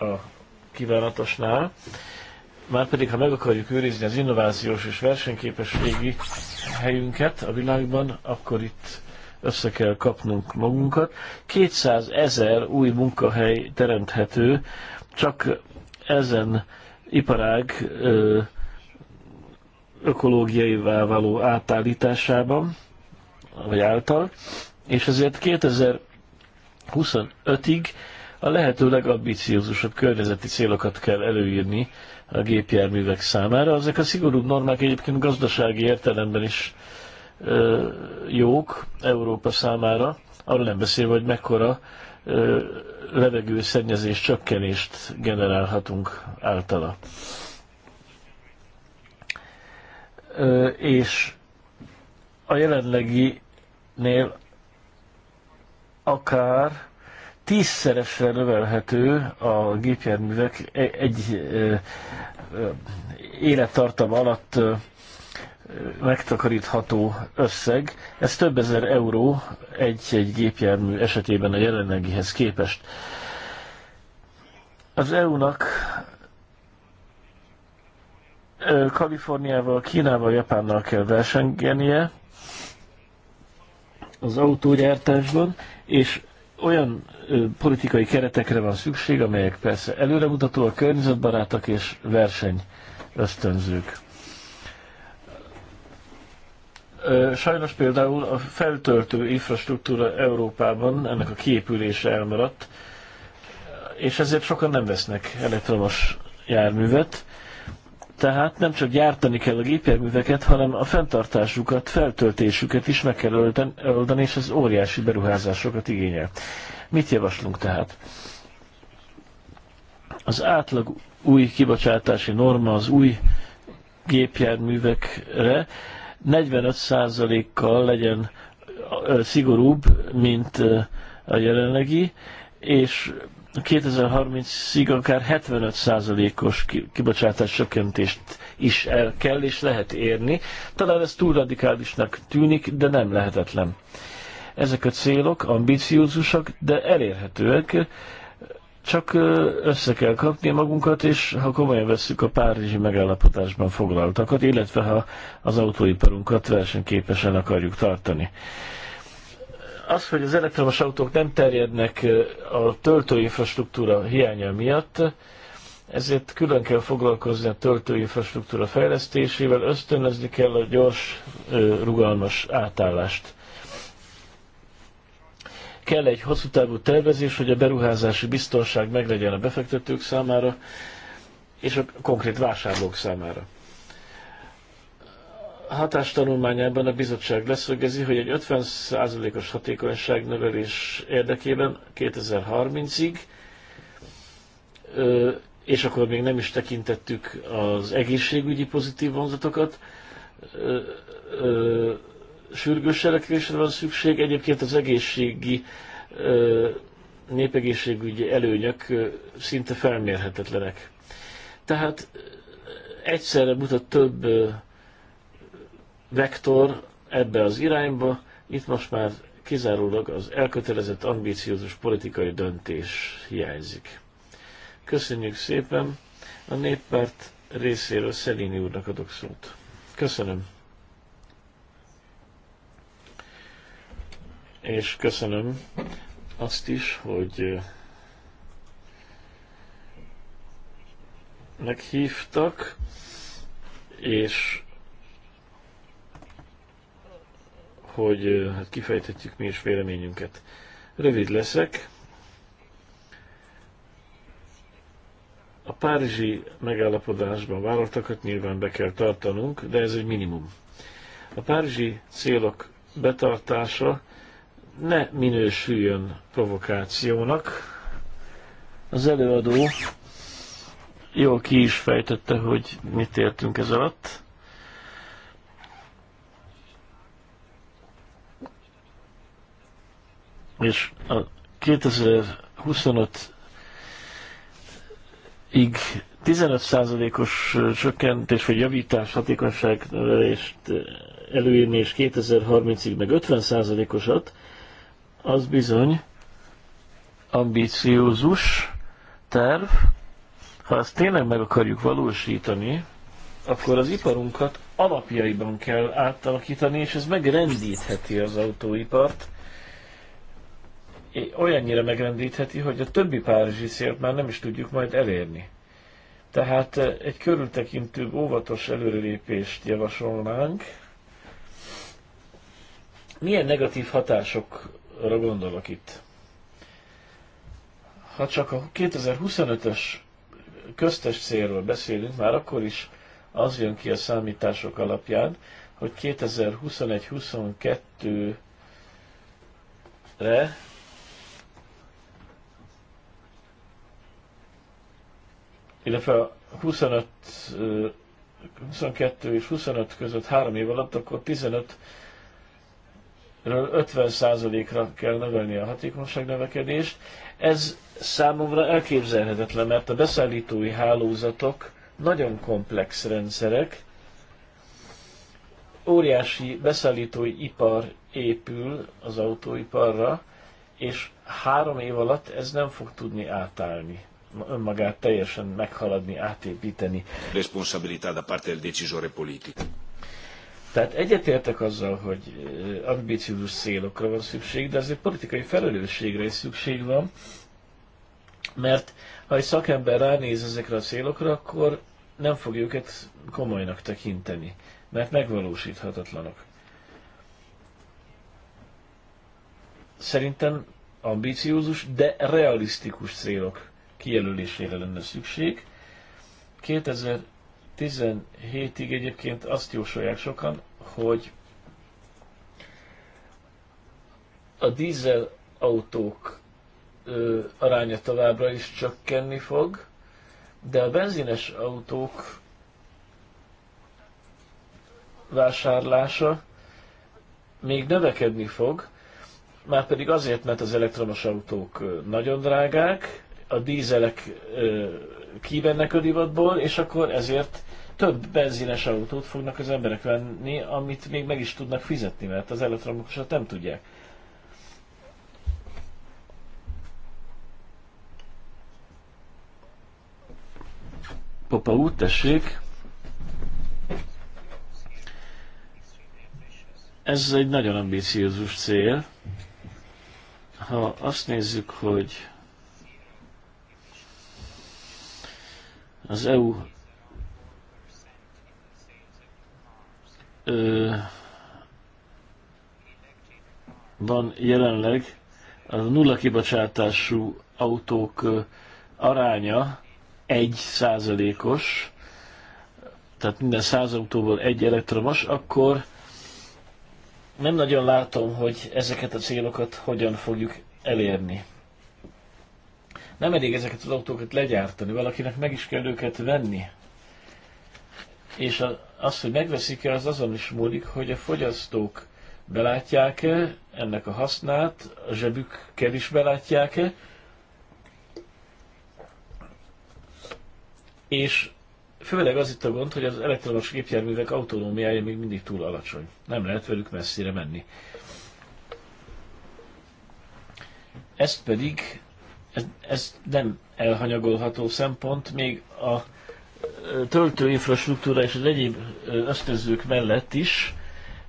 a kívánatosnál, Márpedig, ha meg akarjuk őrizni az innovációs és versenyképességi helyünket a világban, akkor itt össze kell kapnunk magunkat. 200 ezer új munkahely teremthető, csak ezen iparág ö, ökológiaivá való átállításában, vagy által, és ezért 2025-ig a lehető legambiciózusabb környezeti célokat kell előírni a gépjárművek számára. Ezek a szigorúbb normák egyébként gazdasági értelemben is ö, jók Európa számára, arra nem beszélve, hogy mekkora ö, levegőszennyezés csökkenést generálhatunk általa. Ö, és a jelenlegi nél akár tízszeresre növelhető a gépjárművek e- egy e- e- élettartam alatt megtakarítható összeg. Ez több ezer euró egy-egy gépjármű esetében a jelenlegihez képest. Az EU-nak Kaliforniával, Kínával, Japánnal kell versengenie az autógyártásban, és olyan ö, politikai keretekre van szükség, amelyek persze előremutatóak, környezetbarátak és verseny ösztönzők. Ö, sajnos például a feltöltő infrastruktúra Európában ennek a kiépülése elmaradt, és ezért sokan nem vesznek elektromos járművet. Tehát nem csak gyártani kell a gépjárműveket, hanem a fenntartásukat, feltöltésüket is meg kell oldani, és ez óriási beruházásokat igényel. Mit javaslunk tehát? Az átlag új kibocsátási norma az új gépjárművekre 45%-kal legyen szigorúbb, mint a jelenlegi, és 2030-ig akár 75%-os kibocsátás csökkentést is el kell és lehet érni. Talán ez túl radikálisnak tűnik, de nem lehetetlen. Ezek a célok ambiciózusak, de elérhetőek, csak össze kell kapni magunkat, és ha komolyan vesszük a párizsi megállapodásban foglaltakat, illetve ha az autóiparunkat versenyképesen akarjuk tartani az, hogy az elektromos autók nem terjednek a töltőinfrastruktúra hiánya miatt, ezért külön kell foglalkozni a töltőinfrastruktúra fejlesztésével, ösztönözni kell a gyors, rugalmas átállást. Kell egy hosszú távú tervezés, hogy a beruházási biztonság meglegyen a befektetők számára és a konkrét vásárlók számára hatástanulmányában a bizottság leszögezi, hogy egy 50%-os hatékonyság növelés érdekében 2030-ig, és akkor még nem is tekintettük az egészségügyi pozitív vonzatokat, sürgős cselekvésre van szükség. Egyébként az egészségi népegészségügyi előnyök szinte felmérhetetlenek. Tehát egyszerre mutat több vektor ebbe az irányba, itt most már kizárólag az elkötelezett, ambíciózus politikai döntés hiányzik. Köszönjük szépen! A néppárt részéről Szelini úrnak adok szót. Köszönöm! És köszönöm azt is, hogy eh, meghívtak, és hogy hát kifejthetjük mi is véleményünket. Rövid leszek. A párizsi megállapodásban vállaltakat nyilván be kell tartanunk, de ez egy minimum. A párizsi célok betartása ne minősüljön provokációnak. Az előadó jól ki is fejtette, hogy mit értünk ez alatt. és a 2025-ig 15%-os csökkentés vagy javítás, hatékonyság növelést előírni, és 2030-ig meg 50%-osat, az bizony ambiciózus terv. Ha ezt tényleg meg akarjuk valósítani, akkor az iparunkat alapjaiban kell átalakítani, és ez megrendítheti az autóipart olyannyira megrendítheti, hogy a többi párizsi szélt már nem is tudjuk majd elérni. Tehát eh, egy körültekintőbb, óvatos előrelépést javasolnánk. Milyen negatív hatásokra gondolok itt? Ha csak a 2025-ös köztes célról beszélünk, már akkor is az jön ki a számítások alapján, hogy 2021-22-re illetve a 25, 22 és 25 között három év alatt, akkor 15 50%-ra kell növelni a hatékonyság növekedést. Ez számomra elképzelhetetlen, mert a beszállítói hálózatok nagyon komplex rendszerek, óriási beszállítói ipar épül az autóiparra, és három év alatt ez nem fog tudni átállni önmagát teljesen meghaladni, átépíteni. Responsabilità da parte del decisore politico. Tehát egyetértek azzal, hogy eh, ambiciózus célokra van szükség, de azért politikai felelősségre is szükség van, mert ha egy szakember ránéz ezekre a célokra, akkor nem fogja őket komolynak tekinteni, mert megvalósíthatatlanok. Szerintem ambiciózus, de realisztikus célok kijelölésére lenne szükség. 2017-ig egyébként azt jósolják sokan, hogy a dízel autók ö, aránya továbbra is csökkenni fog, de a benzines autók vásárlása még növekedni fog, már pedig azért, mert az elektromos autók nagyon drágák, a dízelek kibennek a divatból, és akkor ezért több benzines autót fognak az emberek venni, amit még meg is tudnak fizetni, mert az elektromosat nem tudják. Papa út, tessék! Ez egy nagyon ambíciózus cél. Ha azt nézzük, hogy Az EU ö, van jelenleg a nulla kibocsátású autók ö, aránya egy százalékos, tehát minden száz autóból egy elektromos, akkor nem nagyon látom, hogy ezeket a célokat hogyan fogjuk elérni. Nem elég ezeket az autókat legyártani, valakinek meg is kell őket venni. És az, hogy megveszik-e, az azon is múlik, hogy a fogyasztók belátják-e ennek a hasznát, a zsebükkel is belátják-e, és főleg az itt a gond, hogy az elektromos gépjárművek autonómiája még mindig túl alacsony. Nem lehet velük messzire menni. Ezt pedig ez, ez nem elhanyagolható szempont, még a töltőinfrastruktúra és az egyéb ösztönzők mellett is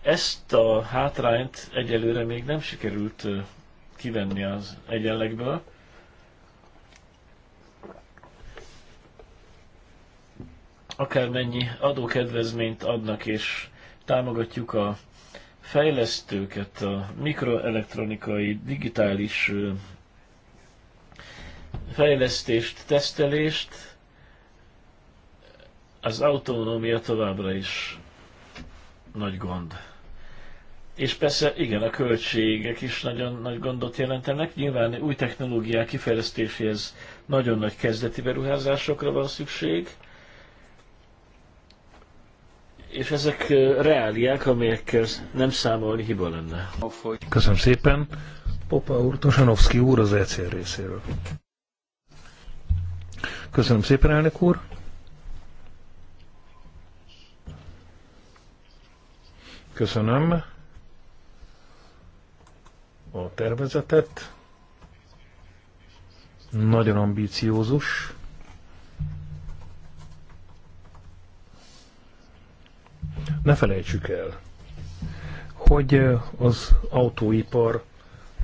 ezt a hátrányt egyelőre még nem sikerült kivenni az egyenlegből. Akármennyi adókedvezményt adnak, és támogatjuk a fejlesztőket, a mikroelektronikai, digitális fejlesztést, tesztelést, az autonómia továbbra is nagy gond. És persze igen, a költségek is nagyon nagy gondot jelentenek. Nyilván új technológiák kifejlesztéséhez nagyon nagy kezdeti beruházásokra van szükség, és ezek reáliák, amelyekkel nem számolni hiba lenne. Köszönöm szépen. Popa úr, Tosanovszki úr az ECR részéről. Köszönöm szépen, elnök úr. Köszönöm a tervezetet. Nagyon ambíciózus. Ne felejtsük el, hogy az autóipar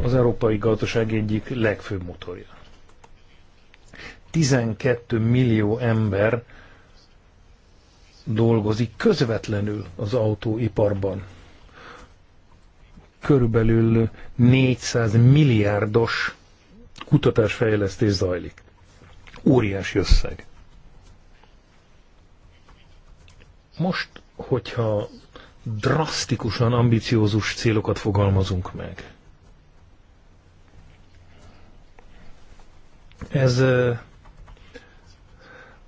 az európai gazdaság egyik legfőbb motorja. 12 millió ember dolgozik közvetlenül az autóiparban. Körülbelül 400 milliárdos kutatásfejlesztés zajlik. Óriási összeg. Most, hogyha drasztikusan ambiciózus célokat fogalmazunk meg, ez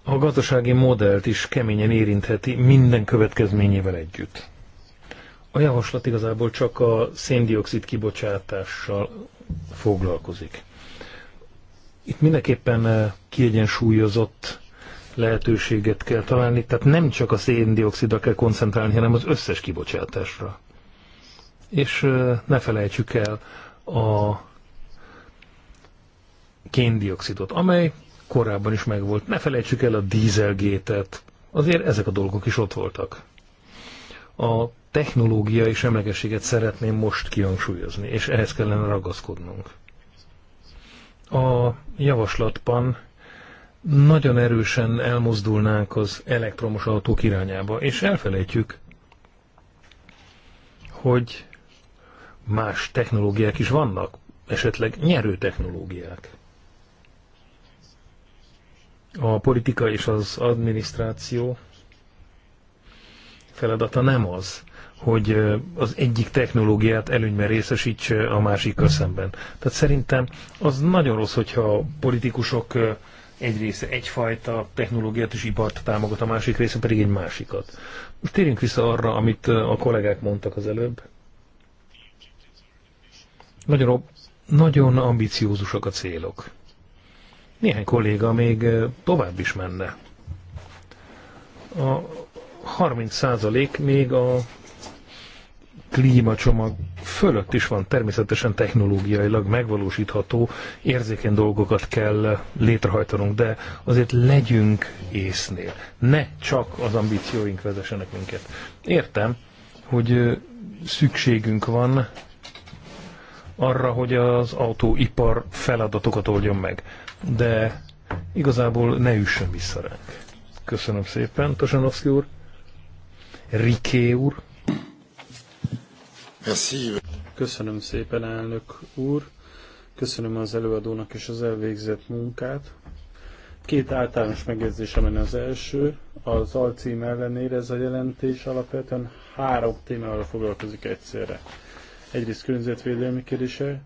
a gazdasági modellt is keményen érintheti minden következményével együtt. A javaslat igazából csak a széndiokszid kibocsátással foglalkozik. Itt mindenképpen eh, kiegyensúlyozott lehetőséget kell találni, tehát nem csak a széndiokszidra kell koncentrálni, hanem az összes kibocsátásra. És eh, ne felejtsük el a kéndioxidot, amely korábban is megvolt. Ne felejtsük el a dízelgétet. Azért ezek a dolgok is ott voltak. A technológiai semlegességet szeretném most kihangsúlyozni, és ehhez kellene ragaszkodnunk. A javaslatban nagyon erősen elmozdulnánk az elektromos autók irányába, és elfelejtjük, hogy más technológiák is vannak, esetleg nyerő technológiák a politika és az adminisztráció feladata nem az, hogy az egyik technológiát előnyben részesítse a másikkal szemben. Tehát szerintem az nagyon rossz, hogyha a politikusok egy része egyfajta technológiát és ipart támogat, a másik része pedig egy másikat. Most térjünk vissza arra, amit a kollégák mondtak az előbb. Nagyon, nagyon ambiciózusak a célok. Néhány kolléga még tovább is menne. A 30% még a klímacsomag fölött is van, természetesen technológiailag megvalósítható, érzékeny dolgokat kell létrehajtanunk, de azért legyünk észnél. Ne csak az ambícióink vezessenek minket. Értem, hogy szükségünk van arra, hogy az autóipar feladatokat oldjon meg de igazából ne üssön vissza ránk. Köszönöm szépen, Tosanovszki úr. Riké úr. Köszönöm szépen, elnök úr. Köszönöm az előadónak és az elvégzett munkát. Két általános megjegyzésem lenne az első. Az alcím ellenére ez a jelentés alapvetően három témával foglalkozik egyszerre. Egyrészt környezetvédelmi kérdése,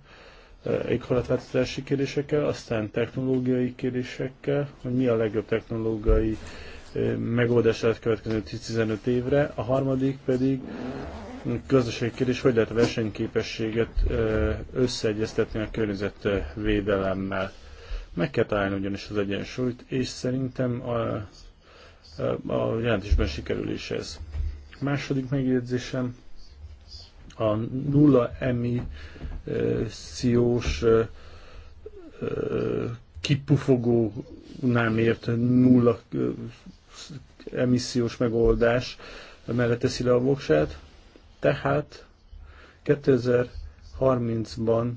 éghajlatváltozási kérdésekkel, aztán technológiai kérdésekkel, hogy mi a legjobb technológiai megoldás lehet következő 10-15 évre, a harmadik pedig gazdasági kérdés, hogy lehet a versenyképességet összeegyeztetni a környezetvédelemmel. Meg kell találni ugyanis az egyensúlyt, és szerintem a, a jelentésben sikerül is ez. A második megjegyzésem, a nulla emissziós kipufogó miért nulla emissziós megoldás mellett teszi le a voksát. Tehát 2030-ban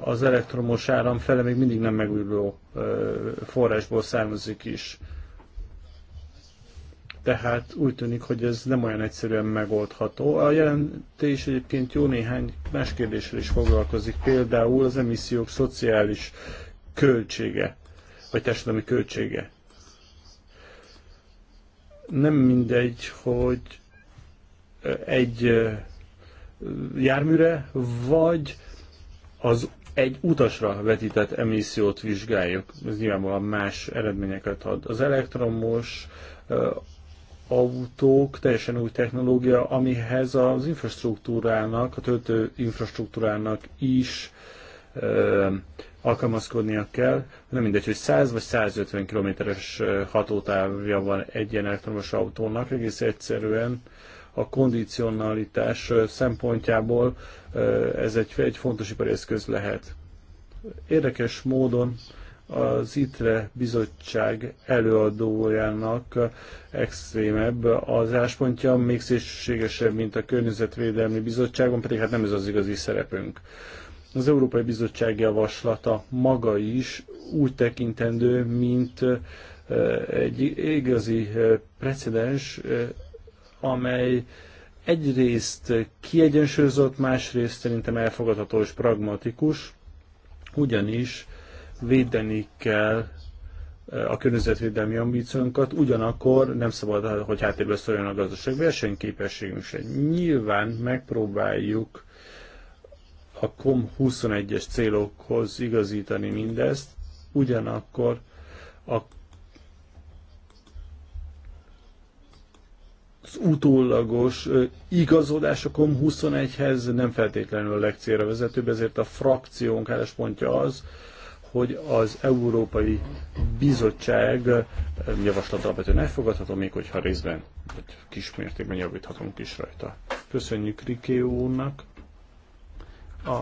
az elektromos áram fele még mindig nem megújuló forrásból származik is. Tehát úgy tűnik, hogy ez nem olyan egyszerűen megoldható. A jelentés egyébként jó néhány más kérdéssel is foglalkozik, például az emissziók szociális költsége, vagy társadalmi költsége. Nem mindegy, hogy egy járműre, vagy az egy utasra vetített emissziót vizsgáljuk. Ez nyilvánvalóan más eredményeket ad. Az elektromos autók, teljesen új technológia, amihez az infrastruktúrának, a töltő infrastruktúrának is ö, alkalmazkodnia kell. Nem mindegy, hogy 100 vagy 150 kilométeres hatótávja van egy ilyen elektromos autónak, egész egyszerűen a kondicionalitás szempontjából ez egy, egy fontos ipari eszköz lehet. Érdekes módon az ITRE bizottság előadójának extrémebb az álláspontja, még szélsőségesebb, mint a Környezetvédelmi Bizottságon, pedig hát nem ez az igazi szerepünk. Az Európai Bizottság javaslata maga is úgy tekintendő, mint egy igazi precedens, amely egyrészt kiegyensúlyozott, másrészt szerintem elfogadható és pragmatikus, ugyanis védeni kell e, a környezetvédelmi ambíciónkat, ugyanakkor nem szabad, hogy háttérbe szóljon a gazdaság versenyképességünk se. Nyilván megpróbáljuk a COM 21-es célokhoz igazítani mindezt, ugyanakkor a az utólagos igazodás a COM 21-hez nem feltétlenül a legcélra vezetőbb, ezért a frakciónk álláspontja az, hogy az Európai Bizottság eh, javaslata alapvetően elfogadható, még hogyha részben kis mértékben javíthatunk is rajta. Köszönjük Riké úrnak. A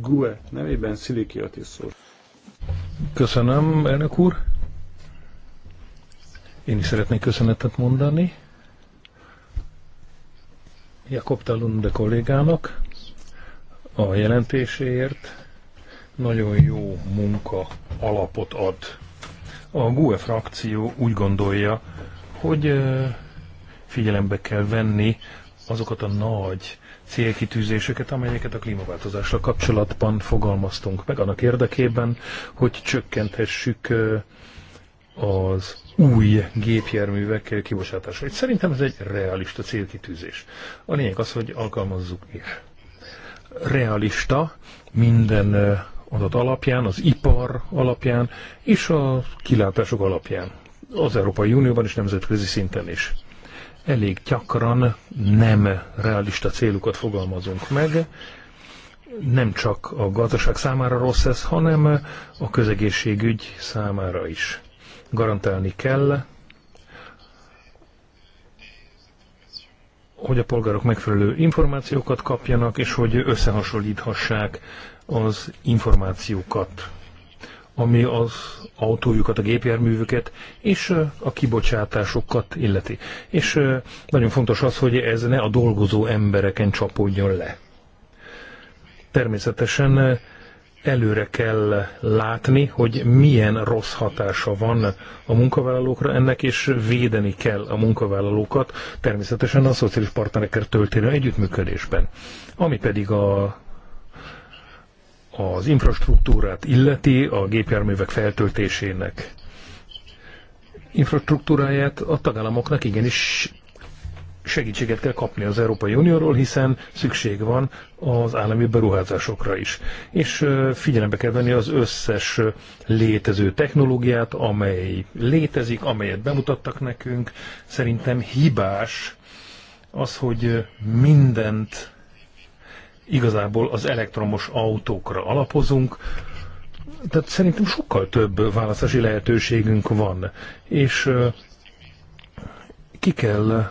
GUE nevében Sziliki Atis úr. Köszönöm, elnök úr. Én is szeretnék köszönetet mondani. Jakob Talunde kollégának a jelentéséért, nagyon jó munka alapot ad. A GUE frakció úgy gondolja, hogy figyelembe kell venni azokat a nagy célkitűzéseket, amelyeket a klímaváltozásra kapcsolatban fogalmaztunk meg annak érdekében, hogy csökkenthessük az új gépjárművek kibocsátásait. Szerintem ez egy realista célkitűzés. A lényeg az, hogy alkalmazzuk is. Realista minden adat alapján, az ipar alapján és a kilátások alapján. Az Európai Unióban is nemzetközi szinten is. Elég gyakran nem realista célukat fogalmazunk meg, nem csak a gazdaság számára rossz ez, hanem a közegészségügy számára is. Garantálni kell, hogy a polgárok megfelelő információkat kapjanak, és hogy összehasonlíthassák az információkat, ami az autójukat, a gépjárművüket és a kibocsátásokat illeti. És nagyon fontos az, hogy ez ne a dolgozó embereken csapódjon le. Természetesen előre kell látni, hogy milyen rossz hatása van a munkavállalókra ennek, és védeni kell a munkavállalókat, természetesen a szociális partnerekkel történő együttműködésben. Ami pedig a az infrastruktúrát illeti, a gépjárművek feltöltésének infrastruktúráját a tagállamoknak igenis segítséget kell kapni az Európai Unióról, hiszen szükség van az állami beruházásokra is. És figyelembe kell venni az összes létező technológiát, amely létezik, amelyet bemutattak nekünk. Szerintem hibás az, hogy mindent igazából az elektromos autókra alapozunk, tehát szerintem sokkal több választási lehetőségünk van, és ki kell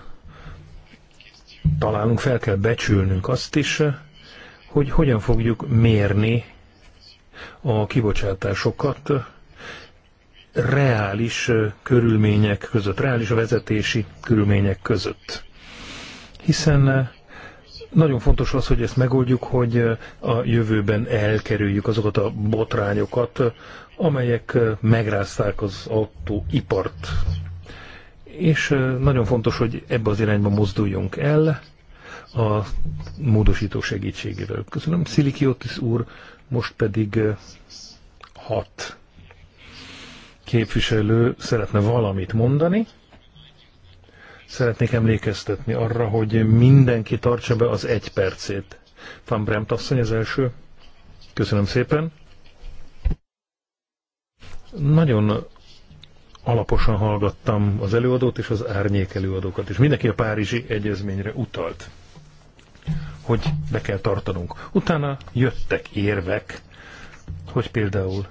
találnunk, fel kell becsülnünk azt is, hogy hogyan fogjuk mérni a kibocsátásokat reális körülmények között, reális vezetési körülmények között. Hiszen nagyon fontos az, hogy ezt megoldjuk, hogy a jövőben elkerüljük azokat a botrányokat, amelyek megrázták az autóipart. És nagyon fontos, hogy ebbe az irányba mozduljunk el a módosító segítségével. Köszönöm, Szilikiotis úr, most pedig hat képviselő szeretne valamit mondani. Szeretnék emlékeztetni arra, hogy mindenki tartsa be az egy percét. Van Bremt asszony az első. Köszönöm szépen. Nagyon alaposan hallgattam az előadót és az árnyék előadókat, és mindenki a Párizsi Egyezményre utalt, hogy be kell tartanunk. Utána jöttek érvek, hogy például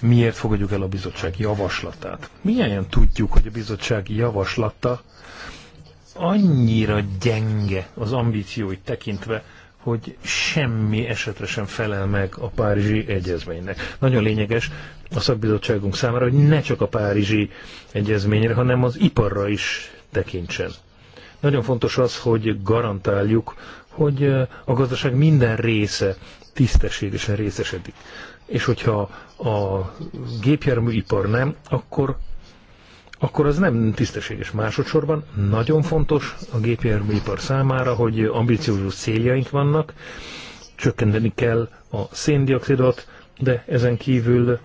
miért fogadjuk el a bizottság javaslatát. Milyen tudjuk, hogy a bizottság javaslata annyira gyenge az ambícióit tekintve, hogy semmi esetre sem felel meg a Párizsi Egyezménynek. Nagyon lényeges a szakbizottságunk számára, hogy ne csak a Párizsi Egyezményre, hanem az iparra is tekintsen. Nagyon fontos az, hogy garantáljuk, hogy a gazdaság minden része tisztességesen részesedik. És hogyha a gépjárműipar nem, akkor akkor az nem tisztességes. Másodszorban nagyon fontos a gépjárműipar számára, hogy ambiciózus céljaink vannak, csökkenteni kell a széndiokszidot, de ezen kívül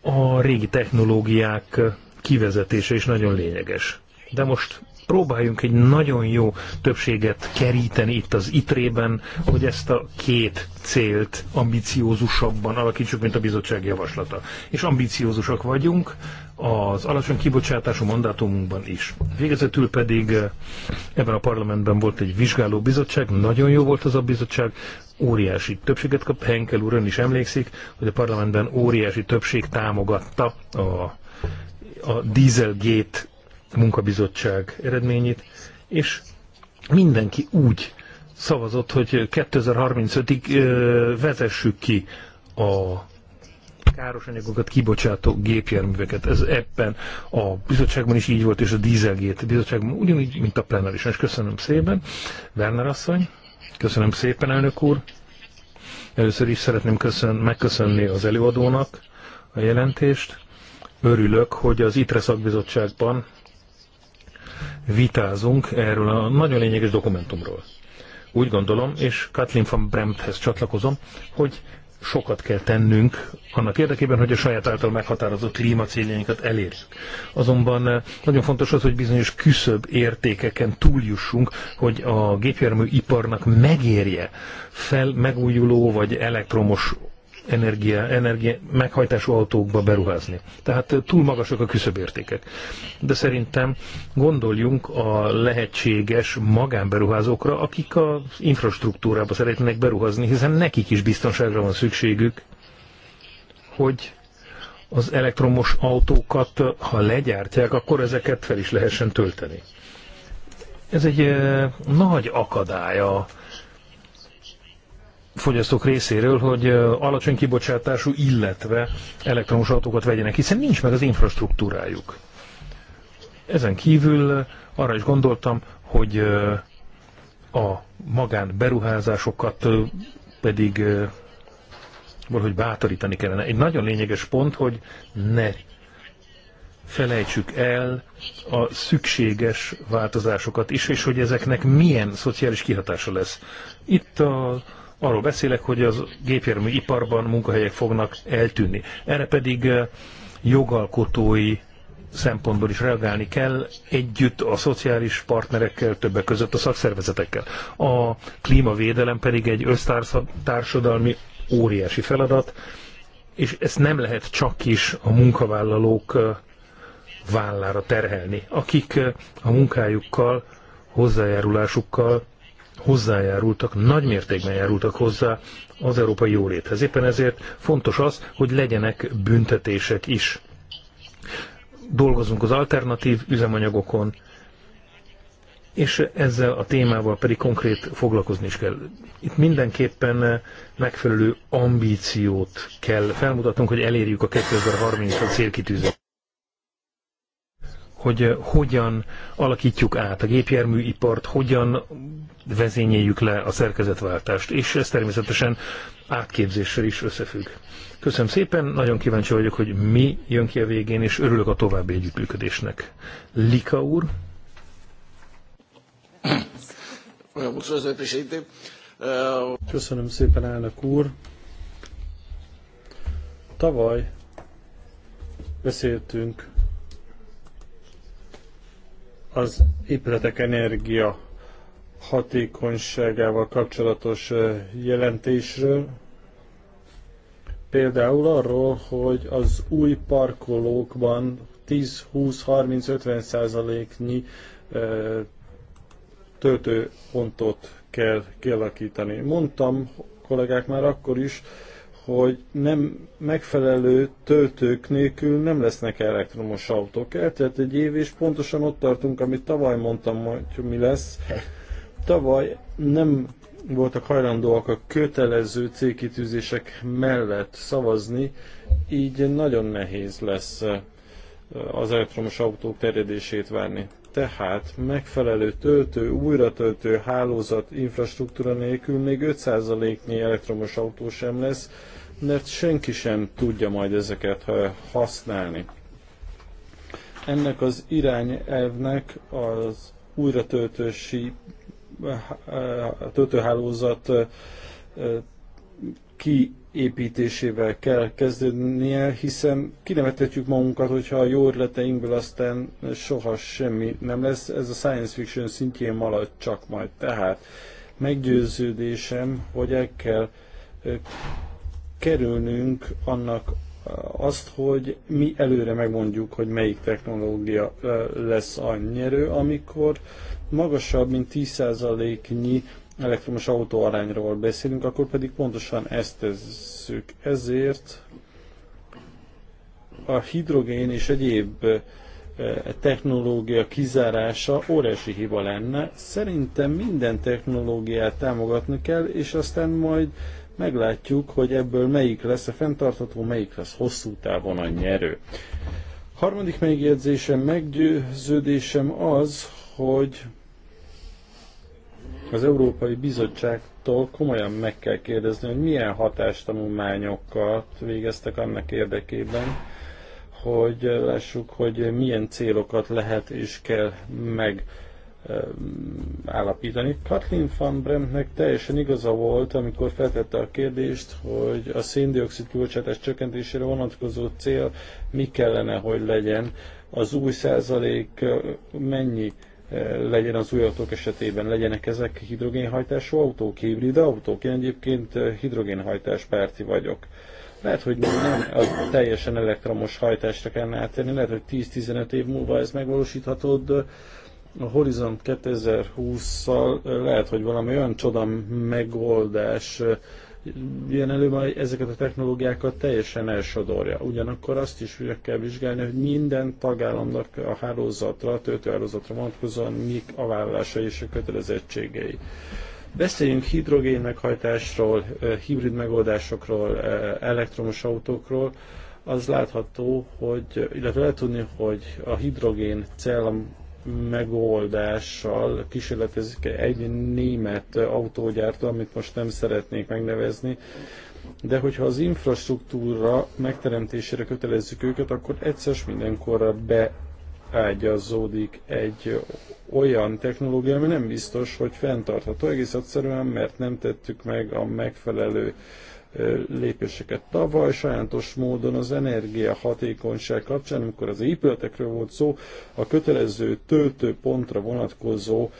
a régi technológiák kivezetése is nagyon lényeges. De most próbáljunk egy nagyon jó többséget keríteni itt az itrében, hogy ezt a két célt ambiciózusabban alakítsuk, mint a bizottság javaslata. És ambiciózusak vagyunk, az alacsony kibocsátású mandátumunkban is. Végezetül pedig eh, ebben a parlamentben volt egy vizsgáló bizottság, nagyon jó volt az a bizottság, óriási többséget kap, Henkel úr ön is emlékszik, hogy a parlamentben óriási többség támogatta a, a Dieselgate munkabizottság eredményét, és mindenki úgy szavazott, hogy 2035-ig eh, vezessük ki a káros anyagokat kibocsátó gépjárműveket. Ez ebben a bizottságban is így volt, és a dízelgét bizottságban ugyanígy, mint a plenárison. És köszönöm szépen, Werner asszony, köszönöm szépen, elnök úr. Először is szeretném köszön, megköszönni az előadónak a jelentést. Örülök, hogy az ITRE szakbizottságban vitázunk erről a nagyon lényeges dokumentumról. Úgy gondolom, és Katlin van Bremthez csatlakozom, hogy sokat kell tennünk annak érdekében, hogy a saját által meghatározott klímacéljainkat elérjük. Azonban eh, nagyon fontos az, hogy bizonyos küszöbb értékeken túljussunk, hogy a gépjármű iparnak megérje fel megújuló vagy elektromos energia, energia, meghajtású autókba beruházni. Tehát túl magasak a küszöbértékek. De szerintem gondoljunk a lehetséges magánberuházókra, akik az infrastruktúrába szeretnének beruházni, hiszen nekik is biztonságra van szükségük, hogy az elektromos autókat, ha legyártják, akkor ezeket fel is lehessen tölteni. Ez egy nagy akadálya fogyasztók részéről, hogy alacsony kibocsátású, illetve elektromos autókat vegyenek, hiszen nincs meg az infrastruktúrájuk. Ezen kívül arra is gondoltam, hogy a magán beruházásokat pedig valahogy bátorítani kellene. Egy nagyon lényeges pont, hogy ne felejtsük el a szükséges változásokat is, és hogy ezeknek milyen szociális kihatása lesz. Itt a arról beszélek, hogy az gépjármű iparban munkahelyek fognak eltűnni. Erre pedig eh, jogalkotói szempontból is reagálni kell, együtt a szociális partnerekkel, többek között a szakszervezetekkel. A klímavédelem pedig egy össztársadalmi óriási feladat, és ezt nem lehet csak is a munkavállalók eh, vállára terhelni, akik eh, a munkájukkal, hozzájárulásukkal hozzájárultak, nagy mértékben járultak hozzá az európai jóléthez. Éppen ezért fontos az, hogy legyenek büntetések is. Dolgozunk az alternatív üzemanyagokon, és ezzel a témával pedig konkrét foglalkozni is kell. Itt mindenképpen megfelelő ambíciót kell felmutatnunk, hogy elérjük a 2030-as célkitűzést hogy eh, hogyan alakítjuk át a gépjárműipart, hogyan vezényeljük le a szerkezetváltást, és ez természetesen átképzéssel is összefügg. Köszönöm szépen, nagyon kíváncsi vagyok, hogy mi jön ki a végén, és örülök a további együttműködésnek. Lika úr? Köszönöm szépen, elnök úr. Tavaly beszéltünk az épületek energia hatékonyságával kapcsolatos jelentésről. Például arról, hogy az új parkolókban 10, 20, 30, 50 nyi töltőpontot kell kialakítani. Mondtam kollégák már akkor is, hogy nem megfelelő töltők nélkül nem lesznek elektromos autók. Eltelt egy év, és pontosan ott tartunk, amit tavaly mondtam, hogy mi lesz. Tavaly nem voltak hajlandóak a kötelező célkitűzések mellett szavazni, így nagyon nehéz lesz az elektromos autók terjedését várni. Tehát megfelelő töltő, újratöltő hálózat, infrastruktúra nélkül még 5%-nyi elektromos autó sem lesz, mert senki sem tudja majd ezeket eh, használni. Ennek az irányelvnek az újratöltősi eh, eh, töltőhálózat kiépítésével kell kezdenie, hiszen kinevetetjük magunkat, hogyha a jó ötleteinkből aztán soha semmi nem lesz. Ez a science fiction szintjén marad csak majd. Tehát meggyőződésem, hogy el kell kerülnünk annak eh, azt, hogy mi előre megmondjuk, hogy melyik technológia eh, lesz a nyerő, amikor magasabb, mint 10%-nyi elektromos autó arányról beszélünk, akkor pedig pontosan ezt tesszük. Ezért a hidrogén és egyéb eh, Eh, technológia kizárása óriási hiba lenne. Szerintem minden technológiát támogatni kell, és aztán majd meglátjuk, hogy ebből melyik lesz a fenntartható, melyik lesz hosszú távon a nyerő. Harmadik megjegyzésem, meggyőződésem az, hogy az Európai Bizottságtól komolyan meg kell kérdezni, hogy milyen hatástanulmányokat végeztek annak érdekében, hogy lássuk, hogy milyen célokat lehet és kell meg állapítani. Kathleen van Bremtnek teljesen igaza volt, amikor feltette a kérdést, hogy a széndiokszid kibocsátás csökkentésére vonatkozó cél mi kellene, hogy legyen, az új százalék mennyi legyen az új autók esetében, legyenek ezek hidrogénhajtású autók, hibrid autók, én egyébként hidrogénhajtás párti vagyok. Lehet, hogy nem a teljesen elektromos hajtásra kellene átérni, lehet, hogy 10-15 év múlva ez megvalósítható, de a Horizon 2020-szal lehet, hogy valami olyan csoda megoldás jön elő, majd ezeket a technológiákat teljesen elsodorja. Ugyanakkor azt is meg kell vizsgálni, hogy minden tagállamnak a hálózatra, a töltőhálózatra vonatkozóan mik a vállalásai és a kötelezettségei. Beszéljünk hidrogén meghajtásról, hibrid megoldásokról, elektromos autókról. Az látható, hogy, illetve lehet tudni, hogy a hidrogén cella megoldással kísérletezik egy német autógyártó, amit most nem szeretnék megnevezni, de hogyha az infrastruktúra megteremtésére kötelezzük őket, akkor egyszer mindenkorra be ágyazódik egy olyan technológia, ami nem biztos, hogy fenntartható egész egyszerűen, mert nem tettük meg a megfelelő lépéseket. Tavaly sajátos módon az energia hatékonyság kapcsán, amikor az épületekről volt szó, a kötelező töltőpontra vonatkozó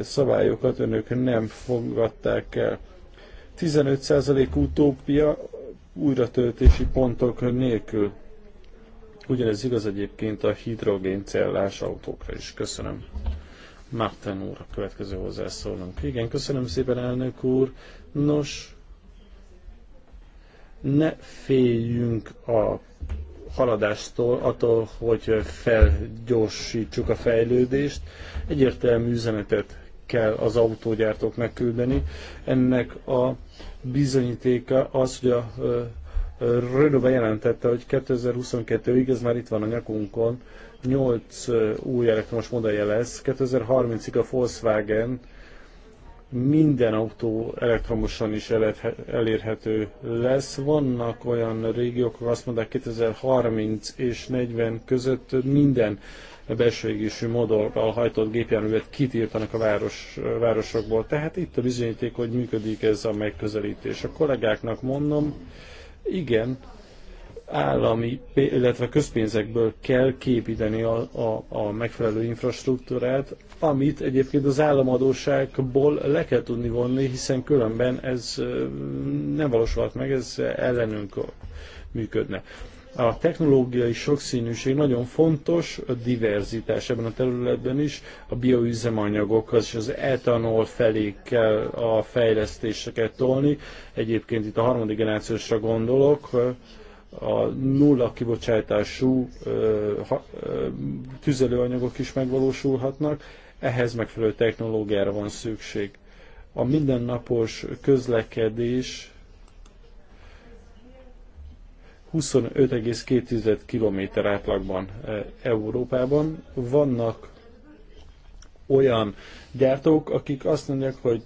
szabályokat önök nem fogadták el. 15% utópia újratöltési pontok nélkül. Ugyanez igaz egyébként a hidrogéncellás autókra is. Köszönöm. Márten úr, a következő hozzászólunk. Igen, köszönöm szépen, elnök úr. Nos, ne féljünk a haladástól, attól, hogy felgyorsítsuk a fejlődést. Egyértelmű üzenetet kell az autógyártóknak küldeni. Ennek a bizonyítéka az, hogy a Rödu bejelentette, hogy 2022-ig, ez már itt van a nyakunkon, 8 új elektromos modellje lesz. 2030-ig a Volkswagen minden autó elektromosan is elérhető lesz. Vannak olyan régiók, akik azt mondják 2030 és 40 között minden belső égésű modorral hajtott gépjárművet kitiltanak a város, városokból. Tehát itt a bizonyíték, hogy működik ez a megközelítés. A kollégáknak mondom, igen, állami, illetve közpénzekből kell képíteni a, a, a megfelelő infrastruktúrát, amit egyébként az államadóságból le kell tudni vonni, hiszen különben ez nem valósulhat meg, ez ellenünk működne. A technológiai sokszínűség nagyon fontos, a diverzitás ebben a területben is, a bioüzemanyagok és az etanol felé kell a fejlesztéseket tolni. Egyébként itt a harmadik generációsra gondolok, a nulla kibocsátású tüzelőanyagok is megvalósulhatnak, ehhez megfelelő technológiára van szükség. A mindennapos közlekedés 25,2 km átlagban e, Európában. Vannak olyan gyártók, akik azt mondják, hogy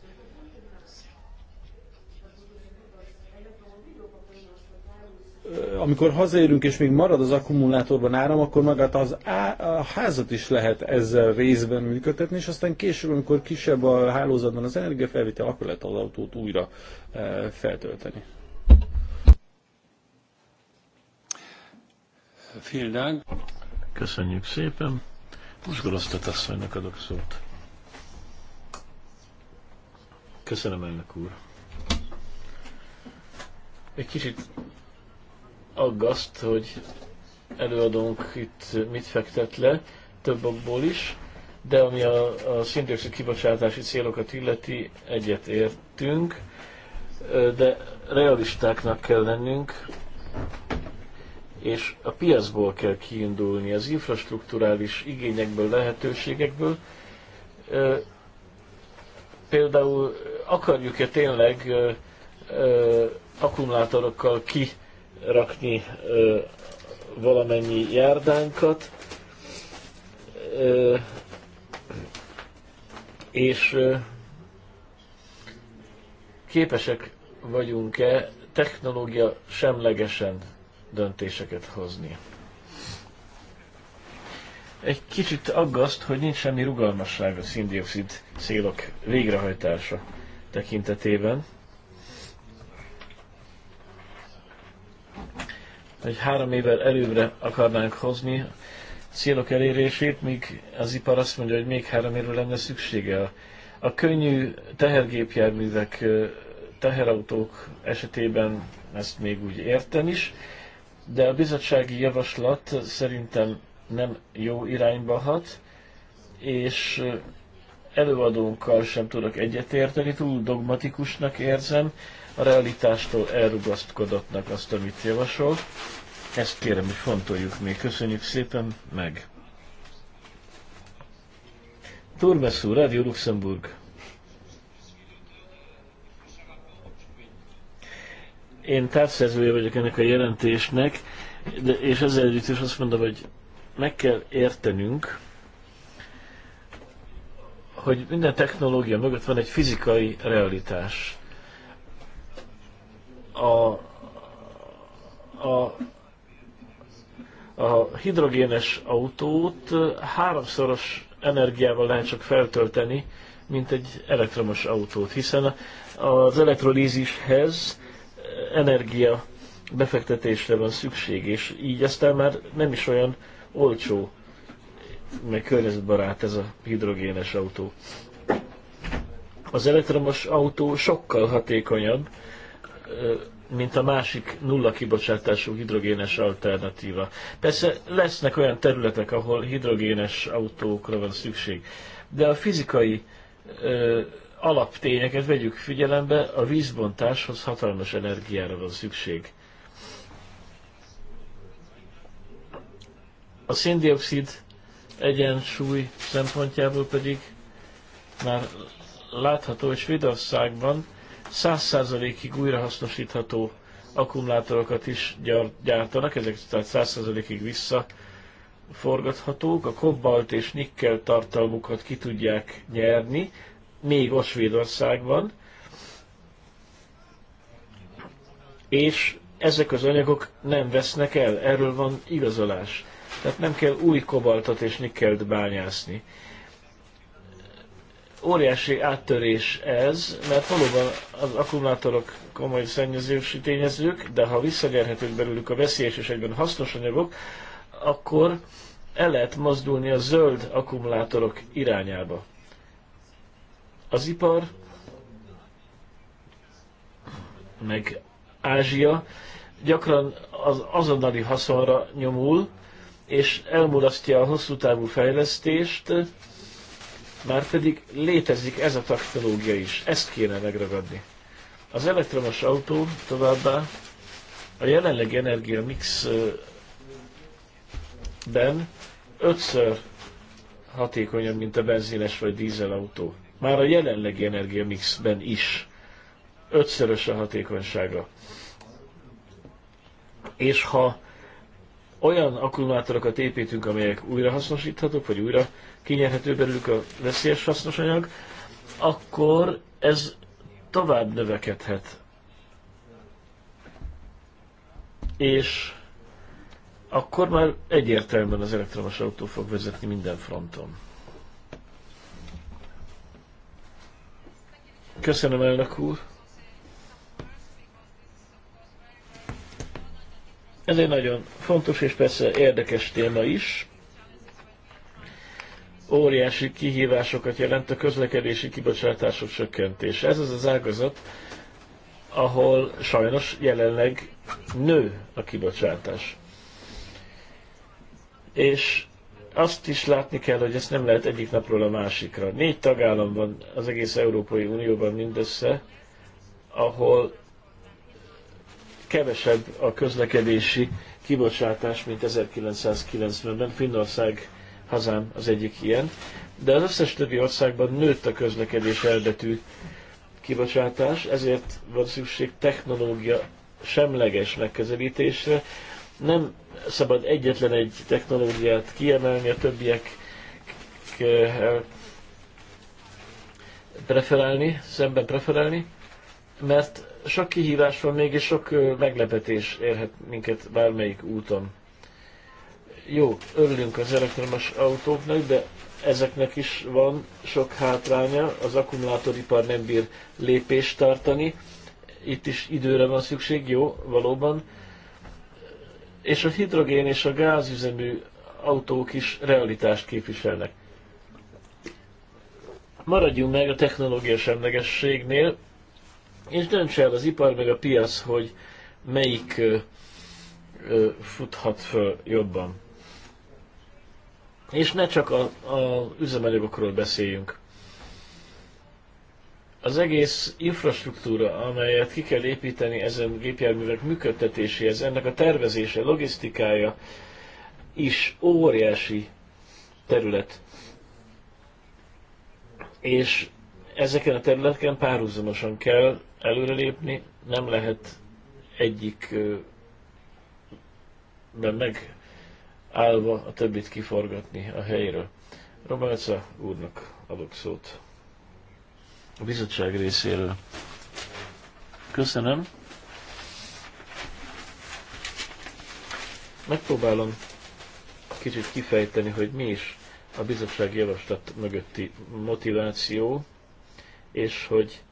e, amikor hazaérünk és még marad az akkumulátorban áram, akkor magát az á, a házat is lehet ezzel részben működtetni, és aztán később, amikor kisebb a hálózatban az energiafelvétel, akkor lehet az autót újra e, feltölteni. Köszönjük szépen. Most Gorosztat asszonynak adok szót. Köszönöm ennek úr. Egy kicsit aggaszt, hogy előadónk itt mit fektet le, több okból is, de ami a, a szindioxid kibocsátási célokat illeti, egyet értünk, de realistáknak kell lennünk, és a piacból kell kiindulni, az infrastruktúrális igényekből, lehetőségekből. Például akarjuk-e tényleg akkumulátorokkal kirakni valamennyi járdánkat, és képesek vagyunk-e technológia semlegesen döntéseket hozni. Egy kicsit aggaszt, hogy nincs semmi rugalmasság a szindioxid célok végrehajtása tekintetében. Hogy három évvel előbbre akarnánk hozni a célok elérését, míg az ipar azt mondja, hogy még három évre lenne szüksége a a könnyű tehergépjárművek, teherautók esetében ezt még úgy értem is, de a bizottsági javaslat szerintem nem jó irányba hat, és előadónkkal sem tudok egyetérteni, túl dogmatikusnak érzem, a realitástól elrugaszkodottnak azt, amit javasol. Ezt kérem, hogy fontoljuk még. Köszönjük szépen, meg! Turmes Radio Luxemburg. én társzerzője vagyok ennek a jelentésnek, de, és ezzel együtt is azt mondom, hogy meg kell értenünk, hogy minden technológia mögött van egy fizikai realitás. A, a, a hidrogénes autót háromszoros energiával lehet csak feltölteni, mint egy elektromos autót, hiszen az elektrolízishez energia befektetésre van szükség, és így aztán már nem is olyan olcsó, meg környezetbarát ez a hidrogénes autó. Az elektromos autó sokkal hatékonyabb, mint a másik nulla kibocsátású hidrogénes alternatíva. Persze lesznek olyan területek, ahol hidrogénes autókra van szükség, de a fizikai alaptényeket vegyük figyelembe, a vízbontáshoz hatalmas energiára van szükség. A széndiokszid egyensúly szempontjából pedig már látható, hogy Svédországban 100%-ig újrahasznosítható akkumulátorokat is gyártanak, ezek tehát 100%-ig vissza forgathatók, a kobalt és nikkel tartalmukat ki tudják nyerni, még a Svédországban, és ezek az anyagok nem vesznek el, erről van igazolás. Tehát nem kell új kobaltot és nikkelt bányászni. Óriási áttörés ez, mert valóban az akkumulátorok komoly szennyezési tényezők, de ha visszagerhetők belőlük a veszélyes és egyben hasznos anyagok, akkor el lehet mozdulni a zöld akkumulátorok irányába. Az ipar, meg Ázsia gyakran az azonnali haszonra nyomul, és elmulasztja a hosszú távú fejlesztést, már pedig létezik ez a technológia is, ezt kéne megragadni. Az elektromos autó továbbá a jelenlegi mixben ötször hatékonyabb, mint a benzines vagy dízel autó már a jelenlegi energiamixben is ötszörös a hatékonysága. És ha olyan akkumulátorokat építünk, amelyek újrahasznosíthatók, vagy újra kinyerhető belőlük a veszélyes hasznos anyag, akkor ez tovább növekedhet. És akkor már egyértelműen az elektromos autó fog vezetni minden fronton. Köszönöm, elnök úr. Ez egy nagyon fontos és persze érdekes téma is. Óriási kihívásokat jelent a közlekedési kibocsátások csökkentése. Ez az az ágazat, ahol sajnos jelenleg nő a kibocsátás. És azt is látni kell, hogy ezt nem lehet egyik napról a másikra. Négy tagállam van az egész Európai Unióban mindössze, ahol kevesebb a közlekedési kibocsátás, mint 1990-ben. Finnország hazám az egyik ilyen. De az összes többi országban nőtt a közlekedés elbetű kibocsátás, ezért van szükség technológia semleges megközelítésre. Nem szabad egyetlen egy technológiát kiemelni, a többiek eh, preferálni, szemben preferálni, mert sok kihívás van, mégis sok eh, meglepetés érhet minket bármelyik úton. Jó, örülünk az elektromos autóknak, de ezeknek is van sok hátránya, az akkumulátoripar nem bír lépést tartani, itt is időre van szükség, jó, valóban, és a hidrogén és a gázüzemű autók is realitást képviselnek. Maradjunk meg a technológia semlegességnél, és dönts el az ipar meg a piac, hogy melyik ö, ö, futhat föl jobban. És ne csak a, üzemanyagokról beszéljünk az egész infrastruktúra, amelyet ki kell építeni ezen gépjárművek működtetéséhez, ennek a tervezése, logisztikája is óriási terület. És ezeken a területeken párhuzamosan kell előrelépni, nem lehet egyik meg megállva a többit kiforgatni a helyről. Romáca úrnak adok szót a bizottság részéről. Köszönöm. Megpróbálom kicsit kifejteni, hogy mi is a bizottság javaslat mögötti motiváció, és hogy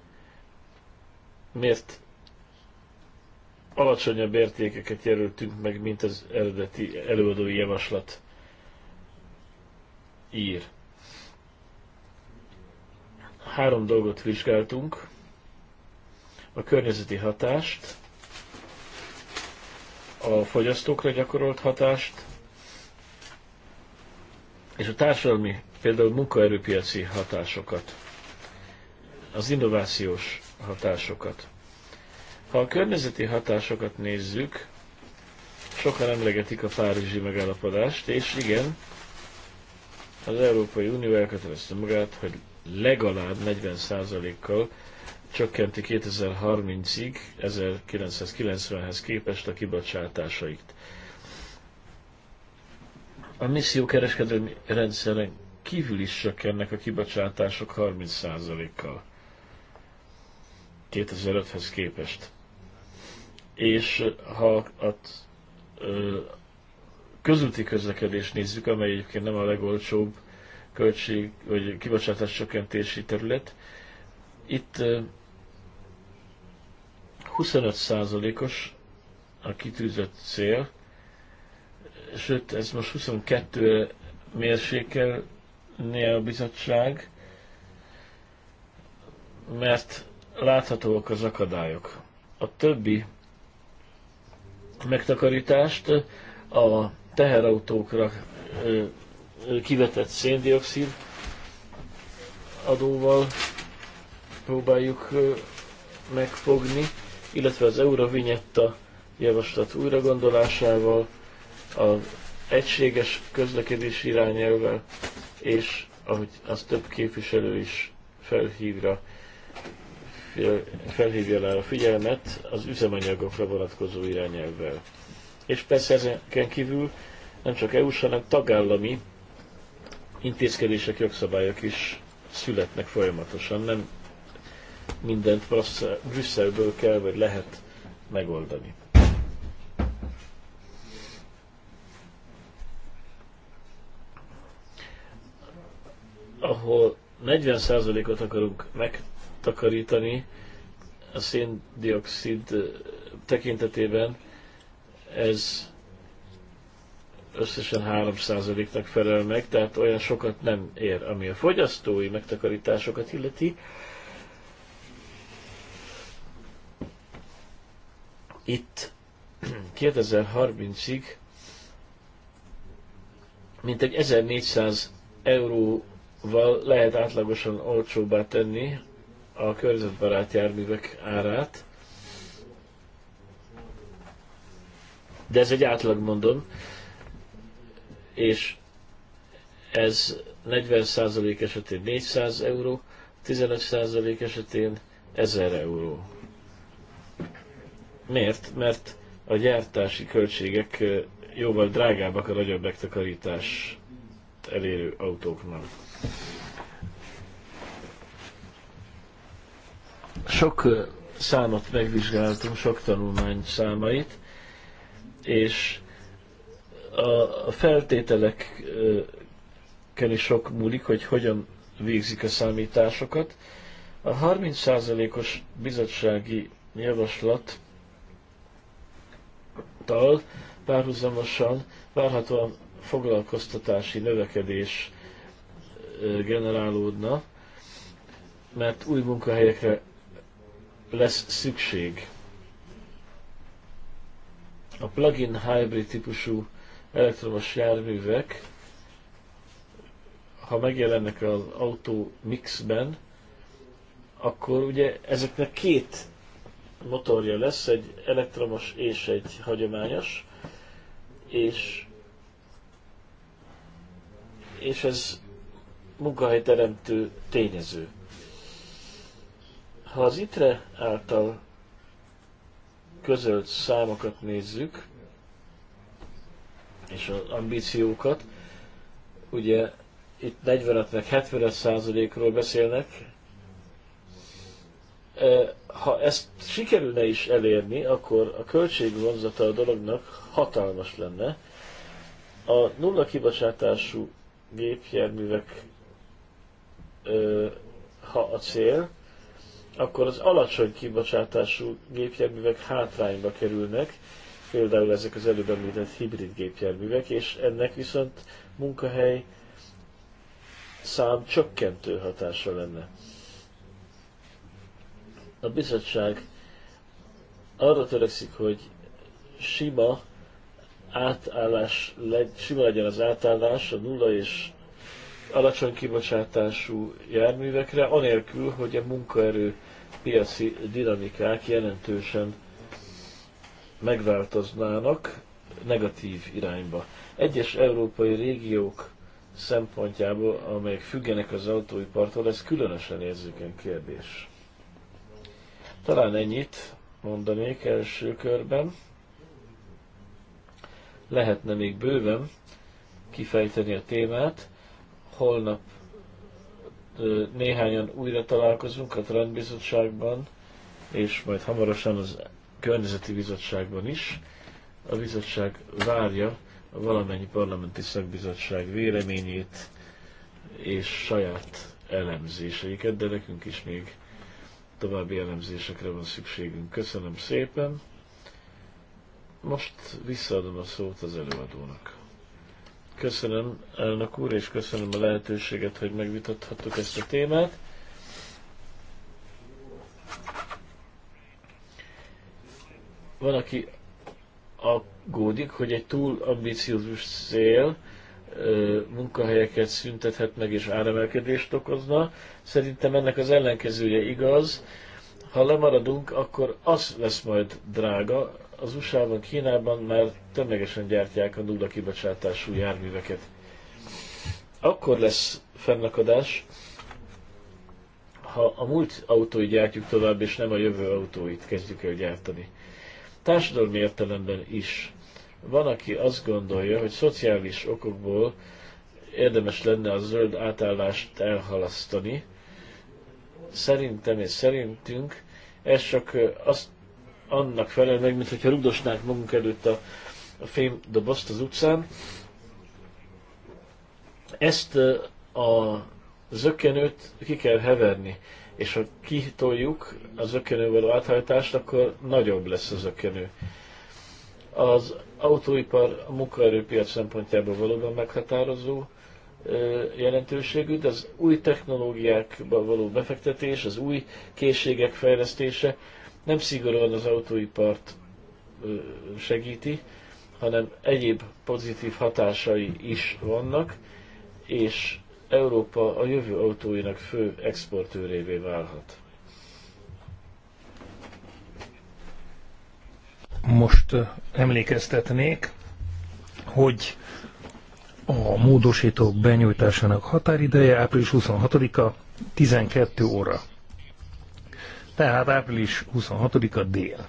miért alacsonyabb értékeket jelöltünk meg, mint az eredeti előadói javaslat ír. Három dolgot vizsgáltunk. A környezeti hatást, a fogyasztókra gyakorolt hatást, és a társadalmi, például munkaerőpiaci hatásokat, az innovációs hatásokat. Ha a környezeti hatásokat nézzük, sokan emlegetik a Párizsi megállapodást, és igen, az Európai Unió elkötelezte magát, hogy legalább 40%-kal csökkenti 2030-ig 1990-hez képest a kibocsátásait. A misszió kereskedelmi rendszeren kívül is csökkennek a kibocsátások 30%-kal 2005-hez képest. És ha a közúti közlekedést nézzük, amely egyébként nem a legolcsóbb költség vagy kibocsátás csökkentési terület. Itt 25%-os a kitűzött cél, sőt, ez most 22 mérsékelné a bizottság, mert láthatóak az akadályok. A többi megtakarítást a teherautókra kivetett széndiokszid adóval próbáljuk megfogni, illetve az Eurovinyetta javaslat újragondolásával, az egységes közlekedés irányelvvel, és ahogy az több képviselő is felhívja, felhívja le a figyelmet, az üzemanyagokra vonatkozó irányelvvel. És persze ezeken kívül nem csak EU-s, hanem tagállami intézkedések, jogszabályok is születnek folyamatosan, nem mindent Brüsszelből kell vagy lehet megoldani. Ahol 40%-ot akarunk megtakarítani a széndiokszid tekintetében, ez összesen 3%-nak felel meg, tehát olyan sokat nem ér, ami a fogyasztói megtakarításokat illeti. Itt 2030-ig [CLEARS THROAT] mintegy 1400 euróval lehet átlagosan olcsóbbá tenni a környezetbarát járművek árát. De ez egy átlag, mondom és ez 40% esetén 400 euró, 15% esetén 1000 euró. Miért? Mert a gyártási költségek jóval drágábbak a nagyobb megtakarítás elérő autóknál. Sok számot megvizsgáltunk, sok tanulmány számait, és a feltételekkel is sok múlik, hogy hogyan végzik a számításokat. A 30%-os bizottsági javaslattal párhuzamosan várhatóan foglalkoztatási növekedés generálódna, mert új munkahelyekre lesz szükség. A plug-in hybrid típusú elektromos járművek, ha megjelennek az autó mixben, akkor ugye ezeknek két motorja lesz, egy elektromos és egy hagyományos, és, és ez munkahelyteremtő tényező. Ha az ITRE által közölt számokat nézzük, és az ambíciókat. Ugye itt 45 meg 75 százalékról beszélnek. Ha ezt sikerülne is elérni, akkor a költségvonzata a dolognak hatalmas lenne. A nulla kibocsátású gépjárművek ha a cél, akkor az alacsony kibocsátású gépjárművek hátrányba kerülnek, például ezek az előbb említett hibrid gépjárművek, és ennek viszont munkahely szám csökkentő hatása lenne. A bizottság arra törekszik, hogy sima átállás, legy, sima legyen az átállás a nulla és alacsony kibocsátású járművekre, anélkül, hogy a munkaerő piaci dinamikák jelentősen megváltoznának negatív irányba. Egyes európai régiók szempontjából, amelyek függenek az autóipartól, ez különösen érzékeny kérdés. Talán ennyit mondanék első körben. Lehetne még bőven kifejteni a témát. Holnap néhányan újra találkozunk a Trendbizottságban, és majd hamarosan az környezeti bizottságban is. A bizottság várja a valamennyi parlamenti szakbizottság véleményét és saját elemzéseiket, de nekünk is még további elemzésekre van szükségünk. Köszönöm szépen. Most visszaadom a szót az előadónak. Köszönöm, elnök úr, és köszönöm a lehetőséget, hogy megvitathattuk ezt a témát. Van, aki aggódik, hogy egy túl ambiciózus cél munkahelyeket szüntethet meg és áremelkedést okozna. Szerintem ennek az ellenkezője igaz. Ha lemaradunk, akkor az lesz majd drága. Az USA-ban, Kínában már tömegesen gyártják a nulla kibocsátású járműveket. Akkor lesz fennakadás, ha a múlt autóit gyártjuk tovább, és nem a jövő autóit kezdjük el gyártani társadalmi értelemben is. Van, aki azt gondolja, hogy szociális okokból érdemes lenne a zöld átállást elhalasztani. Szerintem és szerintünk ez csak azt annak felel meg, mintha hogyha rugdosnánk magunk előtt a, a dobozt az utcán. Ezt a zökkenőt ki kell heverni és ha kitoljuk az ökönő áthajtást, akkor nagyobb lesz az ökönő. Az autóipar a munkaerőpiac szempontjából valóban meghatározó jelentőségű, de az új technológiákba való befektetés, az új készségek fejlesztése nem szigorúan az autóipart segíti, hanem egyéb pozitív hatásai is vannak, és Európa a jövő autóinak fő exportőrévé válhat. Most emlékeztetnék, hogy a módosítók benyújtásának határideje április 26-a 12 óra. Tehát április 26-a dél.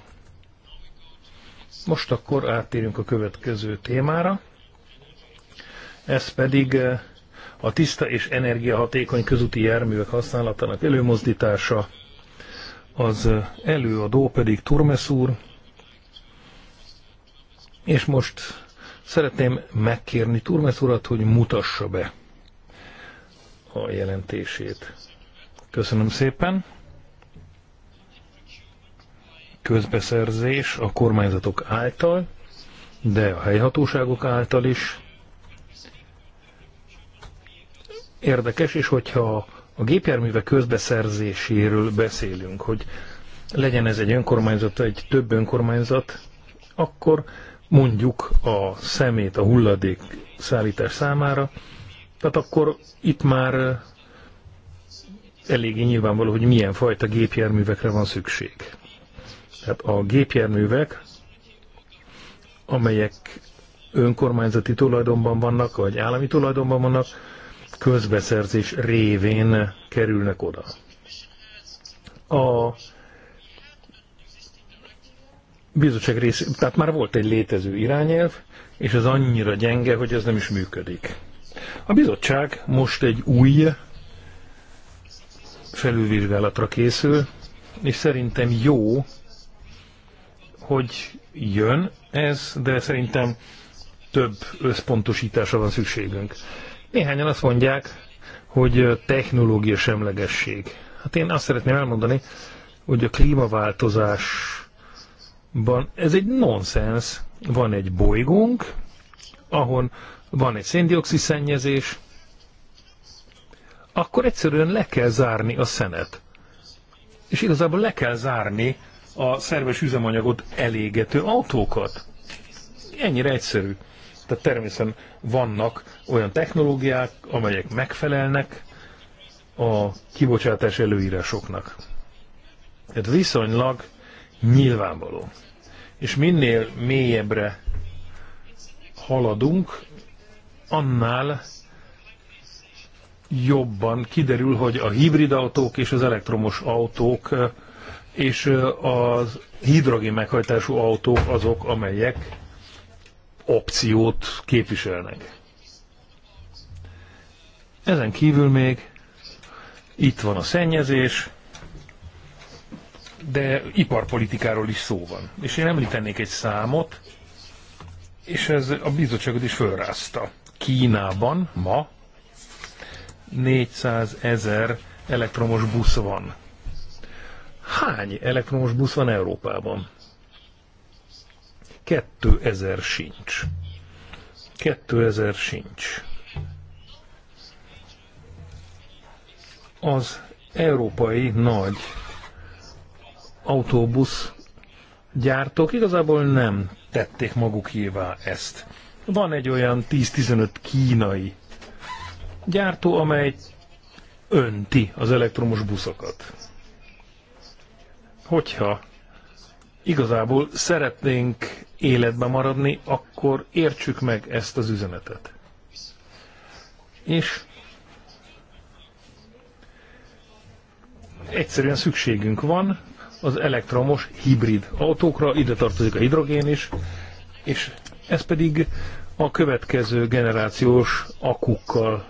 Most akkor áttérünk a következő témára. Ez pedig a tiszta és energiahatékony közúti járművek használatának előmozdítása, az előadó pedig Turmes úr, és most szeretném megkérni Turmes urat, hogy mutassa be a jelentését. Köszönöm szépen! közbeszerzés a kormányzatok által, de a helyhatóságok által is, érdekes, és hogyha a gépjárművek közbeszerzéséről beszélünk, hogy legyen ez egy önkormányzat, egy több önkormányzat, akkor mondjuk a szemét, a hulladék szállítás számára, tehát akkor itt már eléggé nyilvánvaló, hogy milyen fajta gépjárművekre van szükség. Tehát a gépjárművek, amelyek önkormányzati tulajdonban vannak, vagy állami tulajdonban vannak, közbeszerzés révén kerülnek oda. A bizottság rész, tehát már volt egy létező irányelv, és ez annyira gyenge, hogy ez nem is működik. A bizottság most egy új felülvizsgálatra készül, és szerintem jó, hogy jön ez, de szerintem több összpontosításra van szükségünk. Néhányan azt mondják, hogy technológia semlegesség. Hát én azt szeretném elmondani, hogy a klímaváltozásban ez egy nonsens. Van egy bolygónk, ahol van egy széndiokszid szennyezés, akkor egyszerűen le kell zárni a szenet. És igazából le kell zárni a szerves üzemanyagot elégető autókat. Ennyire egyszerű. Tehát természetesen vannak olyan technológiák, amelyek megfelelnek a kibocsátás előírásoknak. Tehát viszonylag nyilvánvaló. És minél mélyebbre haladunk, annál jobban kiderül, hogy a hibrid autók és az elektromos autók és az hidrogén meghajtású autók azok, amelyek opciót képviselnek. Ezen kívül még itt van a szennyezés, de iparpolitikáról is szó van. És én említenék egy számot, és ez a bizottságot is fölrázta. Kínában ma 400 ezer elektromos busz van. Hány elektromos busz van Európában? 2000 sincs. 2000 sincs. Az európai nagy autóbusz gyártók igazából nem tették magukévá ezt. Van egy olyan 10-15 kínai gyártó, amely önti az elektromos buszokat. Hogyha igazából szeretnénk életbe maradni, akkor értsük meg ezt az üzenetet. És egyszerűen szükségünk van az elektromos hibrid autókra, ide tartozik a hidrogén is, és ez pedig a következő generációs akukkal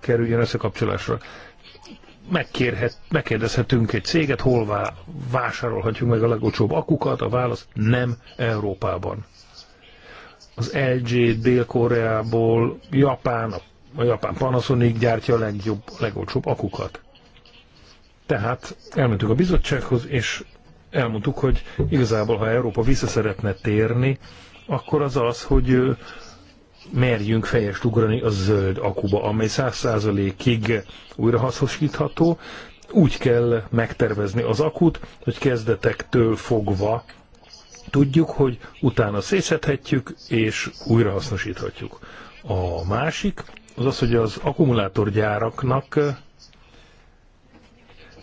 kerüljön összekapcsolásra megkérhet, megkérdezhetünk egy céget, hol vásárolhatjuk meg a legolcsóbb akukat, a válasz nem Európában. Az LG Dél-Koreából, Japán, a japán Panasonic gyártja a legjobb, legolcsóbb akukat. Tehát elmentünk a bizottsághoz, és elmondtuk, hogy igazából, ha Európa vissza szeretne térni, akkor az az, hogy merjünk fejest ugrani a zöld akuba, amely 100%-ig újrahasznosítható. Úgy kell megtervezni az akut, hogy kezdetektől fogva tudjuk, hogy utána szészethetjük és újrahasznosíthatjuk. A másik az az, hogy az akkumulátorgyáraknak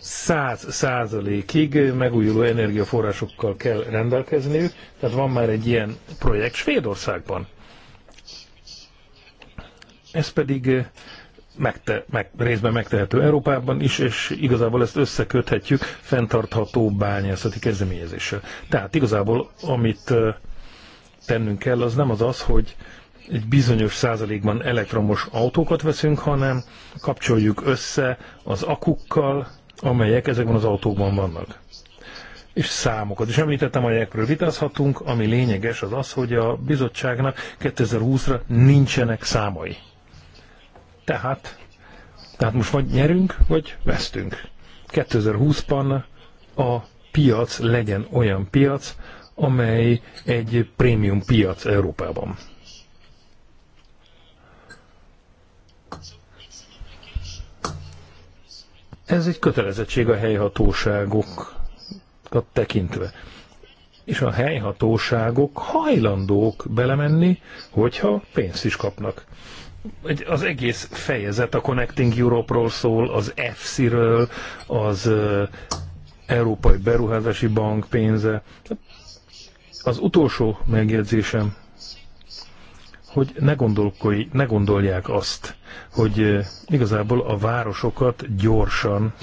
100 ig megújuló energiaforrásokkal kell rendelkezniük, tehát van már egy ilyen projekt Svédországban. Ez pedig eh, megte, meg, részben megtehető Európában is, és igazából ezt összeköthetjük fenntartható bányászati kezdeményezéssel. Tehát igazából, amit eh, tennünk kell, az nem az az, hogy egy bizonyos százalékban elektromos autókat veszünk, hanem kapcsoljuk össze az akukkal, amelyek ezekben az autókban vannak. És számokat is említettem, amelyekről vitázhatunk, ami lényeges az az, hogy a bizottságnak 2020-ra nincsenek számai. Tehát, tehát most vagy nyerünk, vagy vesztünk. 2020-ban a piac legyen olyan piac, amely egy prémium piac Európában. Ez egy kötelezettség a helyhatóságokat tekintve. És a helyhatóságok hajlandók belemenni, hogyha pénzt is kapnak az egész fejezet a Connecting Europe-ról szól, az EFSI-ről, az Európai Beruházási Bank pénze. Az utolsó megjegyzésem, hogy ne, ne gondolják azt, hogy igazából a városokat gyorsan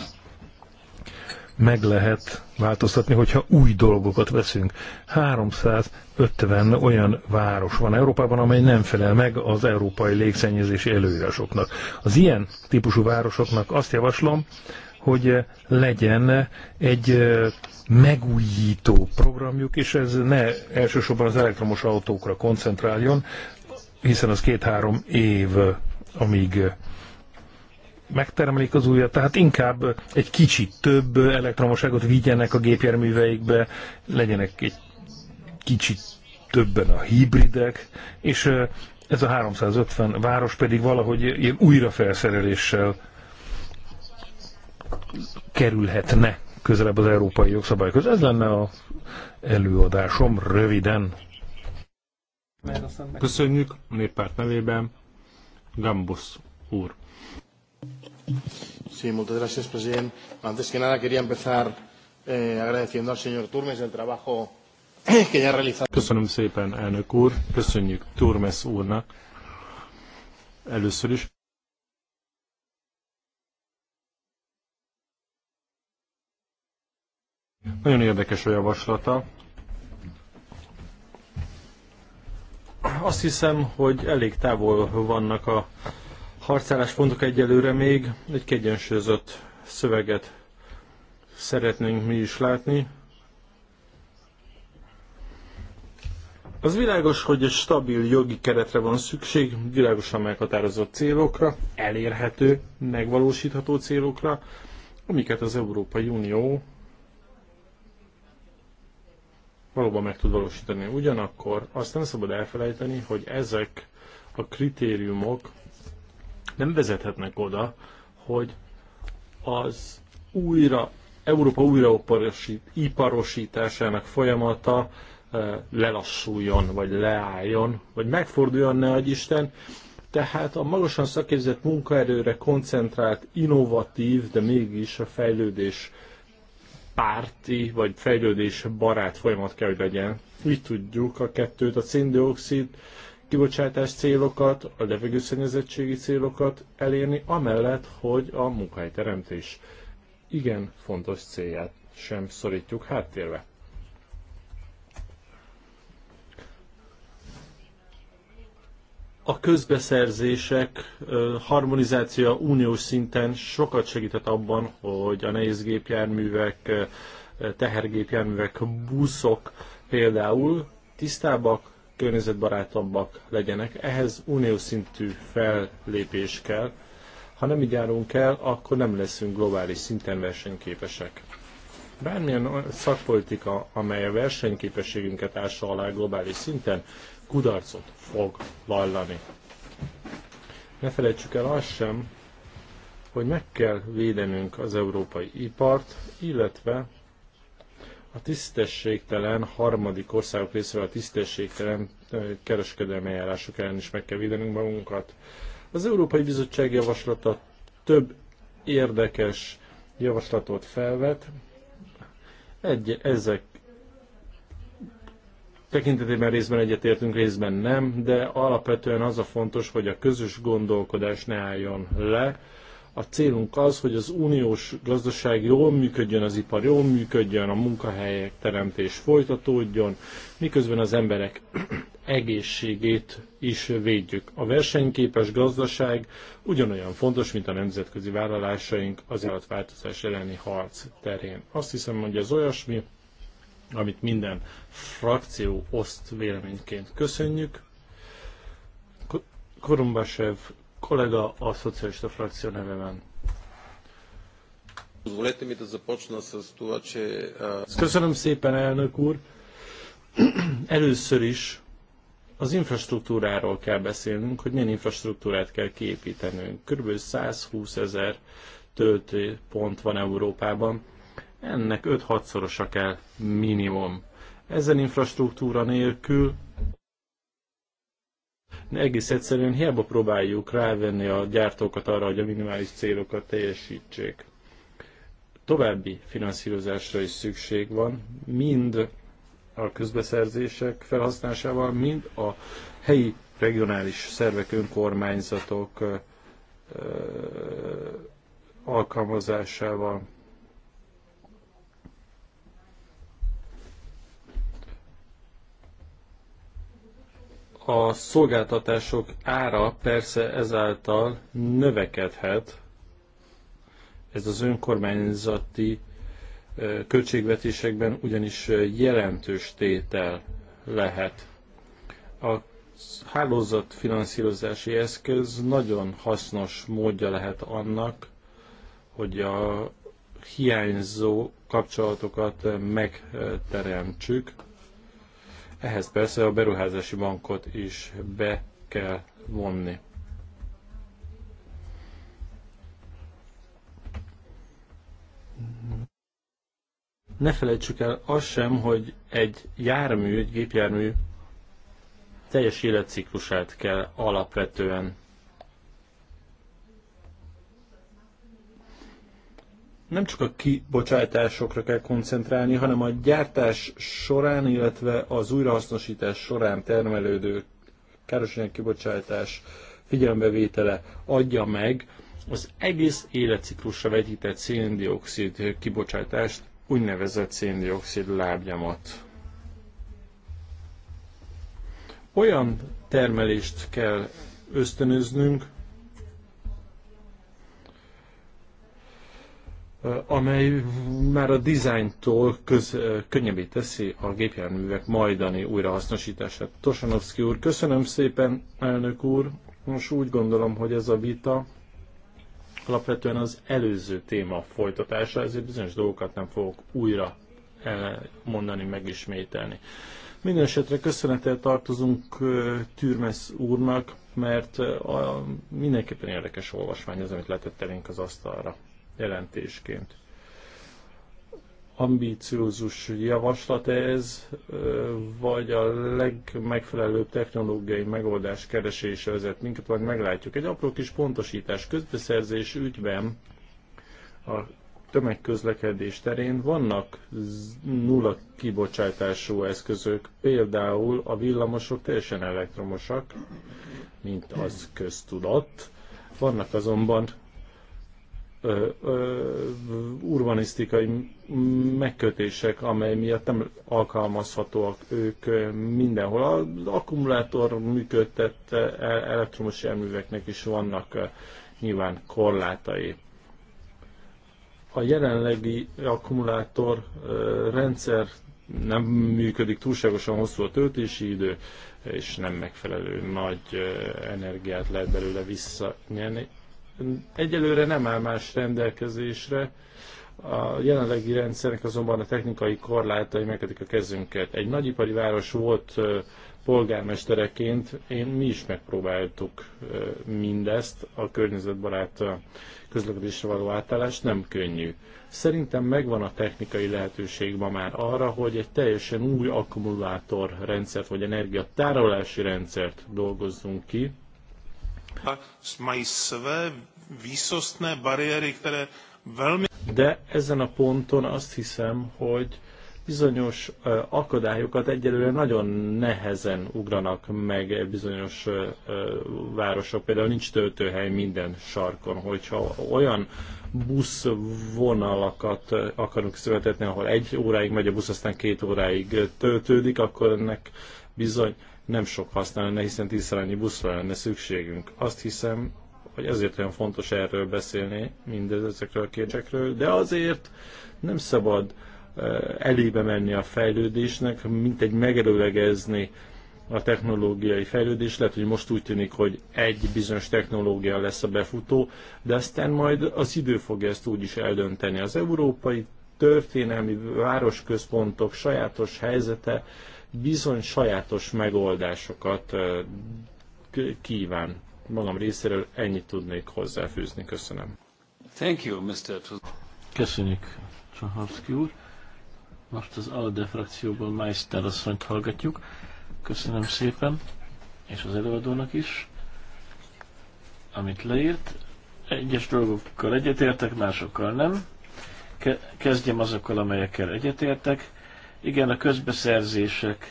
meg lehet változtatni, hogyha új dolgokat veszünk. 350 olyan város van Európában, amely nem felel meg az európai légszennyezési előírásoknak. Az ilyen típusú városoknak azt javaslom, hogy legyen egy megújító programjuk, és ez ne elsősorban az elektromos autókra koncentráljon, hiszen az két-három év, amíg megtermelik az újat, tehát inkább egy kicsit több elektromosságot vigyenek a gépjárműveikbe, legyenek egy kicsit többen a hibridek, és ez a 350 város pedig valahogy ilyen újrafelszereléssel kerülhetne közelebb az európai jogszabályokhoz. Ez lenne a előadásom röviden. Köszönjük a néppárt nevében. Gambusz úr. Sí, muchas gracias, presidente. Antes que nada, quería empezar eh, agradeciendo al señor Turmes el trabajo [CLEARS THROAT] que ya ha realizado. Köszönöm szépen, elnök úr. Köszönjük Turmes úrnak. Először is. Nagyon érdekes a javaslata. Azt hiszem, hogy elég távol vannak a harcálláspontok egyelőre még egy kiegyensúlyozott szöveget szeretnénk mi is látni. Az világos, hogy egy stabil jogi keretre van szükség, világosan meghatározott célokra, elérhető, megvalósítható célokra, amiket az Európai Unió valóban meg tud valósítani. Ugyanakkor azt nem szabad elfelejteni, hogy ezek a kritériumok nem vezethetnek oda, hogy az újra, Európa újraiparosításának folyamata eh, lelassuljon, vagy leálljon, vagy megforduljon, ne Isten. Tehát a magasan szakképzett munkaerőre koncentrált, innovatív, de mégis a fejlődés párti, vagy fejlődés barát folyamat kell, hogy legyen. Így tudjuk a kettőt, a széndiokszid kibocsátás célokat, a levegőszennyezettségi célokat elérni, amellett, hogy a munkahelyteremtés igen fontos célját sem szorítjuk háttérbe. a közbeszerzések harmonizációja uniós szinten sokat segített abban, hogy a nehéz gépjárművek, tehergépjárművek, buszok például tisztábbak, környezetbarátabbak legyenek. Ehhez uniós szintű fellépés kell. Ha nem így járunk el, akkor nem leszünk globális szinten versenyképesek. Bármilyen szakpolitika, amely a versenyképességünket ássa alá globális szinten, kudarcot fog vallani. Ne felejtsük el azt sem, hogy meg kell védenünk az európai ipart, illetve a tisztességtelen harmadik országok részéről a tisztességtelen kereskedelmi eljárások ellen is meg kell védenünk magunkat. Az Európai Bizottság javaslata több érdekes javaslatot felvet. Egy, ezek tekintetében részben egyetértünk, részben nem, de alapvetően az a fontos, hogy a közös gondolkodás ne álljon le, a célunk az, hogy az uniós gazdaság jól működjön, az ipar jól működjön, a munkahelyek teremtés folytatódjon, miközben az emberek [CLEARS THROAT] egészségét is védjük. A versenyképes gazdaság ugyanolyan fontos, mint a nemzetközi vállalásaink az állatváltozás elleni harc terén. Azt hiszem, hogy ez olyasmi, amit minden frakció oszt véleményként köszönjük. Korumbasev kollega a szocialista frakció nevében. Köszönöm szépen, elnök úr. Először is az infrastruktúráról kell beszélnünk, hogy milyen infrastruktúrát kell kiépítenünk. Körülbelül 120 ezer töltőpont van Európában, ennek 5-6-szorosa kell minimum. Ezen infrastruktúra nélkül egész egyszerűen hiába próbáljuk rávenni a gyártókat arra, hogy a minimális célokat teljesítsék. További finanszírozásra is szükség van, mind a közbeszerzések felhasználásával, mind a helyi regionális szervek, önkormányzatok alkalmazásával. A szolgáltatások ára persze ezáltal növekedhet, ez az önkormányzati költségvetésekben ugyanis jelentős tétel lehet. A hálózat finanszírozási eszköz nagyon hasznos módja lehet annak, hogy a hiányzó kapcsolatokat megteremtsük. Ehhez persze a beruházási bankot is be kell vonni. Ne felejtsük el azt sem, hogy egy jármű, egy gépjármű teljes életciklusát kell alapvetően nem csak a kibocsátásokra kell koncentrálni, hanem a gyártás során, illetve az újrahasznosítás során termelődő károsanyag kibocsátás figyelembevétele adja meg az egész életciklusra vegyített széndiokszid kibocsátást, úgynevezett széndiokszid lábnyomat. Olyan termelést kell ösztönöznünk, amely már a dizájntól köz, könnyebbé teszi a gépjárművek majdani újrahasznosítását. Tosanovszki úr, köszönöm szépen, elnök úr. Most úgy gondolom, hogy ez a vita alapvetően az előző téma folytatása, ezért bizonyos dolgokat nem fogok újra mondani, megismételni. Mindenesetre köszönettel tartozunk Türmes úrnak, mert a, mindenképpen érdekes olvasmány az, amit letett elénk az asztalra jelentésként. Ambíciózus javaslat ez, vagy a legmegfelelőbb technológiai megoldás keresése vezet minket, vagy meglátjuk. Egy apró kis pontosítás közbeszerzés ügyben a tömegközlekedés terén vannak nulla kibocsátású eszközök, például a villamosok teljesen elektromosak, mint az köztudott. Vannak azonban urbanisztikai megkötések, amely miatt nem alkalmazhatóak ők mindenhol. Az akkumulátor működtett elektromos járműveknek is vannak nyilván korlátai. A jelenlegi akkumulátor rendszer nem működik túlságosan hosszú a töltési idő, és nem megfelelő nagy energiát lehet belőle visszanyerni, Egyelőre nem áll más rendelkezésre, a jelenlegi rendszernek azonban a technikai korlátai megkedik a kezünket. Egy nagyipari város volt polgármestereként, én, mi is megpróbáltuk mindezt, a környezetbarát közlekedésre való átállás nem könnyű. Szerintem megvan a technikai lehetőség ma már arra, hogy egy teljesen új akkumulátor rendszert vagy energiatárolási rendszert dolgozzunk ki, mají své výsostné bariéry, které velmi... De ezen a ponton azt hiszem, hogy bizonyos akadályokat egyelőre nagyon nehezen ugranak meg bizonyos városok. Például nincs töltőhely minden sarkon, hogyha olyan buszvonalakat akarunk születetni, ahol egy óráig megy a busz, aztán két óráig töltődik, akkor ennek bizony nem sok használ lenne, hiszen tízszerányi buszra lenne szükségünk. Azt hiszem, hogy ezért olyan fontos erről beszélni, mindezekről, a kérdésekről, de azért nem szabad elébe menni a fejlődésnek, mint egy megelőlegezni a technológiai fejlődés. Lehet, hogy most úgy tűnik, hogy egy bizonyos technológia lesz a befutó, de aztán majd az idő fogja ezt is eldönteni. Az európai történelmi városközpontok sajátos helyzete bizony sajátos megoldásokat kíván. Magam részéről ennyit tudnék hozzáfűzni. Köszönöm. Thank you, Mr. Köszönjük, Csaharszki úr. Most az ALDE frakcióból Meister asszonyt hallgatjuk. Köszönöm szépen, és az előadónak is, amit leírt. Egyes dolgokkal egyetértek, másokkal nem. Kezdjem azokkal, amelyekkel egyetértek. Igen, a közbeszerzéseket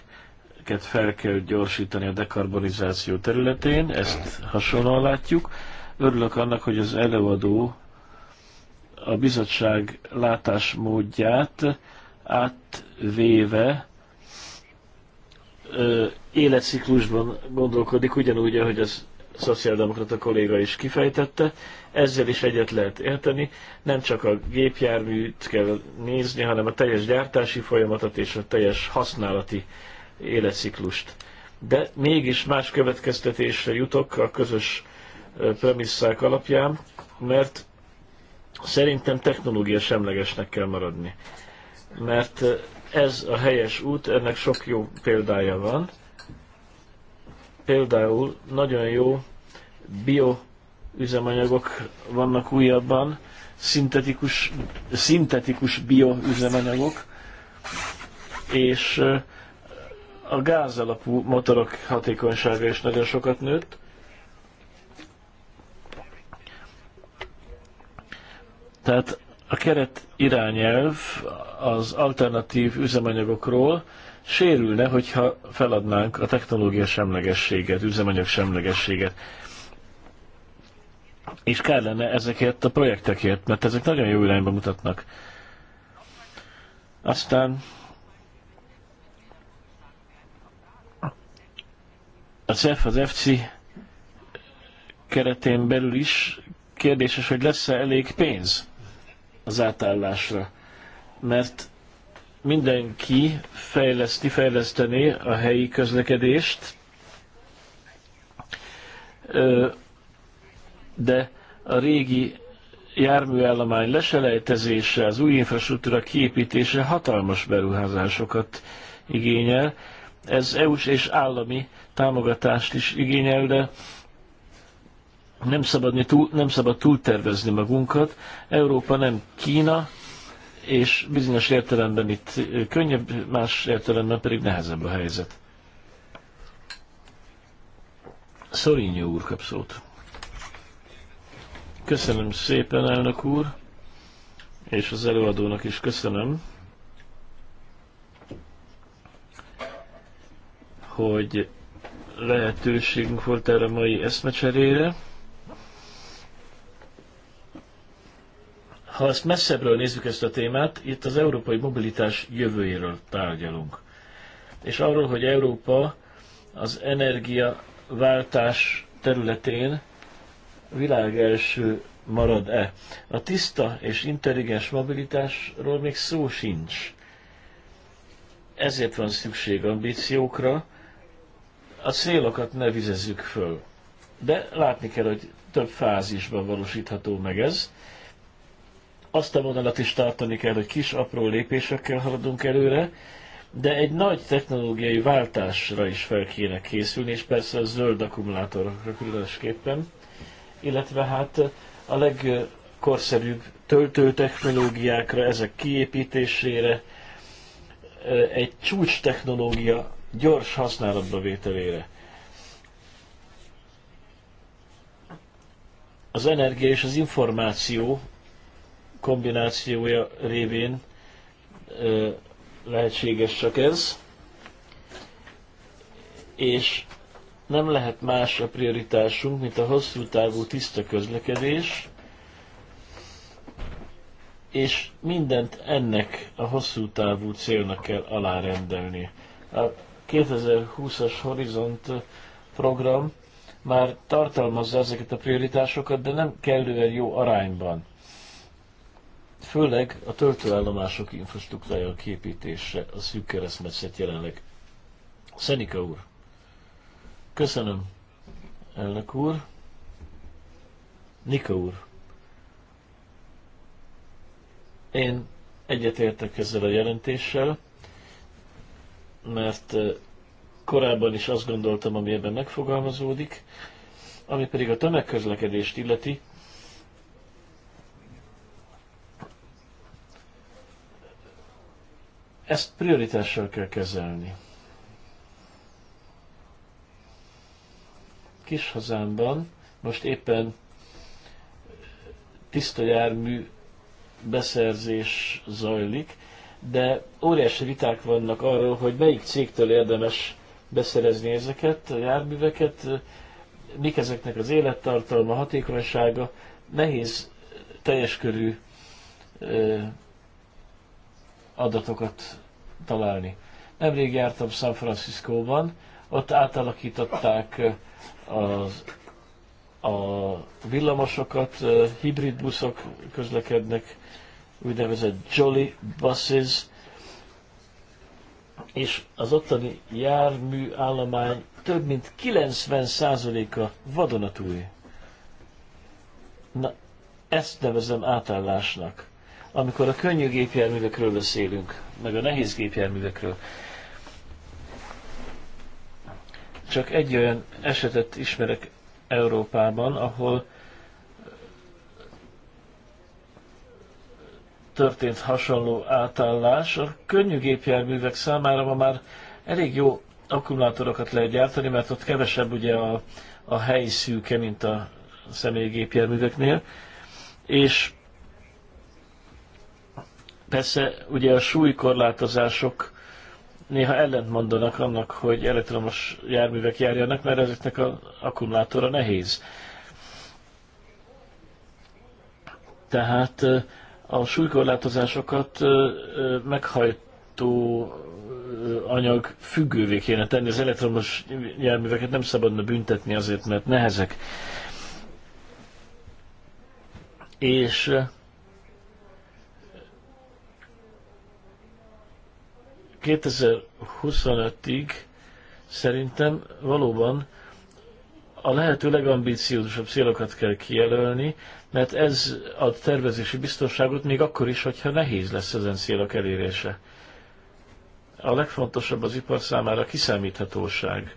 fel kell gyorsítani a dekarbonizáció területén, ezt hasonlóan látjuk. Örülök annak, hogy az előadó a bizottság látásmódját átvéve ö, életciklusban gondolkodik, ugyanúgy, ahogy az szociáldemokrata kolléga is kifejtette, ezzel is egyet lehet érteni. Nem csak a gépjárműt kell nézni, hanem a teljes gyártási folyamatot és a teljes használati életciklust. De mégis más következtetésre jutok a közös premisszák alapján, mert szerintem technológia semlegesnek kell maradni. Mert ez a helyes út, ennek sok jó példája van. Például nagyon jó bio üzemanyagok vannak újabban, szintetikus, szintetikus bioüzemanyagok, és a gáz alapú motorok hatékonysága is nagyon sokat nőtt. Tehát a keret irányelv az alternatív üzemanyagokról sérülne, hogyha feladnánk a technológia semlegességet, üzemanyag semlegességet. És kár lenne ezekért a projektekért, mert ezek nagyon jó irányba mutatnak. Aztán a CEF, az FC keretén belül is kérdéses, hogy lesz-e elég pénz az átállásra. Mert mindenki fejleszti, fejleszteni a helyi közlekedést, de a régi járműállomány leselejtezése, az új infrastruktúra kiépítése hatalmas beruházásokat igényel. Ez EU-s és állami támogatást is igényel, de nem, szabad túl, nem szabad túltervezni magunkat. Európa nem Kína, és bizonyos értelemben itt könnyebb, más értelemben pedig nehezebb a helyzet. Szorinyó úr kap szót. Köszönöm szépen, elnök úr, és az előadónak is köszönöm, hogy lehetőségünk volt erre a mai eszmecserére. Ha ezt messzebbről nézzük ezt a témát, itt az európai mobilitás jövőjéről tárgyalunk. És arról, hogy Európa az energiaváltás területén világ első marad-e. A tiszta és intelligens mobilitásról még szó sincs. Ezért van szükség ambíciókra, a célokat ne vizezzük föl. De látni kell, hogy több fázisban valósítható meg ez. Azt a vonalat is tartani kell, hogy kis, apró lépésekkel haladunk előre, de egy nagy technológiai váltásra is fel kéne készülni, és persze a zöld akkumulátorokra különösképpen illetve hát a legkorszerűbb töltőtechnológiákra, ezek kiépítésére, eh, egy csúcs technológia gyors használatba vételére. Az energia és az információ kombinációja révén eh, lehetséges csak ez, és nem lehet más a prioritásunk, mint a hosszú távú tiszta közlekedés, és mindent ennek a hosszú távú célnak kell alárendelni. A 2020-as Horizont program már tartalmazza ezeket a prioritásokat, de nem kellően jó arányban. Főleg a töltőállomások infrastruktúrája képítése a szűk keresztmetszet jelenleg. Szenika úr! Köszönöm, elnök úr. Nika úr. Én egyetértek ezzel a jelentéssel, mert korábban is azt gondoltam, ami ebben megfogalmazódik, ami pedig a tömegközlekedést illeti, ezt prioritással kell kezelni. kis hazámban most éppen tiszta jármű beszerzés zajlik, de óriási viták vannak arról, hogy melyik cégtől érdemes beszerezni ezeket a járműveket, mik ezeknek az élettartalma, hatékonysága, nehéz teljes körű adatokat találni. Nemrég jártam San Franciscóban, ott átalakították az, a villamosokat, hibrid buszok közlekednek, úgynevezett jolly buses, és az ottani jármű állomány több mint 90%-a vadonatúj. Na, ezt nevezem átállásnak, amikor a könnyű gépjárművekről beszélünk, meg a nehéz gépjárművekről. Csak egy olyan esetet ismerek Európában, ahol történt hasonló átállás. A könnyű gépjárművek számára ma már elég jó akkumulátorokat lehet gyártani, mert ott kevesebb ugye a, a hely szűke, mint a személygépjárműveknél. És persze ugye a súlykorlátozások néha ellent mondanak annak, hogy elektromos járművek járjanak, mert ezeknek az akkumulátora nehéz. Tehát a súlykorlátozásokat meghajtó anyag függővé kéne tenni. Az elektromos járműveket nem szabadna büntetni azért, mert nehezek. És 2025-ig szerintem valóban a lehető legambíciózusabb célokat kell kijelölni, mert ez ad tervezési biztonságot még akkor is, hogyha nehéz lesz ezen célok elérése. A legfontosabb az ipar számára a kiszámíthatóság.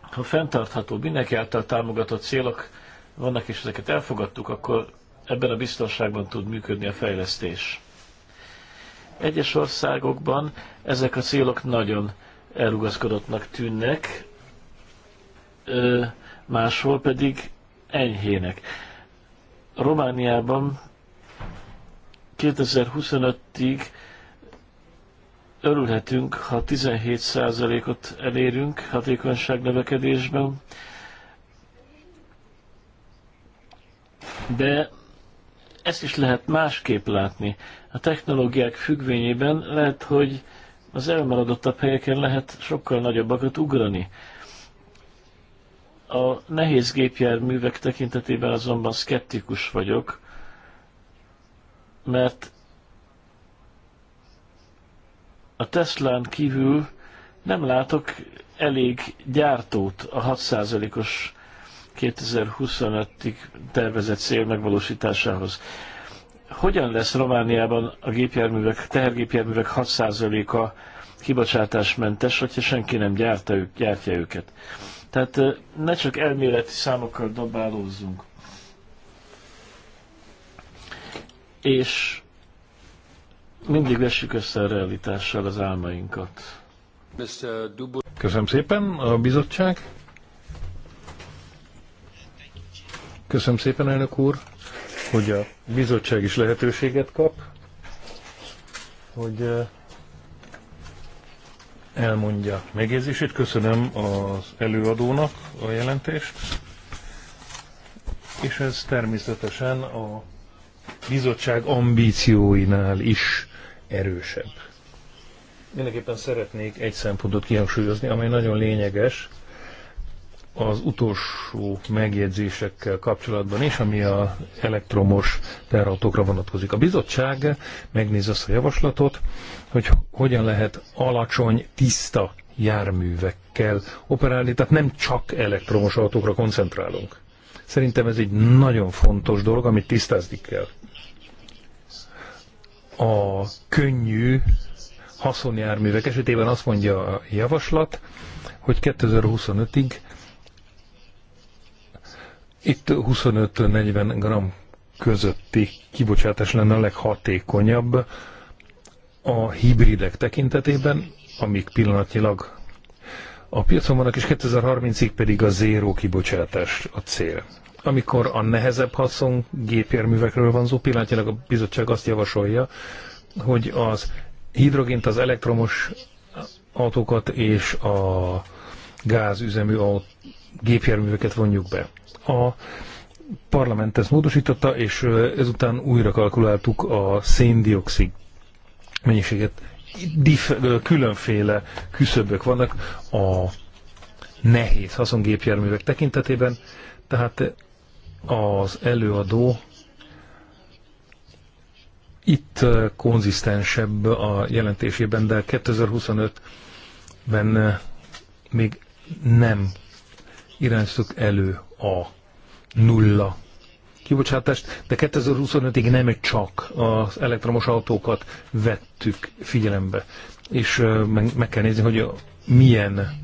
Ha fenntartható, mindenki által támogatott célok vannak, és ezeket elfogadtuk, akkor ebben a biztonságban tud működni a fejlesztés. Egyes országokban ezek a célok nagyon elugaszkodottnak tűnnek, máshol pedig enyhének. Romániában 2025-ig örülhetünk, ha 17%-ot elérünk hatékonyság növekedésben, de ezt is lehet másképp látni a technológiák függvényében lehet, hogy az elmaradottabb helyeken lehet sokkal nagyobbakat ugrani. A nehéz gépjárművek tekintetében azonban szkeptikus vagyok, mert a Teslán kívül nem látok elég gyártót a 6%-os 2025-ig tervezett cél megvalósításához hogyan lesz Romániában a gépjárművek, tehergépjárművek 6%-a kibocsátásmentes, hogyha senki nem gyárta, gyártja őket. Tehát ne csak elméleti számokkal dobálózzunk. És mindig vessük össze a realitással az álmainkat. Köszönöm szépen a bizottság. Köszönöm szépen, elnök úr hogy a bizottság is lehetőséget kap, hogy elmondja megjegyzését. Köszönöm az előadónak a jelentést, és ez természetesen a bizottság ambícióinál is erősebb. Mindenképpen szeretnék egy szempontot kihangsúlyozni, amely nagyon lényeges, az utolsó megjegyzésekkel kapcsolatban is, ami a elektromos teherautókra vonatkozik. A bizottság megnéz azt a javaslatot, hogy hogyan lehet alacsony, tiszta járművekkel operálni, tehát nem csak elektromos autókra koncentrálunk. Szerintem ez egy nagyon fontos dolog, amit tisztázni kell. A könnyű haszonjárművek esetében azt mondja a javaslat, hogy 2025-ig itt 25-40 g közötti kibocsátás lenne a leghatékonyabb a hibridek tekintetében, amik pillanatnyilag a piacon vannak, és 2030-ig pedig a zéró kibocsátás a cél. Amikor a nehezebb haszon gépjárművekről van szó, pillanatnyilag a bizottság azt javasolja, hogy az hidrogént, az elektromos autókat és a gázüzemű gépjárműveket vonjuk be. A parlament ezt módosította, és ezután újra kalkuláltuk a széndiokszid mennyiséget. Dif, különféle küszöbök vannak a nehéz haszongépjárművek tekintetében, tehát az előadó itt konzisztensebb a jelentésében, de 2025-ben még nem irányztuk elő a nulla kibocsátást, de 2025-ig nem csak az elektromos autókat vettük figyelembe. És meg, meg kell nézni, hogy milyen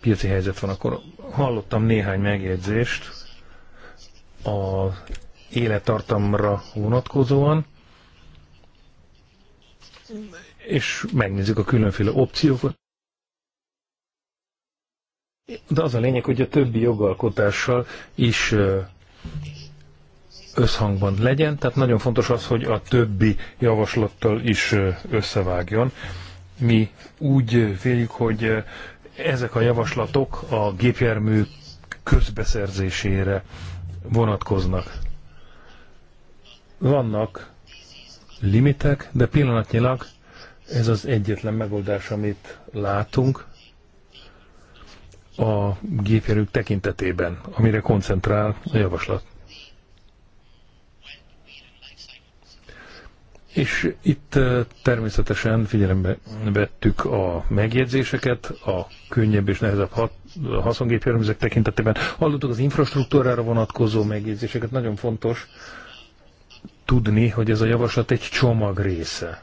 piaci helyzet van. Akkor hallottam néhány megjegyzést az élettartamra vonatkozóan, és megnézzük a különféle opciókat. De az a lényeg, hogy a többi jogalkotással is összhangban legyen, tehát nagyon fontos az, hogy a többi javaslattal is összevágjon. Mi úgy véljük, hogy ezek a javaslatok a gépjármű közbeszerzésére vonatkoznak. Vannak limitek, de pillanatnyilag ez az egyetlen megoldás, amit látunk, a gépjárők tekintetében, amire koncentrál a javaslat. És itt eh, természetesen figyelembe vettük a megjegyzéseket, a könnyebb és nehezebb hat, tekintetében. Hallottuk az infrastruktúrára vonatkozó megjegyzéseket, nagyon fontos tudni, hogy ez a javaslat egy csomag része.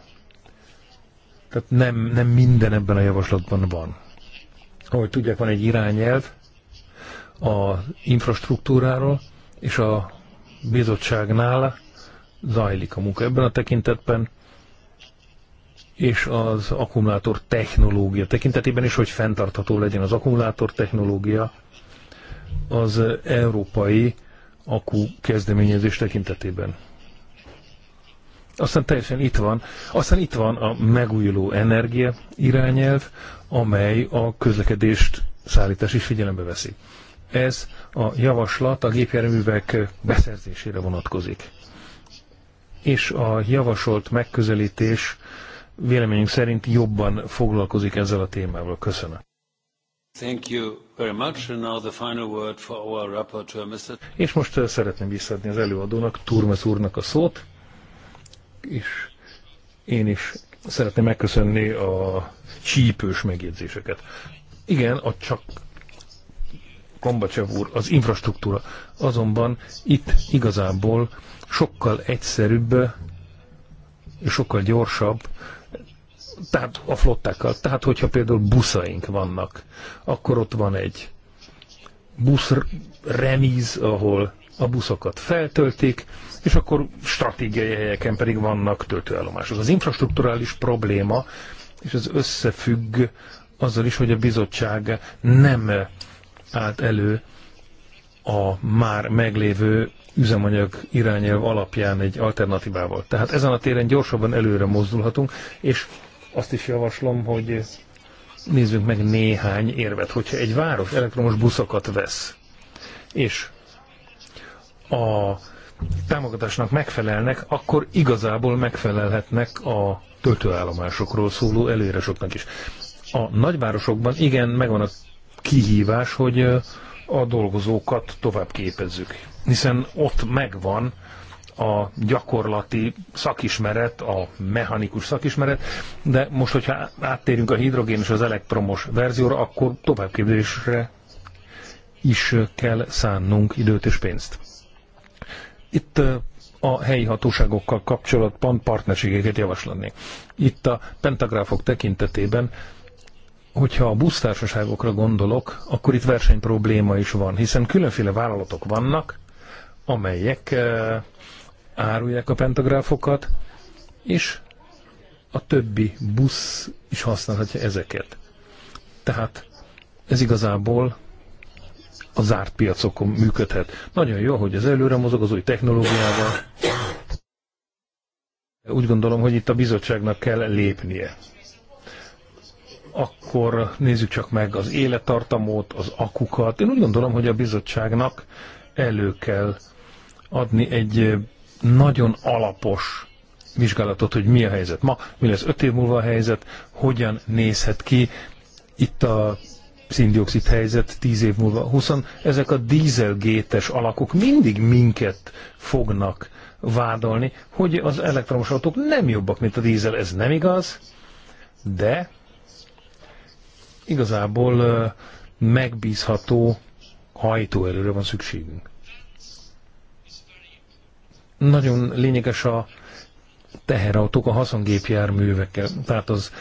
Tehát nem, nem minden ebben a javaslatban van. Ahogy tudják, van egy irányelv a infrastruktúráról, és a bizottságnál zajlik a munka ebben a tekintetben, és az akkumulátor technológia tekintetében is, hogy fenntartható legyen az akkumulátor technológia, az európai akku kezdeményezés tekintetében. Aztán teljesen itt van, aztán itt van a megújuló energia irányelv, amely a közlekedést, szállítás is figyelembe veszi. Ez a javaslat a gépjárművek beszerzésére vonatkozik. És a javasolt megközelítés véleményünk szerint jobban foglalkozik ezzel a témával. Köszönöm. Thank you very much. And now the final word for our rapporteur, Mr. És most uh, szeretném visszadni az előadónak, Turmes úrnak a szót, és én is szeretném megköszönni a csípős megjegyzéseket. Igen, a csak Kombacsev úr, az infrastruktúra. Azonban itt igazából sokkal egyszerűbb, sokkal gyorsabb, tehát a flottákkal. Tehát, hogyha például buszaink vannak, akkor ott van egy busz remíz, ahol a buszokat feltöltik, és akkor stratégiai helyeken pedig vannak töltőállomások. Az infrastruktúrális probléma és ez összefügg azzal is, hogy a bizottság nem állt elő a már meglévő üzemanyag irányelv alapján egy alternatívával. Tehát ezen a téren gyorsabban előre mozdulhatunk, és azt is javaslom, hogy nézzünk meg néhány érvet. Hogyha egy város elektromos buszokat vesz, és a támogatásnak megfelelnek, akkor igazából megfelelhetnek a töltőállomásokról szóló előírásoknak is. A nagyvárosokban igen, megvan a kihívás, hogy a dolgozókat tovább képezzük, hiszen ott megvan a gyakorlati szakismeret, a mechanikus szakismeret, de most, hogyha áttérünk a hidrogén és az elektromos verzióra, akkor továbbképzésre is kell szánnunk időt és pénzt. Itt a helyi hatóságokkal kapcsolatban partnerségeket javaslatni. Itt a pentagráfok tekintetében, hogyha a busztársaságokra gondolok, akkor itt verseny-probléma is van, hiszen különféle vállalatok vannak, amelyek eh, árulják a pentagráfokat, és a többi busz is használhatja ezeket. Tehát ez igazából a zárt piacokon működhet. Nagyon jó, hogy ez előre mozog az új technológiával. Úgy gondolom, hogy itt a bizottságnak kell lépnie. Akkor nézzük csak meg az élettartamot, az akukat. Én úgy gondolom, hogy a bizottságnak elő kell adni egy nagyon alapos vizsgálatot, hogy mi a helyzet ma, mi lesz öt év múlva a helyzet, hogyan nézhet ki. Itt a széndiokszid helyzet 10 év múlva. huszon ezek a dízelgétes alakok mindig minket fognak vádolni, hogy az elektromos autók nem jobbak, mint a dízel. Ez nem igaz, de igazából megbízható hajtóerőre van szükségünk. Nagyon lényeges a teherautók a haszongépjárművekkel, tehát az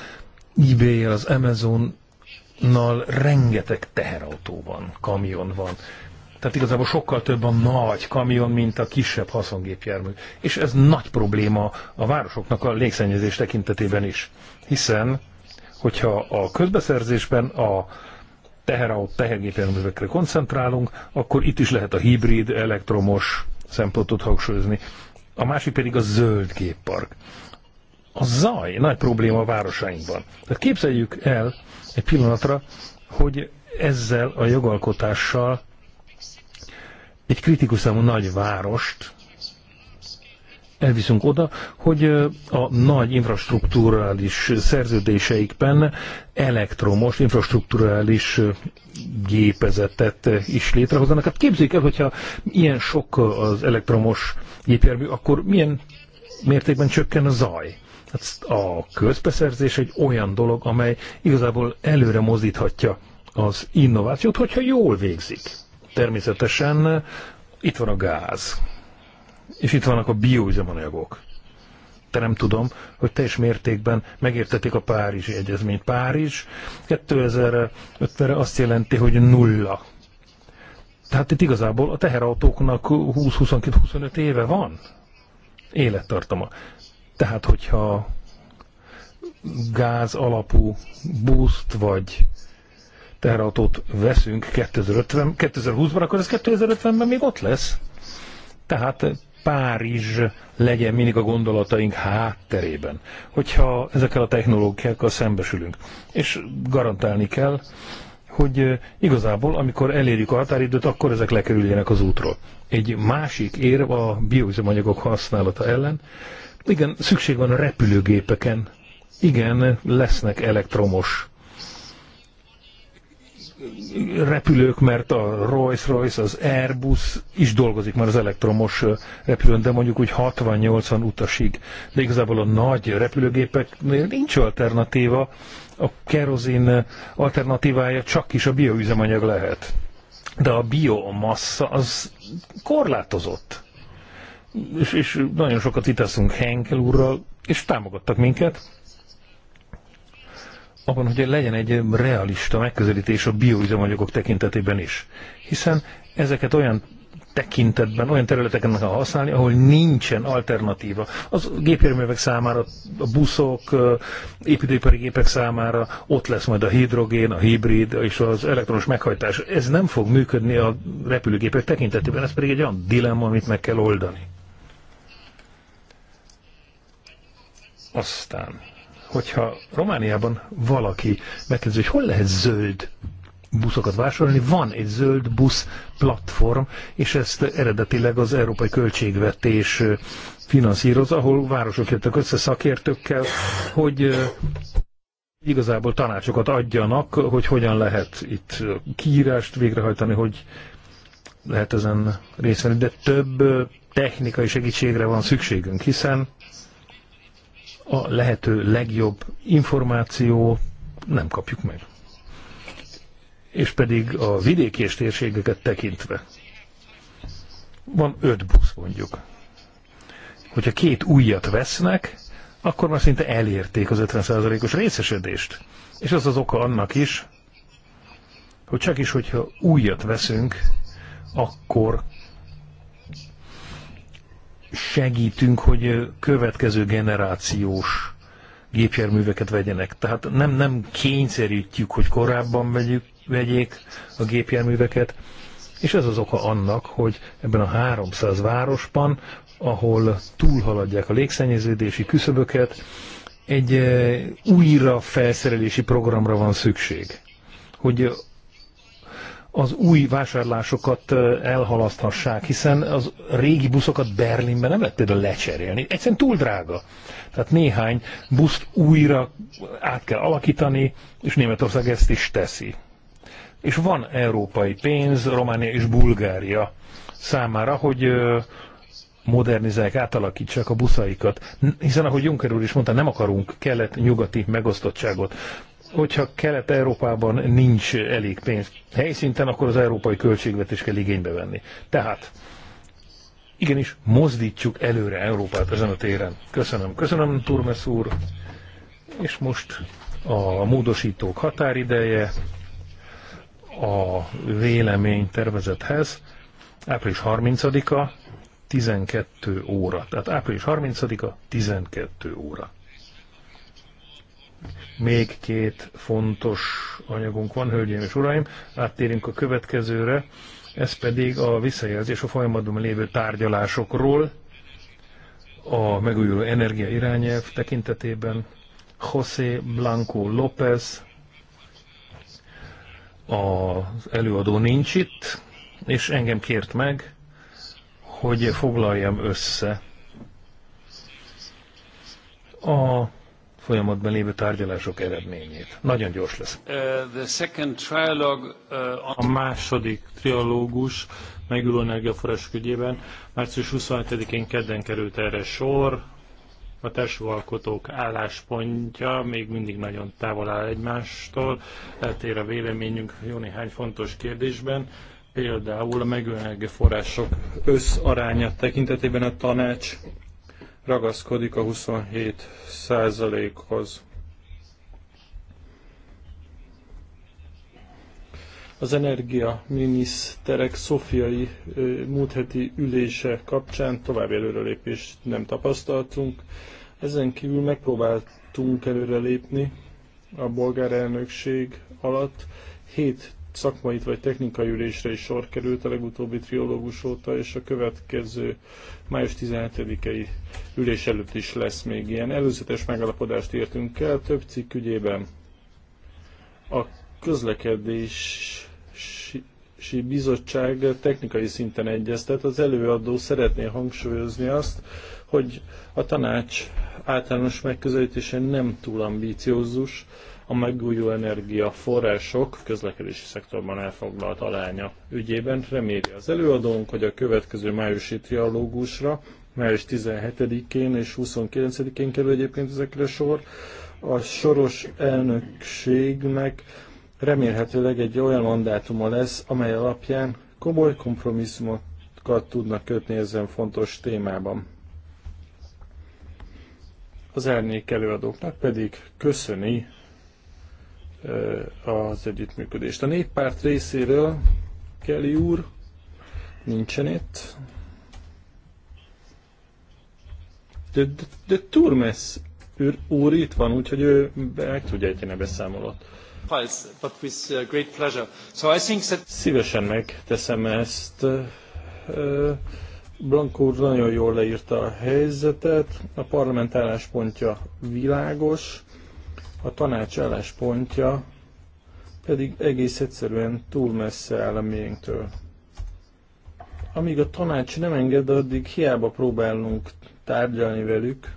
eBay, az Amazon nal rengeteg teherautó van, kamion van. Tehát igazából sokkal több a nagy kamion, mint a kisebb haszongépjármű. És ez nagy probléma a városoknak a légszennyezés tekintetében is. Hiszen, hogyha a közbeszerzésben a teherautó, tehergépjárművekre koncentrálunk, akkor itt is lehet a hibrid, elektromos szempontot hangsúlyozni. A másik pedig a zöld géppark a zaj nagy probléma a városainkban. Tehát képzeljük el egy pillanatra, hogy ezzel a jogalkotással egy kritikus számú nagy várost elviszünk oda, hogy a nagy infrastruktúrális szerződéseikben elektromos infrastruktúrális gépezetet is létrehozanak. Hát képzeljük el, hogyha ilyen sok az elektromos gépjármű, akkor milyen mértékben csökken a zaj. Tehát a közbeszerzés egy olyan dolog, amely igazából előre mozdíthatja az innovációt, hogyha jól végzik. Természetesen itt van a gáz, és itt vannak a bioüzemanyagok. Te nem tudom, hogy teljes mértékben megértették a Párizsi Egyezményt. Párizs 2050-re azt jelenti, hogy nulla. Tehát itt igazából a teherautóknak 20-25 22 éve van élettartama. Tehát, hogyha gáz alapú boost vagy teherautót veszünk 2050, 2020-ban, akkor ez 2050-ben még ott lesz. Tehát Párizs legyen mindig a gondolataink hátterében, hogyha ezekkel a technológiákkal szembesülünk. És garantálni kell, hogy igazából, amikor elérjük a határidőt, akkor ezek lekerüljenek az útról. Egy másik érv a bioüzemanyagok használata ellen, igen, szükség van a repülőgépeken. Igen, lesznek elektromos repülők, mert a Rolls-Royce, az Airbus is dolgozik már az elektromos repülőn, de mondjuk úgy 60-80 utasig. De igazából a nagy repülőgépeknél nincs alternatíva, a kerozin alternatívája csak is a bioüzemanyag lehet. De a biomassa az korlátozott és, és nagyon sokat itaszunk Henkel úrral, és támogattak minket, abban, hogy legyen egy realista megközelítés a bioüzemanyagok tekintetében is. Hiszen ezeket olyan tekintetben, olyan területeken kell használni, ahol nincsen alternatíva. Az gépjárművek számára, a buszok, építőipari gépek számára, ott lesz majd a hidrogén, a hibrid és az elektronos meghajtás. Ez nem fog működni a repülőgépek tekintetében, ez pedig egy olyan dilemma, amit meg kell oldani. Aztán, hogyha Romániában valaki megkérdezi, hogy hol lehet zöld buszokat vásárolni, van egy zöld busz platform, és ezt eredetileg az európai költségvetés finanszíroz, ahol városok jöttek össze szakértőkkel, hogy igazából tanácsokat adjanak, hogy hogyan lehet itt kiírást végrehajtani, hogy lehet ezen részt venni, de több technikai segítségre van szükségünk, hiszen a lehető legjobb információ nem kapjuk meg. És pedig a vidéki és térségeket tekintve. Van öt busz mondjuk. Hogyha két újat vesznek, akkor már szinte elérték az 50%-os részesedést. És az az oka annak is, hogy csak is, hogyha újat veszünk, akkor segítünk, hogy következő generációs gépjárműveket vegyenek. Tehát nem, nem kényszerítjük, hogy korábban vegyük, vegyék a gépjárműveket, és ez az oka annak, hogy ebben a 300 városban, ahol túlhaladják a légszennyeződési küszöböket, egy eh, újra felszerelési programra van szükség, hogy az új vásárlásokat elhalaszthassák, hiszen az régi buszokat Berlinben nem lehet például lecserélni. Egyszerűen túl drága. Tehát néhány buszt újra át kell alakítani, és Németország ezt is teszi. És van európai pénz Románia és Bulgária számára, hogy modernizálják, átalakítsák a buszaikat, hiszen ahogy Juncker úr is mondta, nem akarunk kelet-nyugati megosztottságot hogyha Kelet-Európában nincs elég pénz helyszinten, akkor az európai költségvetés kell igénybe venni. Tehát igenis mozdítsuk előre Európát ezen a téren. Köszönöm. Köszönöm, Turmes úr. És most a módosítók határideje a véleménytervezethez április 30-a 12 óra. Tehát április 30-a 12 óra. Még két fontos anyagunk van, hölgyeim és uraim. Áttérünk a következőre. Ez pedig a visszajelzés a folyamatban lévő tárgyalásokról, a megújuló energia irányelv tekintetében. José Blanco López, az előadó nincs itt, és engem kért meg, hogy foglaljam össze a folyamatban lévő tárgyalások eredményét. Nagyon gyors lesz. Uh, uh, a második trialógus megülő energiaforrások ügyében március 27-én kedden került erre sor. A társadalkotók álláspontja még mindig nagyon távol áll egymástól, eltér a véleményünk jó néhány fontos kérdésben például a megőlenegi források összaránya tekintetében a tanács ragaszkodik a 27 százalékhoz. Az energiaminiszterek szofiai múlt heti ülése kapcsán további előrelépést nem tapasztaltunk. Ezen kívül megpróbáltunk előrelépni a bolgár elnökség alatt. Hét szakmait vagy technikai ülésre is sor került a legutóbbi triológus óta, és a következő május 17-i ülés előtt is lesz még ilyen. Előzetes megalapodást értünk el több cikk ügyében. A közlekedési bizottság technikai szinten egyeztet. Az előadó szeretné hangsúlyozni azt, hogy a tanács általános megközelítése nem túl ambíciózus, a megújuló energia források közlekedési szektorban elfoglalt aránya ügyében. Reméli az előadónk, hogy a következő májusi trialógusra, május 17-én és 29-én kerül egyébként ezekre sor, a soros elnökségnek remélhetőleg egy olyan mandátuma lesz, amely alapján komoly kompromisszumokat tudnak kötni ezen fontos témában. Az elnék előadóknak pedig köszöni az együttműködést. A néppárt részéről Kelly úr nincsen itt. De, de, de Turmes úr, úr itt van, úgyhogy ő meg tudja egy ilyen beszámolót. But with uh, great pleasure. So I think that... Szívesen megteszem ezt. Blanco úr nagyon jól leírta a helyzetet, a parlament álláspontja világos, a tanács álláspontja pedig egész egyszerűen túl messze áll a miénktől. Amíg a tanács nem enged, addig hiába próbálunk tárgyalni velük,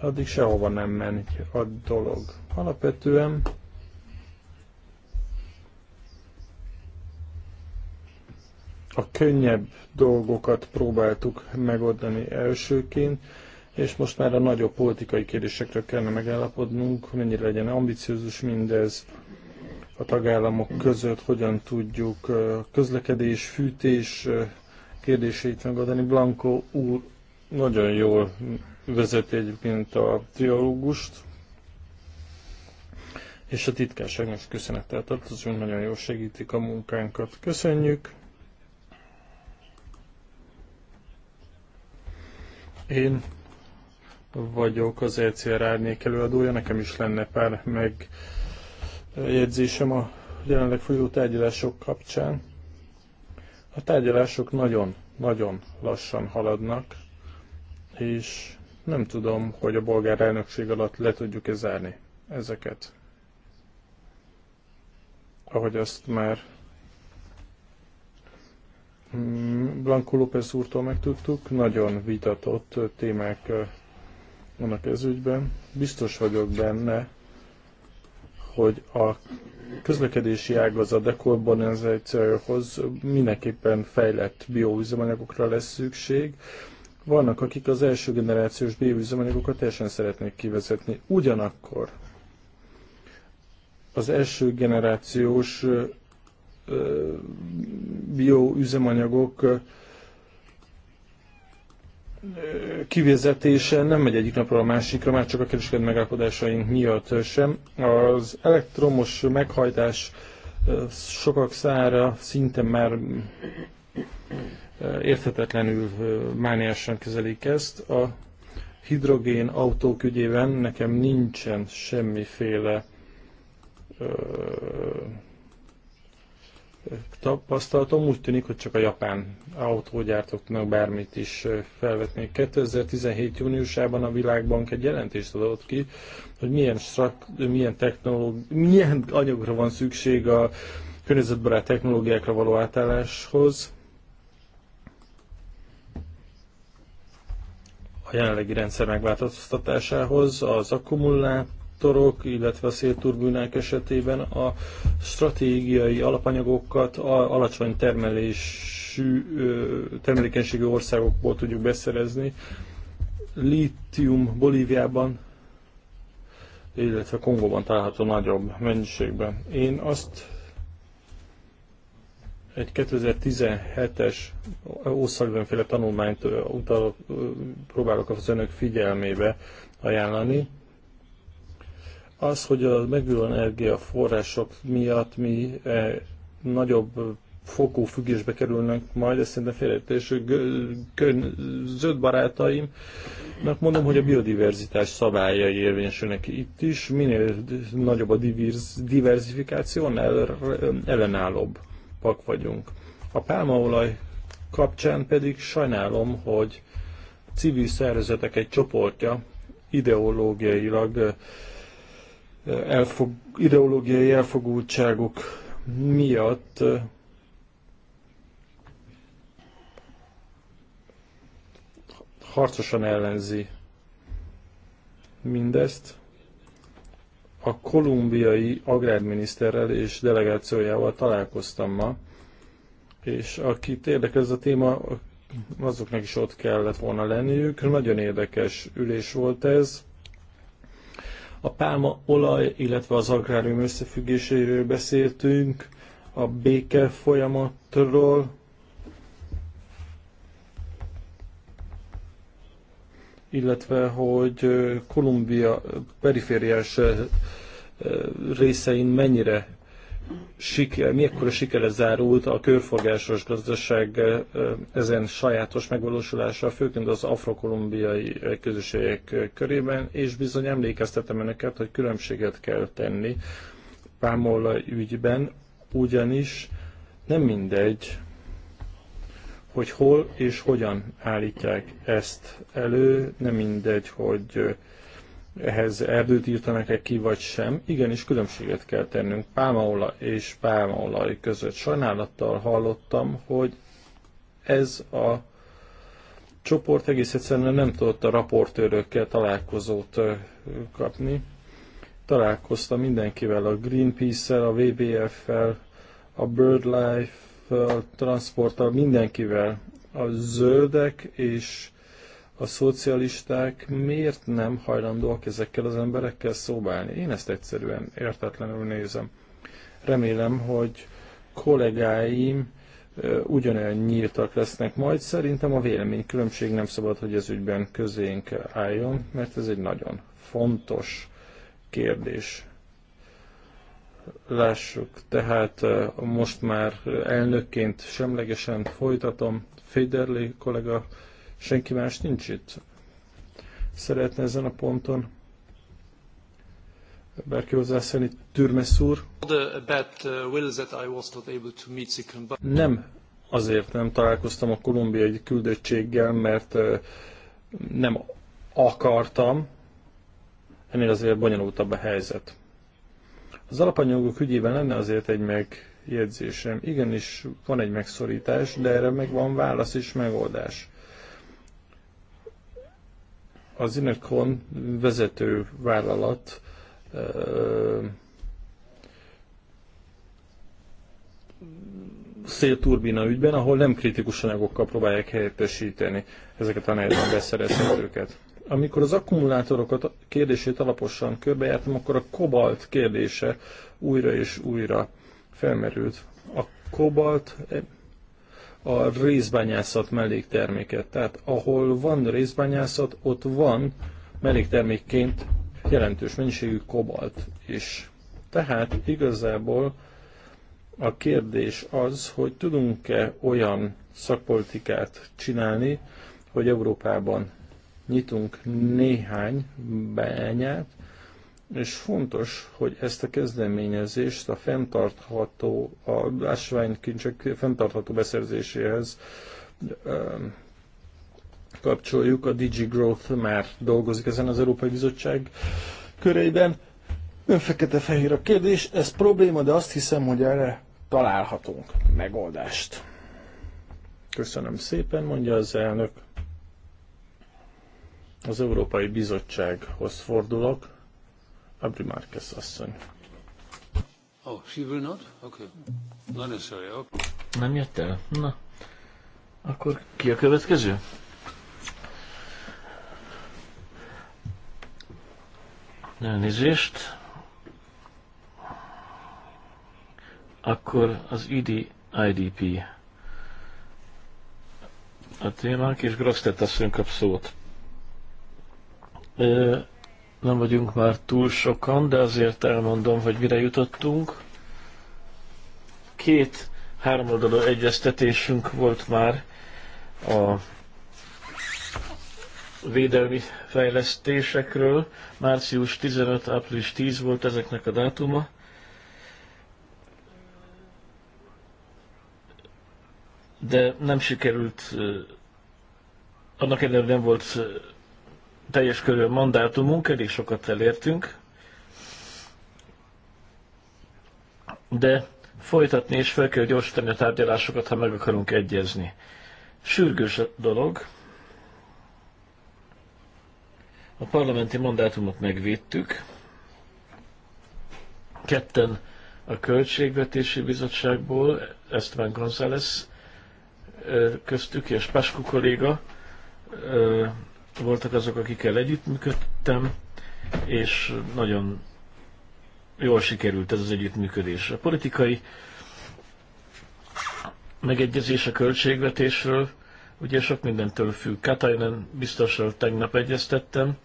addig sehova nem menik a dolog. Alapvetően a könnyebb dolgokat próbáltuk megoldani elsőként, és most már a nagyobb politikai kérdésekről kellene megállapodnunk, mennyire legyen ambiciózus mindez, a tagállamok között hogyan tudjuk közlekedés, fűtés kérdését megoldani. Blanco úr nagyon jól vezeti egyébként a triológust, és a titkárságnak köszönettel tartozunk, nagyon jól segítik a munkánkat. Köszönjük! Én vagyok az ECR árnyék előadója, nekem is lenne pár megjegyzésem a jelenleg folyó tárgyalások kapcsán. A tárgyalások nagyon-nagyon lassan haladnak, és nem tudom, hogy a bolgár elnökség alatt le tudjuk-e zárni ezeket. Ahogy azt már Blanco López úrtól megtudtuk, nagyon vitatott témák ez ezügyben. Biztos vagyok benne, hogy a közlekedési ágazat dekorbonizációhoz mindenképpen fejlett bioüzemanyagokra lesz szükség. Vannak, akik az első generációs bioüzemanyagokat teljesen szeretnék kivezetni. Ugyanakkor az első generációs bioüzemanyagok kivezetése nem megy egyik napról a másikra, már csak a kereskedő megállapodásaink miatt sem. Az elektromos meghajtás sokak szára szinte már érthetetlenül mániásan kezelik ezt. A hidrogén autók ügyében nekem nincsen semmiféle tapasztalatom. Úgy tűnik, hogy csak a japán autógyártóknak bármit is felvetni. 2017. júniusában a Világbank egy jelentést adott ki, hogy milyen, strak, milyen, technológi, milyen anyagokra van szükség a környezetbarát technológiákra való átálláshoz. a jelenlegi rendszer megváltoztatásához, az akkumulátor, reaktorok, illetve a szélturbinák esetében a stratégiai alapanyagokat a alacsony termelésű, termelékenységű országokból tudjuk beszerezni. Lítium Bolíviában, illetve Kongóban található nagyobb mennyiségben. Én azt egy 2017-es Ószalvenféle tanulmányt utal, próbálok az önök figyelmébe ajánlani. Az, hogy a megújuló energiaforrások miatt mi e, nagyobb fokú függésbe kerülnek majd, ez szerintem félértés, zöld barátaimnak mondom, hogy a biodiverzitás szabályai érvényesülnek itt is, minél nagyobb a diverz, diversifikációnál ellenállóbb pak vagyunk. A pálmaolaj kapcsán pedig sajnálom, hogy civil szervezetek egy csoportja ideológiailag elfog, ideológiai elfogultságok miatt harcosan ellenzi mindezt. A kolumbiai agrárminiszterrel és delegációjával találkoztam ma, és akit érdekel ez a téma, azoknak is ott kellett volna lenniük. Nagyon érdekes ülés volt ez. A pálma olaj, illetve az agrárium összefüggéséről beszéltünk, a béke folyamatról, illetve hogy Kolumbia perifériás részein mennyire siker, milyekkora sikere zárult a körforgásos gazdaság ezen sajátos megvalósulása, főként az afrokolumbiai közösségek körében, és bizony emlékeztetem önöket, hogy különbséget kell tenni Pámola ügyben, ugyanis nem mindegy, hogy hol és hogyan állítják ezt elő, nem mindegy, hogy ehhez erdőt írtanak-e ki, vagy sem, igenis különbséget kell tennünk pálmaolaj és pálmaolaj között. Sajnálattal hallottam, hogy ez a csoport egész egyszerűen nem tudott a raportőrökkel találkozót kapni. Találkoztam mindenkivel, a greenpeace el a wwf el a BirdLife, a transporttal, mindenkivel. A zöldek és a szocialisták miért nem hajlandóak ezekkel az emberekkel szóbálni? Én ezt egyszerűen értetlenül nézem. Remélem, hogy kollégáim ugyanolyan nyíltak lesznek majd. Szerintem a vélemény különbség nem szabad, hogy ez ügyben közénk álljon, mert ez egy nagyon fontos kérdés. Lássuk, tehát most már elnökként semlegesen folytatom. Féderli kollega Senki más nincs itt? Szeretne ezen a ponton bárki hozzászólni? Türmes úr? Uh, nem azért nem találkoztam a kolumbiai küldöttséggel, mert uh, nem akartam, ennél azért bonyolultabb a helyzet. Az alapanyagok ügyében lenne azért egy megjegyzésem. Igenis van egy megszorítás, de erre meg van válasz és megoldás. Az Inekon vezető vállalat szélturbina ügyben, ahol nem kritikus anyagokkal próbálják helyettesíteni ezeket a nehezen beszerezhetőket. Amikor az akkumulátorokat kérdését alaposan körbejártam, akkor a kobalt kérdése újra és újra felmerült. A kobalt a részbányászat mellékterméket. Tehát ahol van részbányászat, ott van melléktermékként jelentős mennyiségű kobalt is. Tehát igazából a kérdés az, hogy tudunk-e olyan szakpolitikát csinálni, hogy Európában nyitunk néhány bányát, és fontos, hogy ezt a kezdeményezést a fenntartható, a ásványkincsek fenntartható beszerzéséhez um, kapcsoljuk. A growth, már dolgozik ezen az Európai Bizottság köreiben. Ön fekete-fehér a kérdés, ez probléma, de azt hiszem, hogy erre találhatunk megoldást. Köszönöm szépen, mondja az elnök. Az Európai Bizottsághoz fordulok. Abri Márkesz asszony. Oh, she will not? Okay. Not necessary. Okay. Nem jött el? Na. Akkor ki a következő? Elnézést. Akkor az ID IDP a témánk, és Grosztet asszony kap szót. Ö, nem vagyunk már túl sokan, de azért elmondom, hogy mire jutottunk. Két háromoldalú egyeztetésünk volt már a védelmi fejlesztésekről. Március 15, április 10 volt ezeknek a dátuma. De nem sikerült, annak ellenére nem volt teljes körű a mandátumunk, elég sokat elértünk, de folytatni és fel kell gyorsítani a tárgyalásokat, ha meg akarunk egyezni. Sürgős a dolog. A parlamenti mandátumot megvédtük. Ketten a Költségvetési Bizottságból, Esteban González köztük, és Pascu kolléga voltak azok, akikkel együttműködtem, és nagyon jól sikerült ez az együttműködés. A politikai megegyezés a költségvetésről, ugye sok mindentől függ. Katainen biztosan tegnap egyeztettem,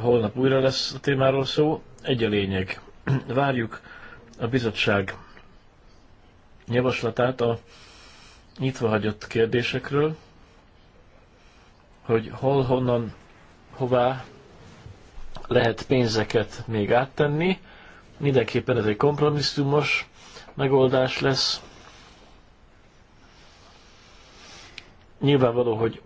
holnap újra lesz a témáról szó. Egy a lényeg. [CLEARS THROAT] Várjuk a bizottság javaslatát a nyitva hagyott kérdésekről, hogy hol, honnan, hová lehet pénzeket még áttenni. Mindenképpen ez egy kompromisszumos megoldás lesz. Nyilvánvaló, hogy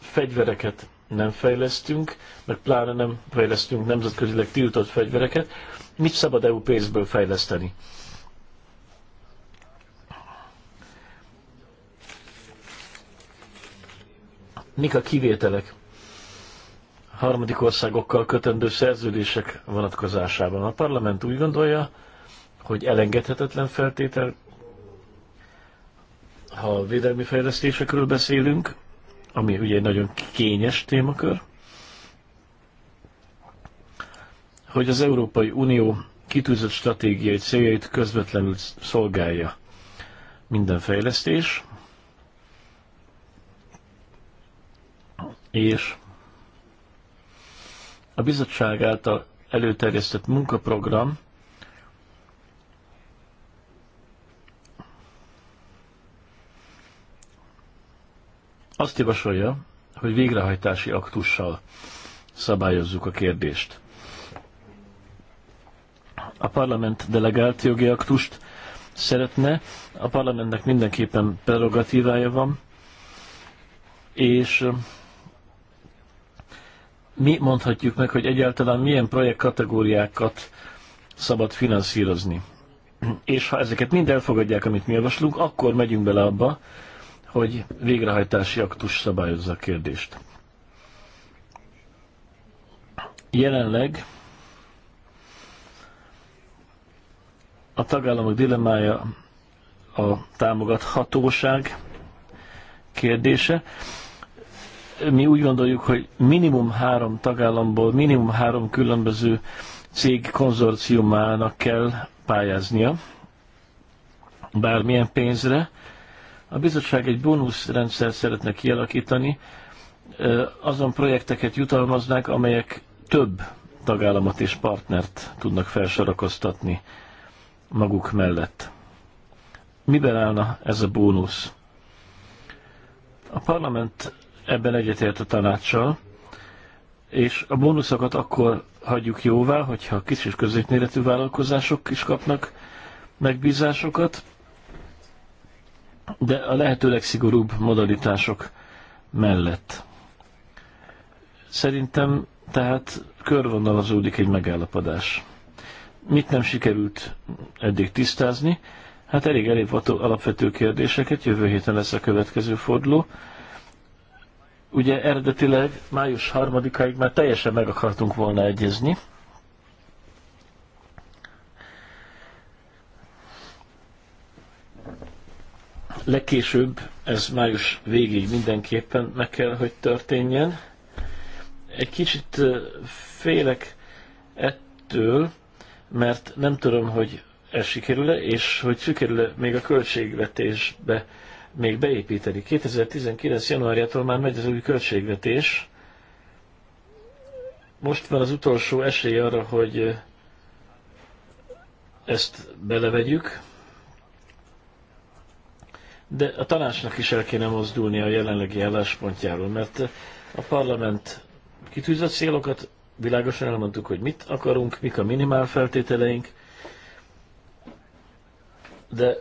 fegyvereket nem fejlesztünk, meg pláne nem fejlesztünk nemzetközileg tiltott fegyvereket. Mit szabad EU pénzből fejleszteni? Mik a kivételek harmadik országokkal kötendő szerződések vonatkozásában? A parlament úgy gondolja, hogy elengedhetetlen feltétel, ha a védelmi fejlesztésekről beszélünk, ami ugye egy nagyon kényes témakör, hogy az Európai Unió kitűzött stratégiai céljait közvetlenül szolgálja minden fejlesztés, és a bizottság által előterjesztett munkaprogram azt javasolja, hogy végrehajtási aktussal szabályozzuk a kérdést. A parlament delegált jogi aktust szeretne, a parlamentnek mindenképpen prerogatívája van, és mi mondhatjuk meg, hogy egyáltalán milyen projekt kategóriákat szabad finanszírozni. És ha ezeket mind elfogadják, amit mi javaslunk, akkor megyünk bele abba, hogy végrehajtási aktus szabályozza a kérdést. Jelenleg a tagállamok dilemmája a támogathatóság kérdése mi úgy gondoljuk, hogy minimum három tagállamból, minimum három különböző cég konzorciumának kell pályáznia bármilyen pénzre. A bizottság egy bónuszrendszer szeretne kialakítani, azon projekteket jutalmaznák, amelyek több tagállamot és partnert tudnak felsorakoztatni maguk mellett. Miben állna ez a bónusz? A parlament ebben egyetért a tanácssal, és a bónuszokat akkor hagyjuk jóvá, hogyha a kis és középméretű vállalkozások is kapnak megbízásokat, de a lehető legszigorúbb modalitások mellett. Szerintem tehát körvonalazódik egy megállapodás. Mit nem sikerült eddig tisztázni? Hát elég elég alapvető kérdéseket, jövő héten lesz a következő forduló. Ugye eredetileg május 3-áig már teljesen meg akartunk volna egyezni. Legkésőbb, ez május végéig mindenképpen meg kell, hogy történjen. Egy kicsit félek ettől, mert nem tudom, hogy ez sikerül-e, és hogy sikerül-e még a költségvetésbe még beépíteni. 2019. januárjától már megy az új költségvetés. Most van az utolsó esély arra, hogy ezt belevegyük, de a tanácsnak is el kéne mozdulni a jelenlegi álláspontjáról, mert a parlament kitűzött célokat, világosan elmondtuk, hogy mit akarunk, mik a minimál feltételeink, de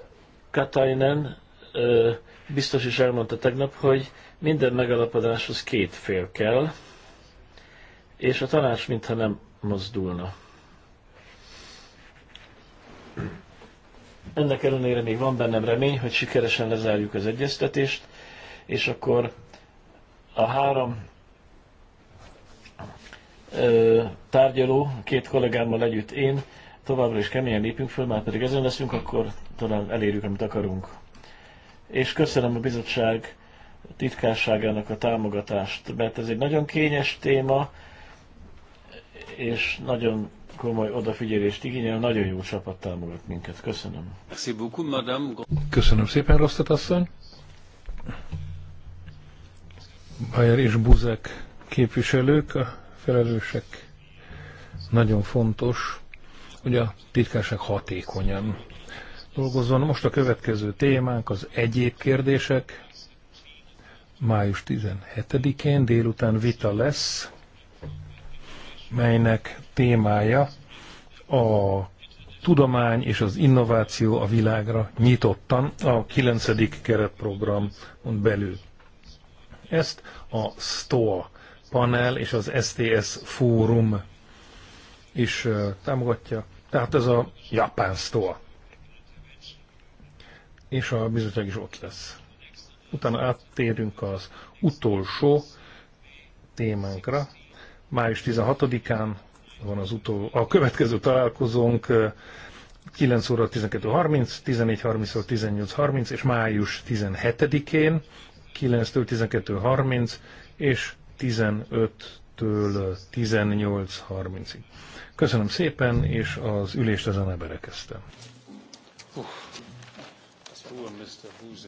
Katainen biztos is elmondta tegnap, hogy minden megalapodáshoz két fél kell, és a tanács mintha nem mozdulna. Ennek ellenére még van bennem remény, hogy sikeresen lezárjuk az egyeztetést, és akkor a három ö, tárgyaló, két kollégámmal együtt én, továbbra is keményen lépünk föl, már pedig ezen leszünk, akkor talán elérjük, amit akarunk és köszönöm a bizottság titkárságának a támogatást, mert ez egy nagyon kényes téma, és nagyon komoly odafigyelést igényel, nagyon jó csapat támogat minket. Köszönöm. Köszönöm szépen, Rosztat asszony. Bayer és Buzek képviselők, a felelősek. Nagyon fontos, hogy a titkárság hatékonyan dolgozzon. Most a következő témánk az egyéb kérdések. Május 17-én délután vita lesz, melynek témája a tudomány és az innováció a világra nyitottan a 9. keretprogramon belül. Ezt a STOA panel és az STS fórum is támogatja. Tehát ez a japán STOA és a bizottság is ott lesz. Utána áttérünk az utolsó témánkra. Május 16-án van az utol, a következő találkozónk 9 óra 12.30, 14.30-tól 18.30, és május 17-én 9-től 12.30, és 15-től 18.30-ig. Köszönöm szépen, és az ülést ezen berekeztem. Uh. Mr. Buzek.